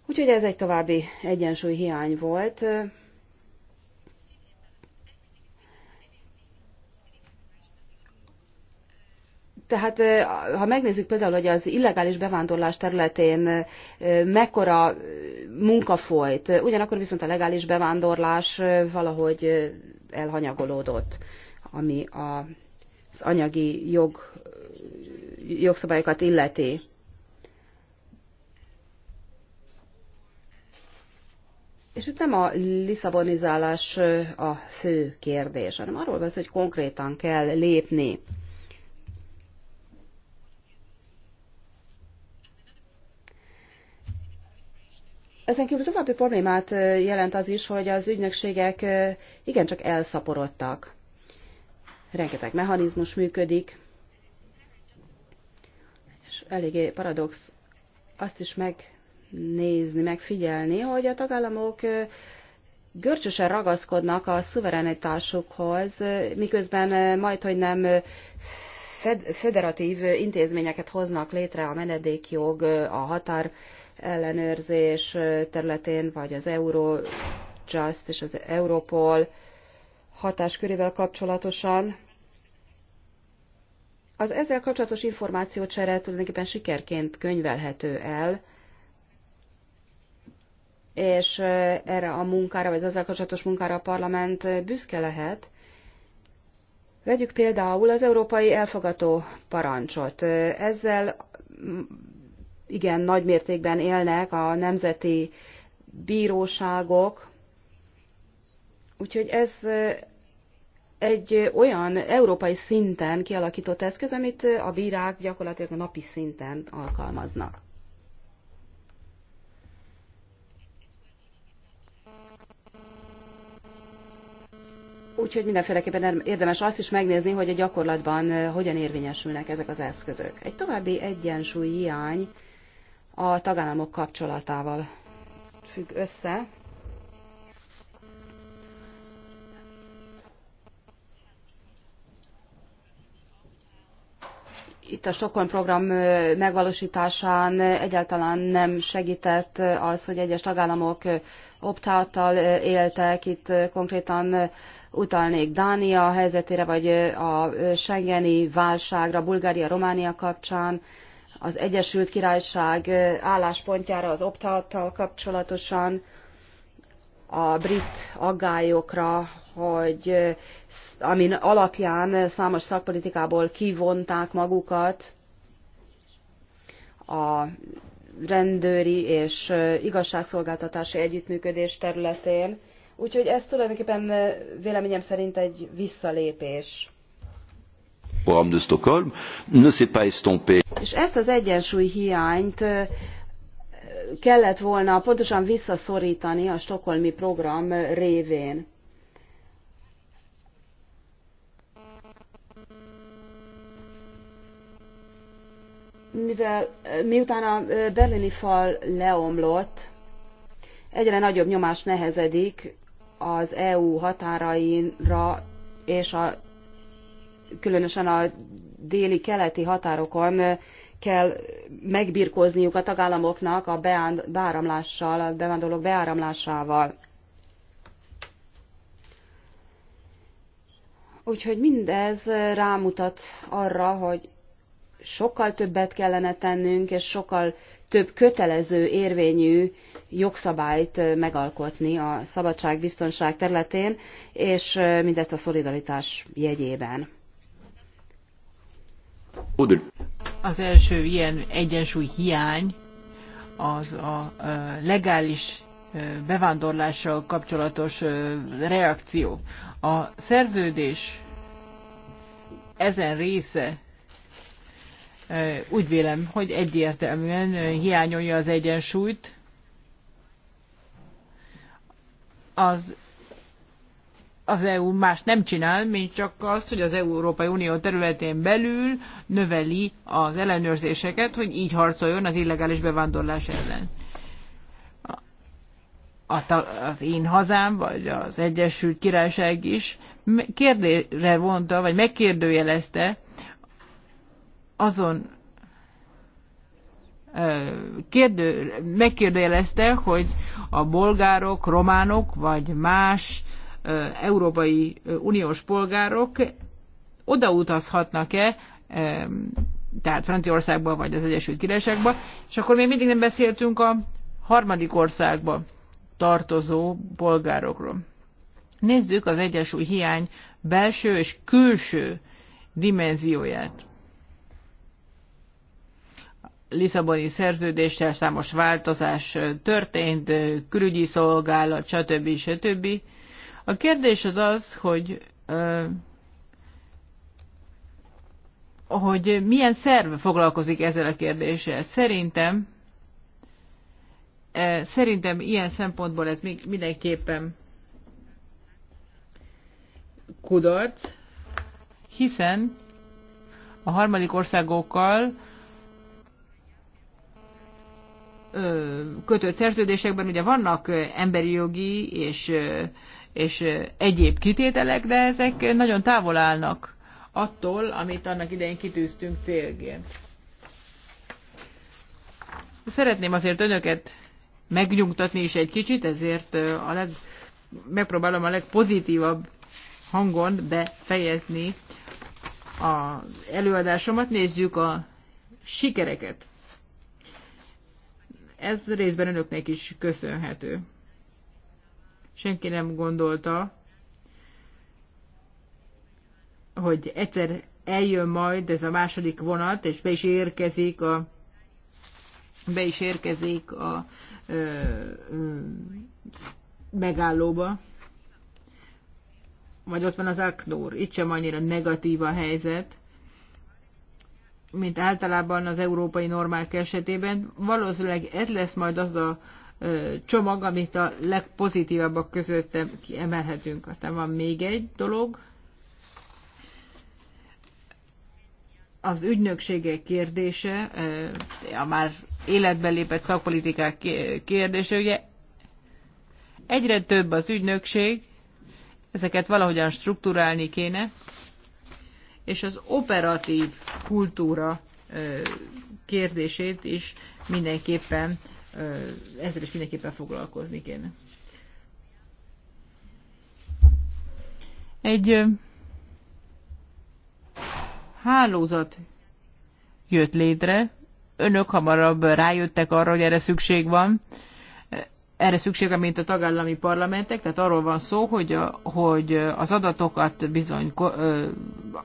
Úgyhogy ez egy további egyensúlyhiány volt. Tehát ha megnézzük például, hogy az illegális bevándorlás területén mekkora munka folyt, ugyanakkor viszont a legális bevándorlás valahogy elhanyagolódott, ami a, az anyagi jog, jogszabályokat illeti. És itt nem a liszabonizálás a fő kérdés, hanem arról van hogy konkrétan kell lépni. Ezen kívül további problémát jelent az is, hogy az ügynökségek igencsak elszaporodtak. Rengeteg mechanizmus működik, és eléggé paradox azt is megnézni, megfigyelni, hogy a tagállamok görcsösen ragaszkodnak a szuverenitásukhoz, miközben majd, hogy nem federatív intézményeket hoznak létre a menedékjog, a határ ellenőrzés területén, vagy az Eurojust és az Europol hatáskörével kapcsolatosan. Az ezzel kapcsolatos információcsere tulajdonképpen sikerként könyvelhető el, és erre a munkára, vagy az ezzel kapcsolatos munkára a parlament büszke lehet. Vegyük például az európai elfogató parancsot. Ezzel igen nagy mértékben élnek a nemzeti bíróságok. Úgyhogy ez eh, egy olyan európai szinten kialakított eszköz, amit eh, a bírák gyakorlatilag a napi szinten alkalmaznak. Úgyhogy mindenféleképpen er- érdemes azt is megnézni, hogy a gyakorlatban eh, hogyan érvényesülnek ezek az eszközök. Egy további egyensúly hiány a tagállamok kapcsolatával függ össze. Itt a Stockholm program megvalósításán egyáltalán nem segített az, hogy egyes tagállamok opt éltek, itt konkrétan utalnék Dánia helyzetére, vagy a Schengeni válságra, Bulgária-Románia kapcsán az Egyesült Királyság álláspontjára az optáltal kapcsolatosan, a brit aggályokra, hogy amin alapján számos szakpolitikából kivonták magukat a rendőri és igazságszolgáltatási együttműködés területén. Úgyhogy ez tulajdonképpen véleményem szerint egy visszalépés programme de Stockholm ne s'est pas estompé. És ezt az egyensúly hiányt kellett volna pontosan visszaszorítani a stokholmi program révén. Mivel miután a berlini fal leomlott, egyre nagyobb nyomás nehezedik az EU határainra és a különösen a déli-keleti határokon kell megbirkózniuk a tagállamoknak a beáramlással, a bevándorlók beáramlásával. Úgyhogy mindez rámutat arra, hogy sokkal többet kellene tennünk, és sokkal több kötelező érvényű jogszabályt megalkotni a szabadság, biztonság területén, és mindezt a szolidaritás jegyében. Az első ilyen egyensúly hiány az a legális bevándorlással kapcsolatos reakció. A szerződés ezen része úgy vélem, hogy egyértelműen hiányolja az egyensúlyt az az EU más nem csinál, mint csak azt, hogy az Európai Unió területén belül növeli az ellenőrzéseket, hogy így harcoljon az illegális bevándorlás ellen. Az én hazám, vagy az Egyesült Királyság is kérdére vonta, vagy megkérdőjelezte azon kérdő, megkérdőjelezte, hogy a bolgárok, románok, vagy más Európai Uniós polgárok odautazhatnak-e, tehát Franciaországba vagy az Egyesült Királyságba, és akkor még mindig nem beszéltünk a harmadik országba tartozó polgárokról. Nézzük az egyensúly hiány belső és külső dimenzióját. Lisszaboni szerződéssel számos változás történt, külügyi szolgálat, stb. stb. A kérdés az az, hogy hogy milyen szerv foglalkozik ezzel a kérdéssel. Szerintem e, szerintem ilyen szempontból ez még mindenképpen kudarc, hiszen a harmadik országokkal kötött szerződésekben ugye vannak emberi jogi és és egyéb kitételek, de ezek nagyon távol állnak attól, amit annak idején kitűztünk célként. Szeretném azért önöket megnyugtatni is egy kicsit, ezért a leg, megpróbálom a legpozitívabb hangon befejezni az előadásomat. Nézzük a sikereket. Ez részben önöknek is köszönhető senki nem gondolta, hogy egyszer eljön majd ez a második vonat, és be is érkezik a be is érkezik a ö, ö, megállóba. Vagy ott van az Aknur. Itt sem annyira negatív a helyzet, mint általában az európai normák esetében. Valószínűleg ez lesz majd az a csomag, amit a legpozitívabbak között emelhetünk. Aztán van még egy dolog, az ügynökségek kérdése, a már életbe lépett szakpolitikák kérdése, ugye egyre több az ügynökség, ezeket valahogyan struktúrálni kéne, és az operatív kultúra kérdését is mindenképpen ezzel is mindenképpen foglalkozni kéne. Egy hálózat jött létre, önök hamarabb rájöttek arra, hogy erre szükség van, erre szükség van, mint a tagállami parlamentek, tehát arról van szó, hogy, a, hogy az adatokat bizony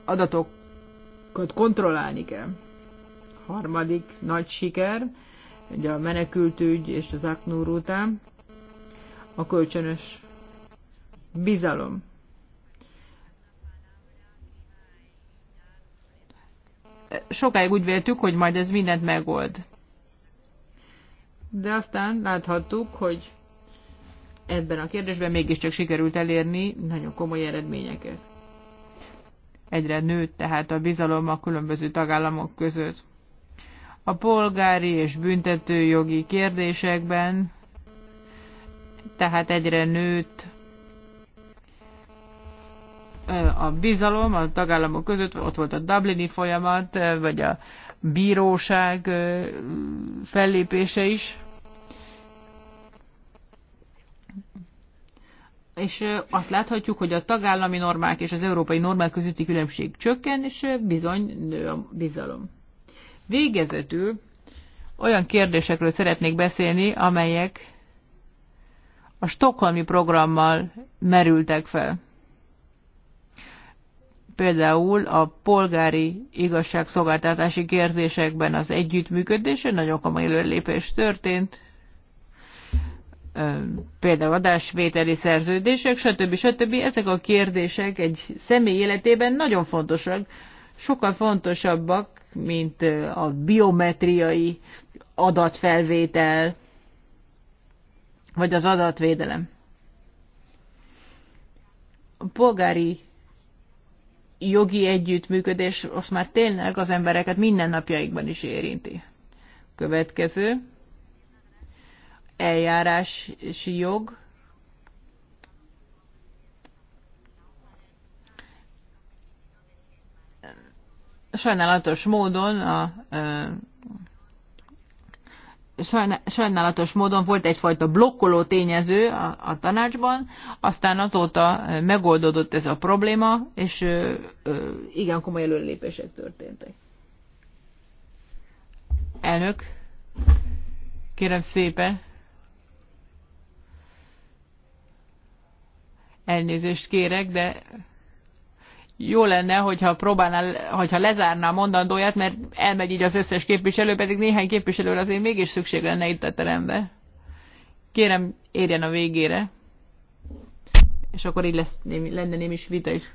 adatokat kontrollálni kell. Harmadik nagy siker, ugye a menekültügy és az Aknúr után, a kölcsönös bizalom. Sokáig úgy véltük, hogy majd ez mindent megold. De aztán láthattuk, hogy ebben a kérdésben mégiscsak sikerült elérni nagyon komoly eredményeket. Egyre nőtt tehát a bizalom a különböző tagállamok között a polgári és büntetőjogi kérdésekben, tehát egyre nőtt a bizalom a tagállamok között, ott volt a Dublini folyamat, vagy a bíróság fellépése is. És azt láthatjuk, hogy a tagállami normák és az európai normák közötti különbség csökken, és bizony nő a bizalom. Végezetül olyan kérdésekről szeretnék beszélni, amelyek a stokholmi programmal merültek fel. Például a polgári igazságszolgáltatási kérdésekben az együttműködése nagyon komoly előrelépés történt, például adásvételi szerződések, stb. stb. Ezek a kérdések egy személy életében nagyon fontosak sokkal fontosabbak, mint a biometriai adatfelvétel, vagy az adatvédelem. A polgári jogi együttműködés most már tényleg az embereket mindennapjaikban is érinti. Következő eljárási jog, sajnálatos módon a sajnálatos módon volt egyfajta blokkoló tényező a, a tanácsban, aztán azóta megoldódott ez a probléma, és ö, ö, igen komoly előlépések történtek. Elnök, kérem szépen, elnézést kérek, de jó lenne, hogyha próbálnál, hogyha lezárná a mondandóját, mert elmegy így az összes képviselő, pedig néhány képviselőre azért mégis szükség lenne itt a terembe. Kérem, érjen a végére. És akkor így lesz, lenne némi is vita is.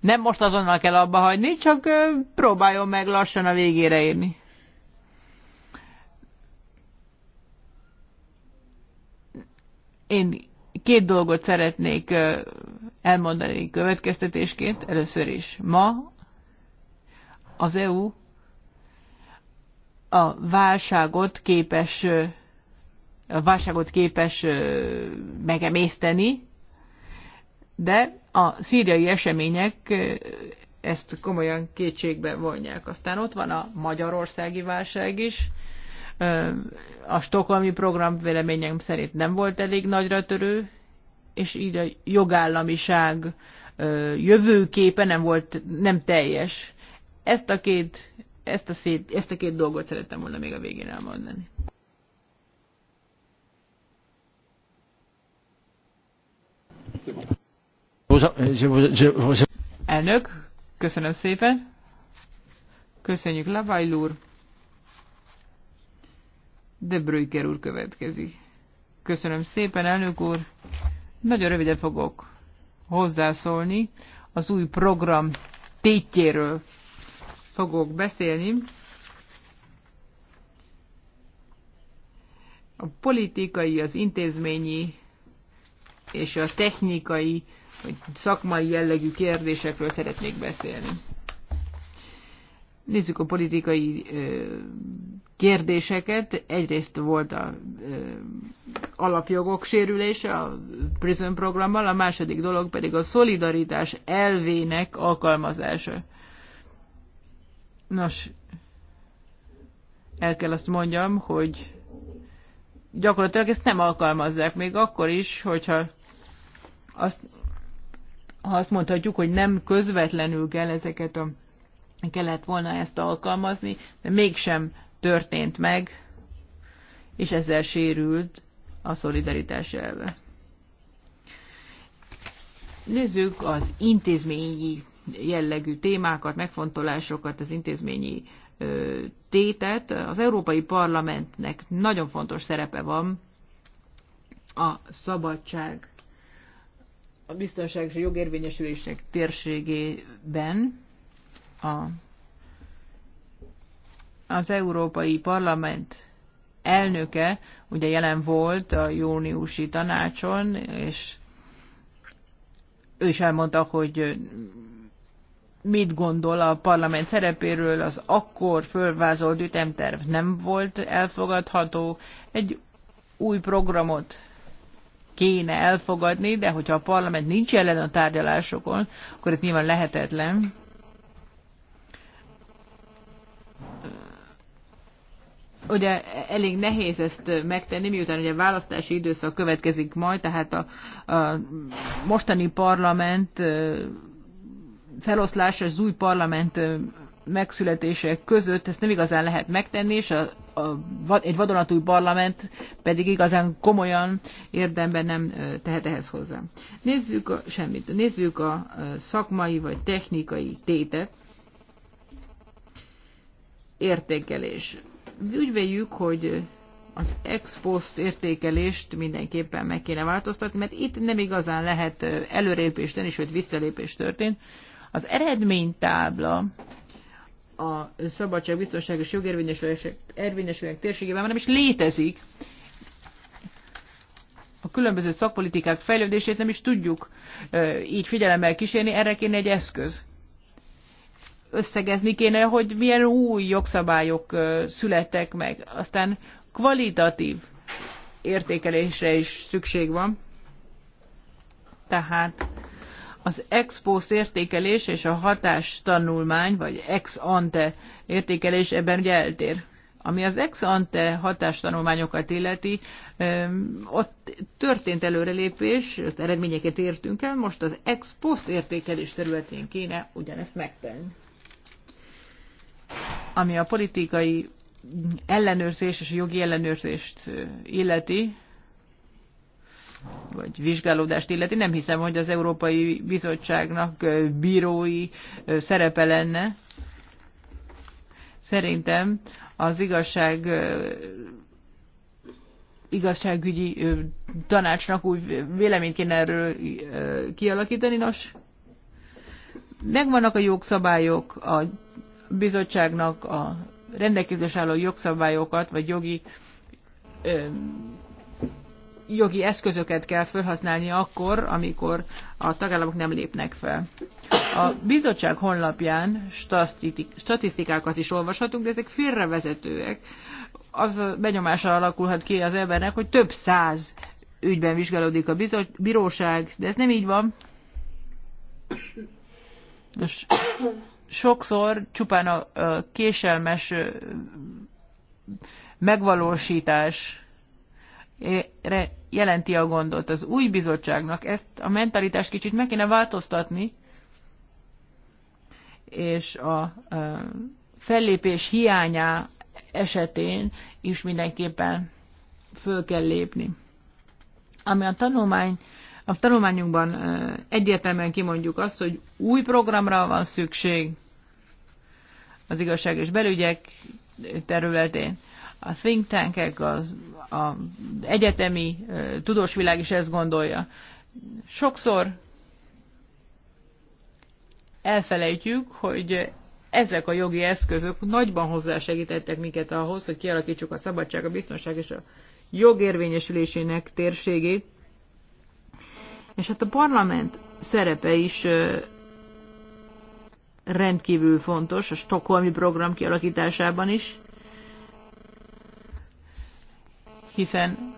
Nem most azonnal kell abba hagyni, csak próbáljon meg lassan a végére érni. Én két dolgot szeretnék elmondani következtetésként először is. Ma az EU a válságot képes a válságot képes megemészteni, de a szíriai események ezt komolyan kétségbe vonják. Aztán ott van a magyarországi válság is. A stokholmi program véleményem szerint nem volt elég nagyra törő, és így a jogállamiság jövőképe nem volt, nem teljes. Ezt a két, ezt a, szét, ezt a két dolgot szerettem volna még a végén elmondani. Elnök, köszönöm szépen. Köszönjük Lavajl úr. De Brüker úr következik. Köszönöm szépen, elnök úr. Nagyon röviden fogok hozzászólni, az új program tétjéről fogok beszélni. A politikai, az intézményi és a technikai, vagy szakmai jellegű kérdésekről szeretnék beszélni. Nézzük a politikai kérdéseket. Egyrészt volt a alapjogok sérülése a prison programmal, a második dolog pedig a szolidaritás elvének alkalmazása. Nos, el kell azt mondjam, hogy gyakorlatilag ezt nem alkalmazzák, még akkor is, hogyha azt, ha azt mondhatjuk, hogy nem közvetlenül kell ezeket a kellett volna ezt alkalmazni, de mégsem történt meg, és ezzel sérült a szolidaritás elve. Nézzük az intézményi jellegű témákat, megfontolásokat, az intézményi tétet. Az Európai Parlamentnek nagyon fontos szerepe van a szabadság, a biztonság és a jogérvényesülések térségében a, az Európai Parlament elnöke ugye jelen volt a júniusi tanácson, és ő is elmondta, hogy mit gondol a parlament szerepéről, az akkor fölvázolt ütemterv nem volt elfogadható, egy új programot kéne elfogadni, de hogyha a parlament nincs jelen a tárgyalásokon, akkor ez nyilván lehetetlen. ugye elég nehéz ezt megtenni, miután ugye választási időszak következik majd, tehát a, a mostani parlament feloszlása az új parlament megszületése között ezt nem igazán lehet megtenni, és a, a, egy vadonatúj parlament pedig igazán komolyan érdemben nem tehet ehhez hozzá. Nézzük a, semmit, nézzük a szakmai vagy technikai tétet. Értékelés úgy véljük, hogy az ex post értékelést mindenképpen meg kéne változtatni, mert itt nem igazán lehet előrépés, tenni, sőt hogy visszalépés történt. Az eredménytábla a szabadság, biztonság és jogérvényesülések térségében már nem is létezik. A különböző szakpolitikák fejlődését nem is tudjuk így figyelemmel kísérni, erre kéne egy eszköz összegezni kéne, hogy milyen új jogszabályok születtek meg. Aztán kvalitatív értékelésre is szükség van. Tehát az ex post értékelés és a hatás tanulmány, vagy ex ante értékelés ebben ugye eltér. Ami az ex ante hatástanulmányokat illeti, ott történt előrelépés, ott eredményeket értünk el, most az ex post értékelés területén kéne ugyanezt megtenni ami a politikai ellenőrzés és a jogi ellenőrzést illeti, vagy vizsgálódást illeti, nem hiszem, hogy az Európai Bizottságnak bírói szerepe lenne. Szerintem az igazság igazságügyi tanácsnak úgy véleményt kéne erről kialakítani. Nos, megvannak a jogszabályok, a bizottságnak a rendelkezés álló jogszabályokat, vagy jogi, ö, jogi eszközöket kell felhasználni akkor, amikor a tagállamok nem lépnek fel. A bizottság honlapján statisztikákat is olvashatunk, de ezek félrevezetőek. Az a benyomása alakulhat ki az embernek, hogy több száz ügyben vizsgálódik a bíróság, de ez nem így van. Nos, sokszor csupán a, késelmes megvalósítás jelenti a gondot. Az új bizottságnak ezt a mentalitást kicsit meg kéne változtatni, és a fellépés hiánya esetén is mindenképpen föl kell lépni. Ami a tanulmány a tanulmányunkban egyértelműen kimondjuk azt, hogy új programra van szükség az igazság és belügyek területén. A think tankek, az, az egyetemi tudós világ is ezt gondolja. Sokszor elfelejtjük, hogy ezek a jogi eszközök nagyban hozzásegítettek minket ahhoz, hogy kialakítsuk a szabadság, a biztonság és a jogérvényesülésének térségét, és hát a parlament szerepe is rendkívül fontos, a stokholmi program kialakításában is, hiszen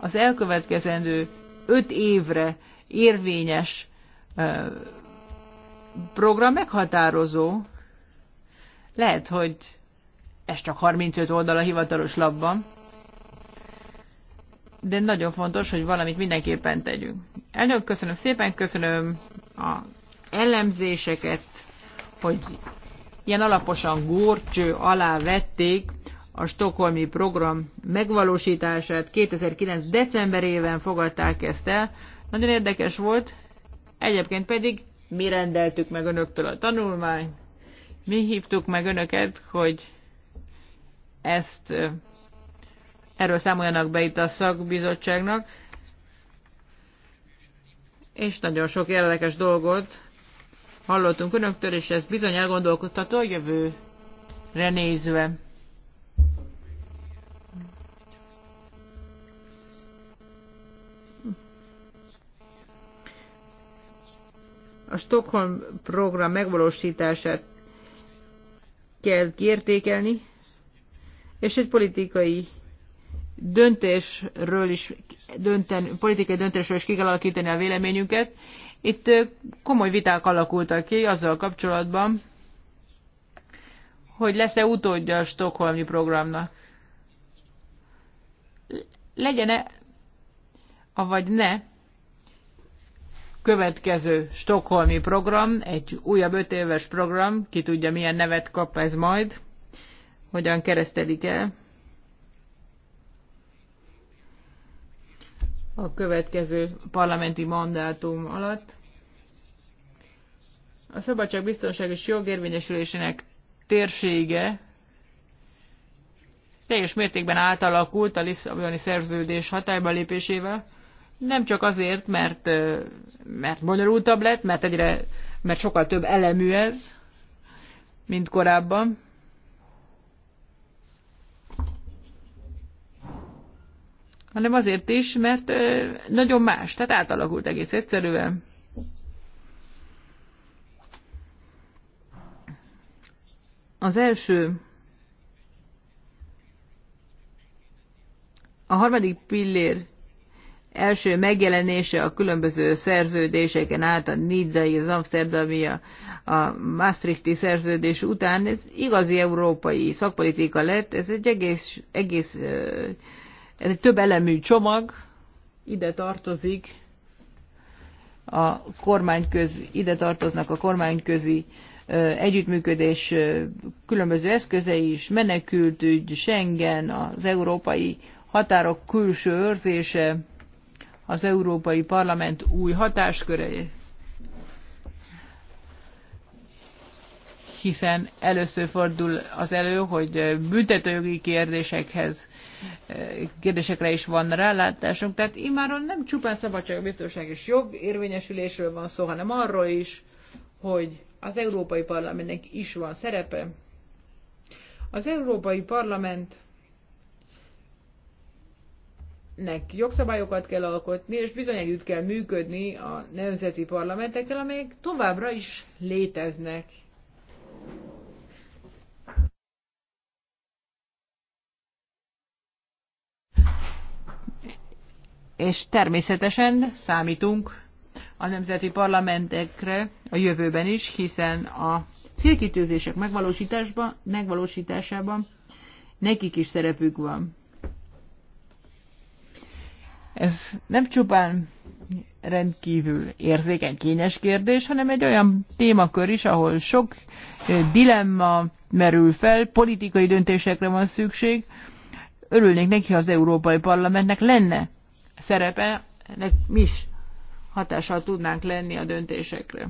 az elkövetkezendő öt évre érvényes program meghatározó. Lehet, hogy ez csak 35 oldal a hivatalos labban, de nagyon fontos, hogy valamit mindenképpen tegyünk. Elnök, köszönöm szépen, köszönöm a elemzéseket, hogy ilyen alaposan górcső alá vették a stokholmi program megvalósítását. 2009. decemberében fogadták ezt el. Nagyon érdekes volt, egyébként pedig mi rendeltük meg önöktől a tanulmányt, mi hívtuk meg önöket, hogy ezt erről számoljanak be itt a szakbizottságnak, és nagyon sok érdekes dolgot hallottunk önöktől, és ez bizony elgondolkoztató a jövőre nézve. A Stockholm program megvalósítását kell kiértékelni, és egy politikai döntésről is, dönten, politikai döntésről is ki kell alakítani a véleményünket. Itt komoly viták alakultak ki azzal kapcsolatban, hogy lesz-e utódja a stokholmi programnak. Legyen-e, avagy ne, következő stokholmi program, egy újabb öt éves program, ki tudja milyen nevet kap ez majd, hogyan keresztelik el. a következő parlamenti mandátum alatt. A szabadság, biztonság és jogérvényesülésének térsége teljes mértékben átalakult a Lisszaboni szerződés hatályba lépésével, nem csak azért, mert, mert bonyolultabb lett, mert egyre, mert sokkal több elemű ez, mint korábban, hanem azért is, mert nagyon más, tehát átalakult egész egyszerűen. Az első, a harmadik pillér első megjelenése a különböző szerződéseken át, a Nidzai, az Amsterdami, a, a Maastrichti szerződés után, ez igazi európai szakpolitika lett, ez egy egész, egész ez egy több elemű csomag, ide tartozik a kormányközi, ide tartoznak a kormányközi együttműködés különböző eszközei is, menekültügy, Schengen, az európai határok külső őrzése, az Európai Parlament új hatásköre, hiszen először fordul az elő, hogy büntetőjogi kérdésekhez, kérdésekre is van rálátásunk. Tehát immáron nem csupán szabadság, biztonság és jog érvényesülésről van szó, hanem arról is, hogy az Európai Parlamentnek is van szerepe. Az Európai Parlament nek jogszabályokat kell alkotni, és bizony együtt kell működni a nemzeti parlamentekkel, amelyek továbbra is léteznek, és természetesen számítunk a nemzeti parlamentekre a jövőben is, hiszen a célkitűzések megvalósításában nekik is szerepük van. Ez nem csupán rendkívül érzékeny, kényes kérdés, hanem egy olyan témakör is, ahol sok eh, dilemma merül fel, politikai döntésekre van szükség. Örülnék neki, ha az Európai Parlamentnek lenne szerepe, ennek mi is hatással tudnánk lenni a döntésekre.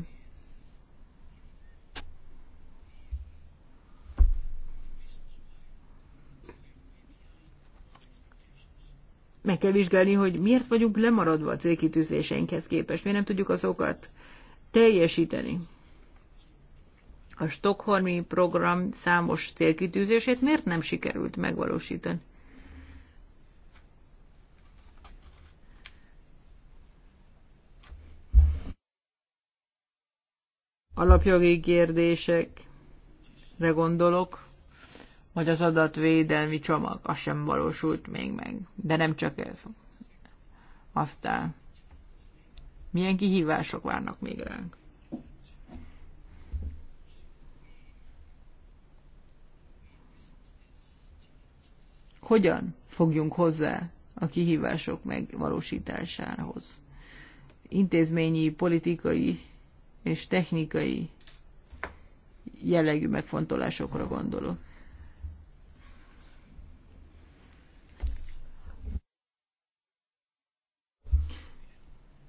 meg kell vizsgálni, hogy miért vagyunk lemaradva a célkitűzéseinkhez képest, miért nem tudjuk azokat teljesíteni. A Stockholmi program számos célkitűzését miért nem sikerült megvalósítani? Alapjogi kérdésekre gondolok vagy az adatvédelmi csomag, az sem valósult még meg. De nem csak ez. Aztán milyen kihívások várnak még ránk? Hogyan fogjunk hozzá a kihívások megvalósításához? Intézményi, politikai és technikai jellegű megfontolásokra gondolok.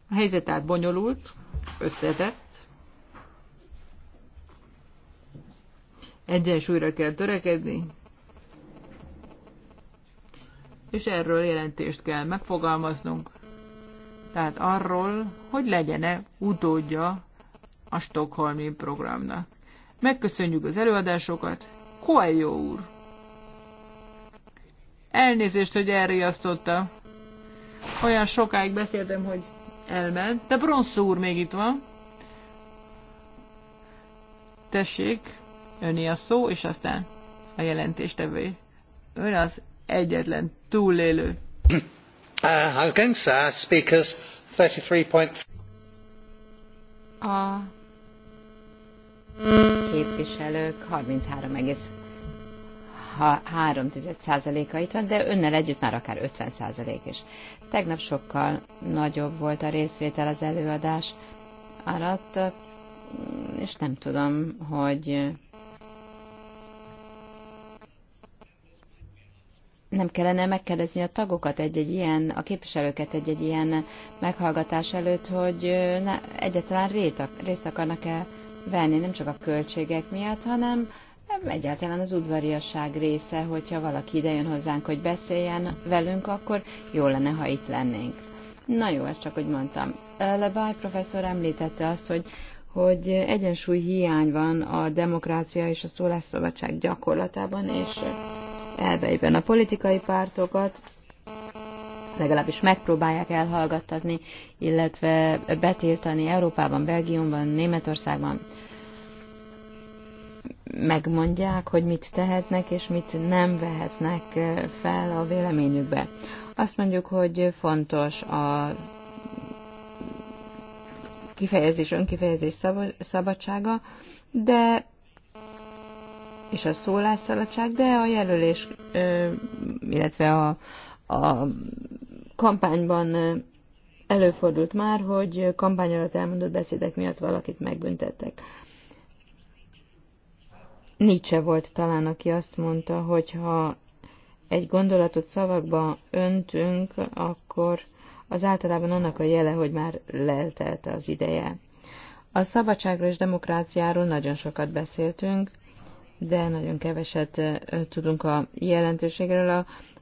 A helyzet tehát bonyolult, összetett, egyensúlyra kell törekedni, és erről jelentést kell megfogalmaznunk. Tehát arról, hogy legyen-e utódja a Stockholmi programnak. Megköszönjük az előadásokat. Koeljó úr! Elnézést, hogy elriasztotta. Olyan sokáig beszéltem, hogy elment, de Bronszó úr még itt van. Tessék, öné a szó, és aztán a jelentéstevő. Ön az egyetlen túlélő. Uh, I'm going to speakers 33.3. A képviselők 33,3 3,3%-a itt van, de önnel együtt már akár 50% is. Tegnap sokkal nagyobb volt a részvétel az előadás alatt, és nem tudom, hogy nem kellene megkérdezni a tagokat egy-egy ilyen, a képviselőket egy-egy ilyen meghallgatás előtt, hogy egyetlen részt akarnak-e venni, nem csak a költségek miatt, hanem egyáltalán az udvariasság része, hogyha valaki idejön hozzánk, hogy beszéljen velünk, akkor jó lenne, ha itt lennénk. Na jó, ezt csak úgy mondtam. Lebaj professzor említette azt, hogy hogy egyensúly hiány van a demokrácia és a szólásszabadság gyakorlatában és elveiben. A politikai pártokat legalábbis megpróbálják elhallgattatni, illetve betiltani Európában, Belgiumban, Németországban megmondják, hogy mit tehetnek és mit nem vehetnek fel a véleményükbe. Azt mondjuk, hogy fontos a kifejezés, önkifejezés szabadsága, de és a szólásszabadság, de a jelölés, illetve a, a kampányban előfordult már, hogy kampány alatt elmondott beszédek miatt valakit megbüntettek. Nietzsche volt talán, aki azt mondta, hogy ha egy gondolatot szavakba öntünk, akkor az általában annak a jele, hogy már leltelte az ideje. A szabadságról és demokráciáról nagyon sokat beszéltünk, de nagyon keveset tudunk a jelentőségről.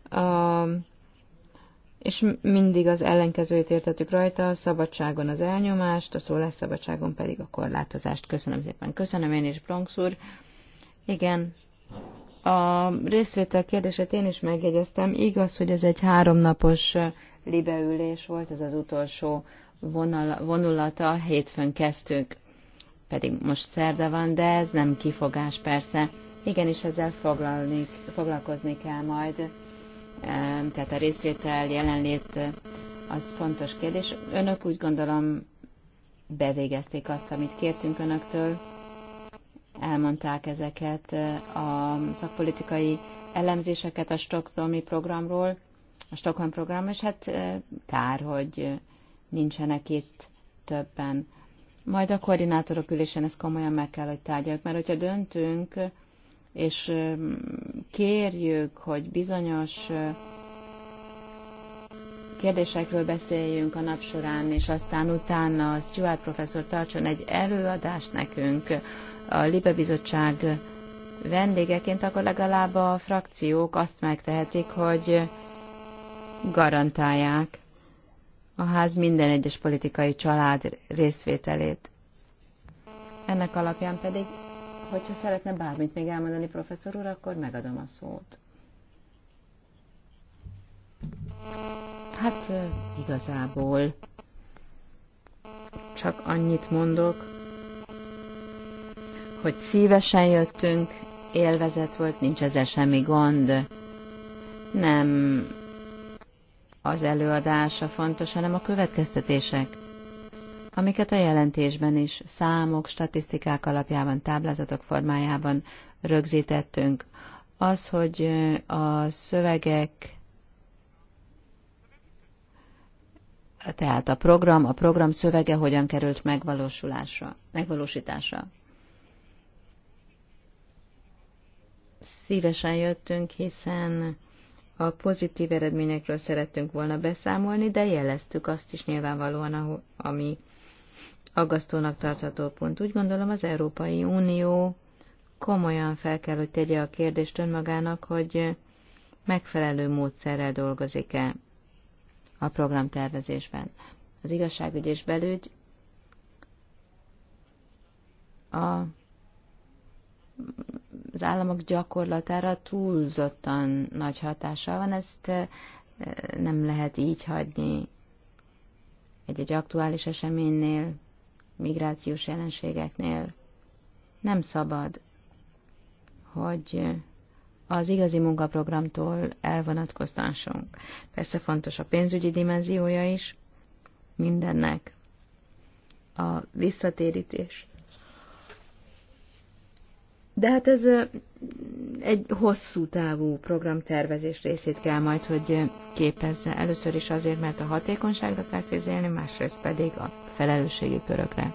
A, a, és mindig az ellenkezőjét értettük rajta, a szabadságon az elnyomást, a szólásszabadságon pedig a korlátozást. Köszönöm szépen. Köszönöm én is, Bronx úr. Igen. A részvétel kérdését én is megjegyeztem. Igaz, hogy ez egy háromnapos libeülés volt, ez az utolsó vonal, vonulata, hétfőn kezdtük, pedig most szerda van, de ez nem kifogás persze. Igenis, ezzel foglalni, foglalkozni kell majd. Tehát a részvétel, jelenlét az fontos kérdés. Önök úgy gondolom bevégezték azt, amit kértünk önöktől elmondták ezeket eh, a szakpolitikai elemzéseket a Stockholmi programról, a Stockholm program, és hát eh, kár, hogy nincsenek itt többen. Majd a koordinátorok ülésen ezt komolyan meg kell, hogy tárgyaljuk, mert hogyha döntünk, és eh, kérjük, hogy bizonyos kérdésekről beszéljünk a nap során, és aztán utána a Stuart professzor tartson egy előadást nekünk, a Libe Bizottság vendégeként, akkor legalább a frakciók azt megtehetik, hogy garantálják a ház minden egyes politikai család részvételét. Ennek alapján pedig, hogyha szeretne bármit még elmondani professzor úr, akkor megadom a szót. Hát igazából csak annyit mondok, hogy szívesen jöttünk, élvezet volt, nincs ezzel semmi gond. Nem az előadása fontos, hanem a következtetések, amiket a jelentésben is számok, statisztikák alapjában, táblázatok formájában rögzítettünk. Az, hogy a szövegek tehát a program, a program szövege hogyan került megvalósulásra, megvalósításra. szívesen jöttünk, hiszen a pozitív eredményekről szerettünk volna beszámolni, de jeleztük azt is nyilvánvalóan, ami aggasztónak tartható pont. Úgy gondolom az Európai Unió komolyan fel kell, hogy tegye a kérdést önmagának, hogy megfelelő módszerrel dolgozik-e a programtervezésben. Az igazságügy és belügy a az államok gyakorlatára túlzottan nagy hatással van, ezt eh, nem lehet így hagyni egy-egy aktuális eseménynél, migrációs jelenségeknél. Nem szabad, hogy az igazi munkaprogramtól elvonatkoztassunk. Persze fontos a pénzügyi dimenziója is mindennek, a visszatérítés de hát ez egy hosszú távú programtervezés részét kell majd, hogy képezze. Először is azért, mert a hatékonyságra kell fizelni, másrészt pedig a felelősségi körökre.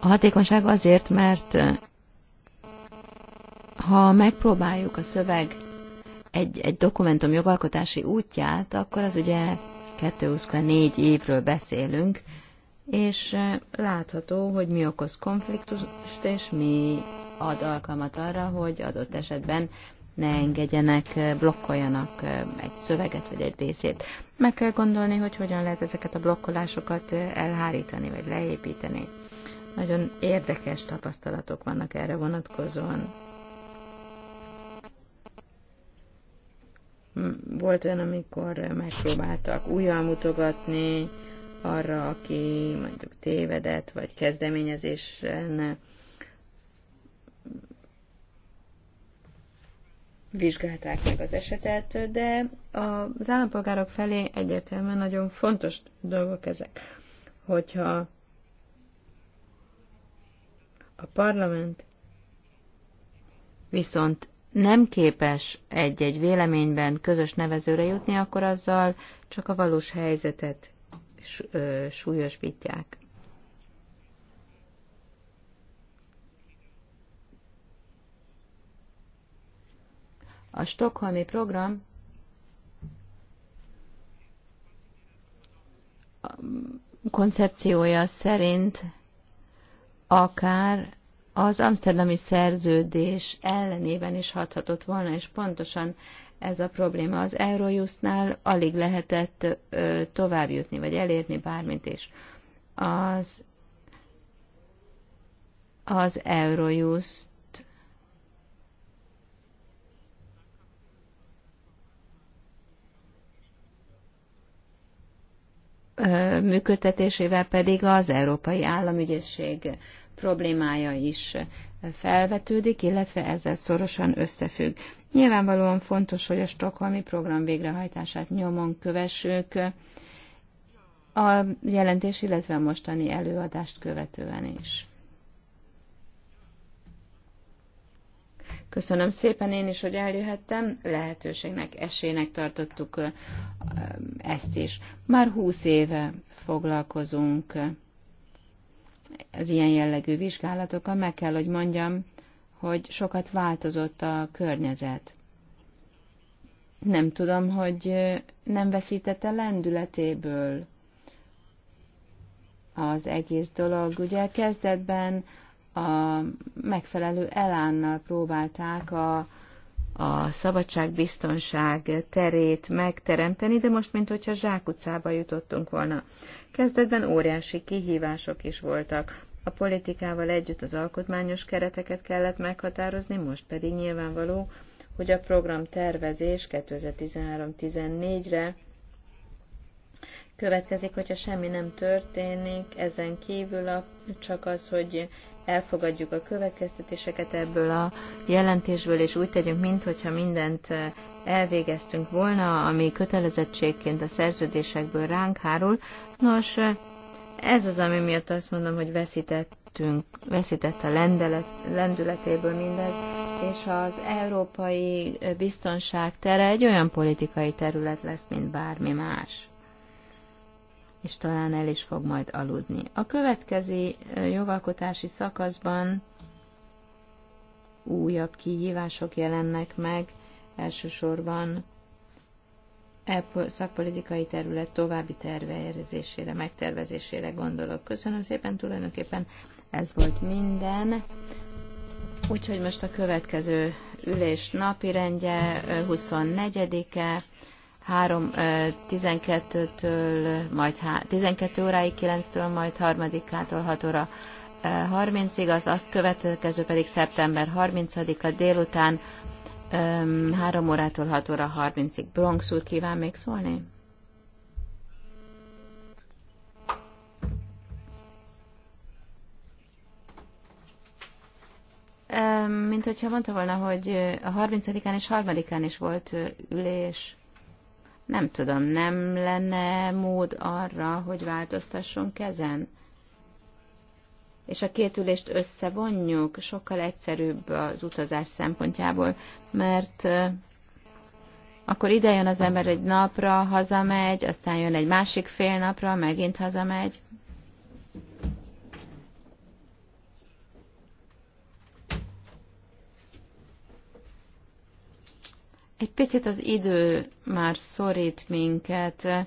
A hatékonyság azért, mert ha megpróbáljuk a szöveg egy, egy dokumentum jogalkotási útját, akkor az ugye 224 évről beszélünk, és eh, látható, hogy mi okoz konfliktust, és mi ad alkalmat arra, hogy adott esetben ne engedjenek, eh, blokkoljanak eh, egy szöveget vagy egy részét. Meg kell gondolni, hogy hogyan lehet ezeket a blokkolásokat elhárítani vagy leépíteni. Nagyon érdekes tapasztalatok vannak erre vonatkozóan. Hm, volt olyan, amikor megpróbáltak újjal mutogatni, arra, aki mondjuk tévedett, vagy kezdeményezésen vizsgálták meg az esetet, de az állampolgárok felé egyértelműen nagyon fontos dolgok ezek. Hogyha a parlament viszont nem képes egy-egy véleményben közös nevezőre jutni, akkor azzal csak a valós helyzetet súlyosbítják. A Stockholmi program koncepciója szerint akár az amsterdami szerződés ellenében is hathatott volna, és pontosan ez a probléma. Az Eurojustnál alig lehetett továbbjutni, vagy elérni bármit is. Az, az Eurojust működtetésével pedig az Európai Államügyészség problémája is felvetődik, illetve ezzel szorosan összefügg. Nyilvánvalóan fontos, hogy a stokholmi program végrehajtását nyomon kövessük a jelentés, illetve a mostani előadást követően is. Köszönöm szépen én is, hogy eljöhettem. Lehetőségnek, esélynek tartottuk ezt is. Már húsz éve foglalkozunk az ilyen jellegű vizsgálatokkal. Meg kell, hogy mondjam, hogy sokat változott a környezet. Nem tudom, hogy nem veszítette lendületéből az egész dolog. Ugye kezdetben a megfelelő elánnal próbálták a, a szabadságbiztonság terét megteremteni, de most, mint hogyha zsákutcába jutottunk volna. Kezdetben óriási kihívások is voltak. A politikával együtt az alkotmányos kereteket kellett meghatározni, most pedig nyilvánvaló, hogy a program tervezés 2013-14-re következik, hogyha semmi nem történik, ezen kívül a, csak az, hogy elfogadjuk a következtetéseket ebből a jelentésből, és úgy tegyünk, mintha mindent eh, elvégeztünk volna, ami kötelezettségként a szerződésekből ránk hárul. Nos, eh, ez az, ami miatt azt mondom, hogy veszítettünk, veszített a lendület, lendületéből mindez, és az európai biztonság tere egy olyan politikai terület lesz, mint bármi más és talán el is fog majd aludni. A következő jogalkotási szakaszban újabb kihívások jelennek meg, elsősorban e szakpolitikai terület további tervezésére, megtervezésére gondolok. Köszönöm szépen, tulajdonképpen ez volt minden. Úgyhogy most a következő ülés napirendje 24-e, 3, 12-től, majd 12 óráig 9-től, majd 3-ától 6 óra 30-ig, az azt következő pedig szeptember 30-a délután 3 órától 6 óra 30-ig. Bronx úr kíván még szólni? mint hogyha mondta volna, hogy a 30-án és 3-án is volt ülés. Nem tudom, nem lenne mód arra, hogy változtassunk ezen? és a két ülést összevonjuk, sokkal egyszerűbb az utazás szempontjából, mert akkor ide jön az ember egy napra, hazamegy, aztán jön egy másik fél napra, megint hazamegy. Egy picit az idő már szorít minket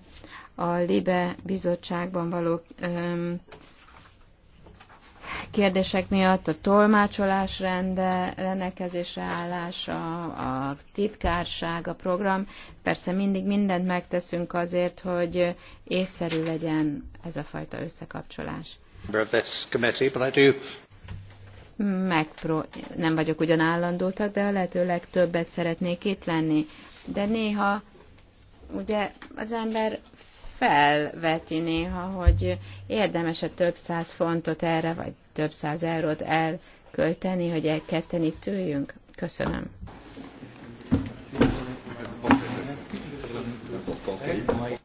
a Libe bizottságban való öm, kérdések miatt, a tolmácsolás rende, rendelkezésre állása, a titkárság, a program. Persze mindig mindent megteszünk azért, hogy észszerű legyen ez a fajta összekapcsolás. Megpro, nem vagyok ugyan állandótak, de a lehető legtöbbet szeretnék itt lenni. De néha ugye az ember felveti néha, hogy érdemes több száz fontot erre, vagy több száz eurót elkölteni, hogy ketten itt üljünk? Köszönöm. Köszönöm.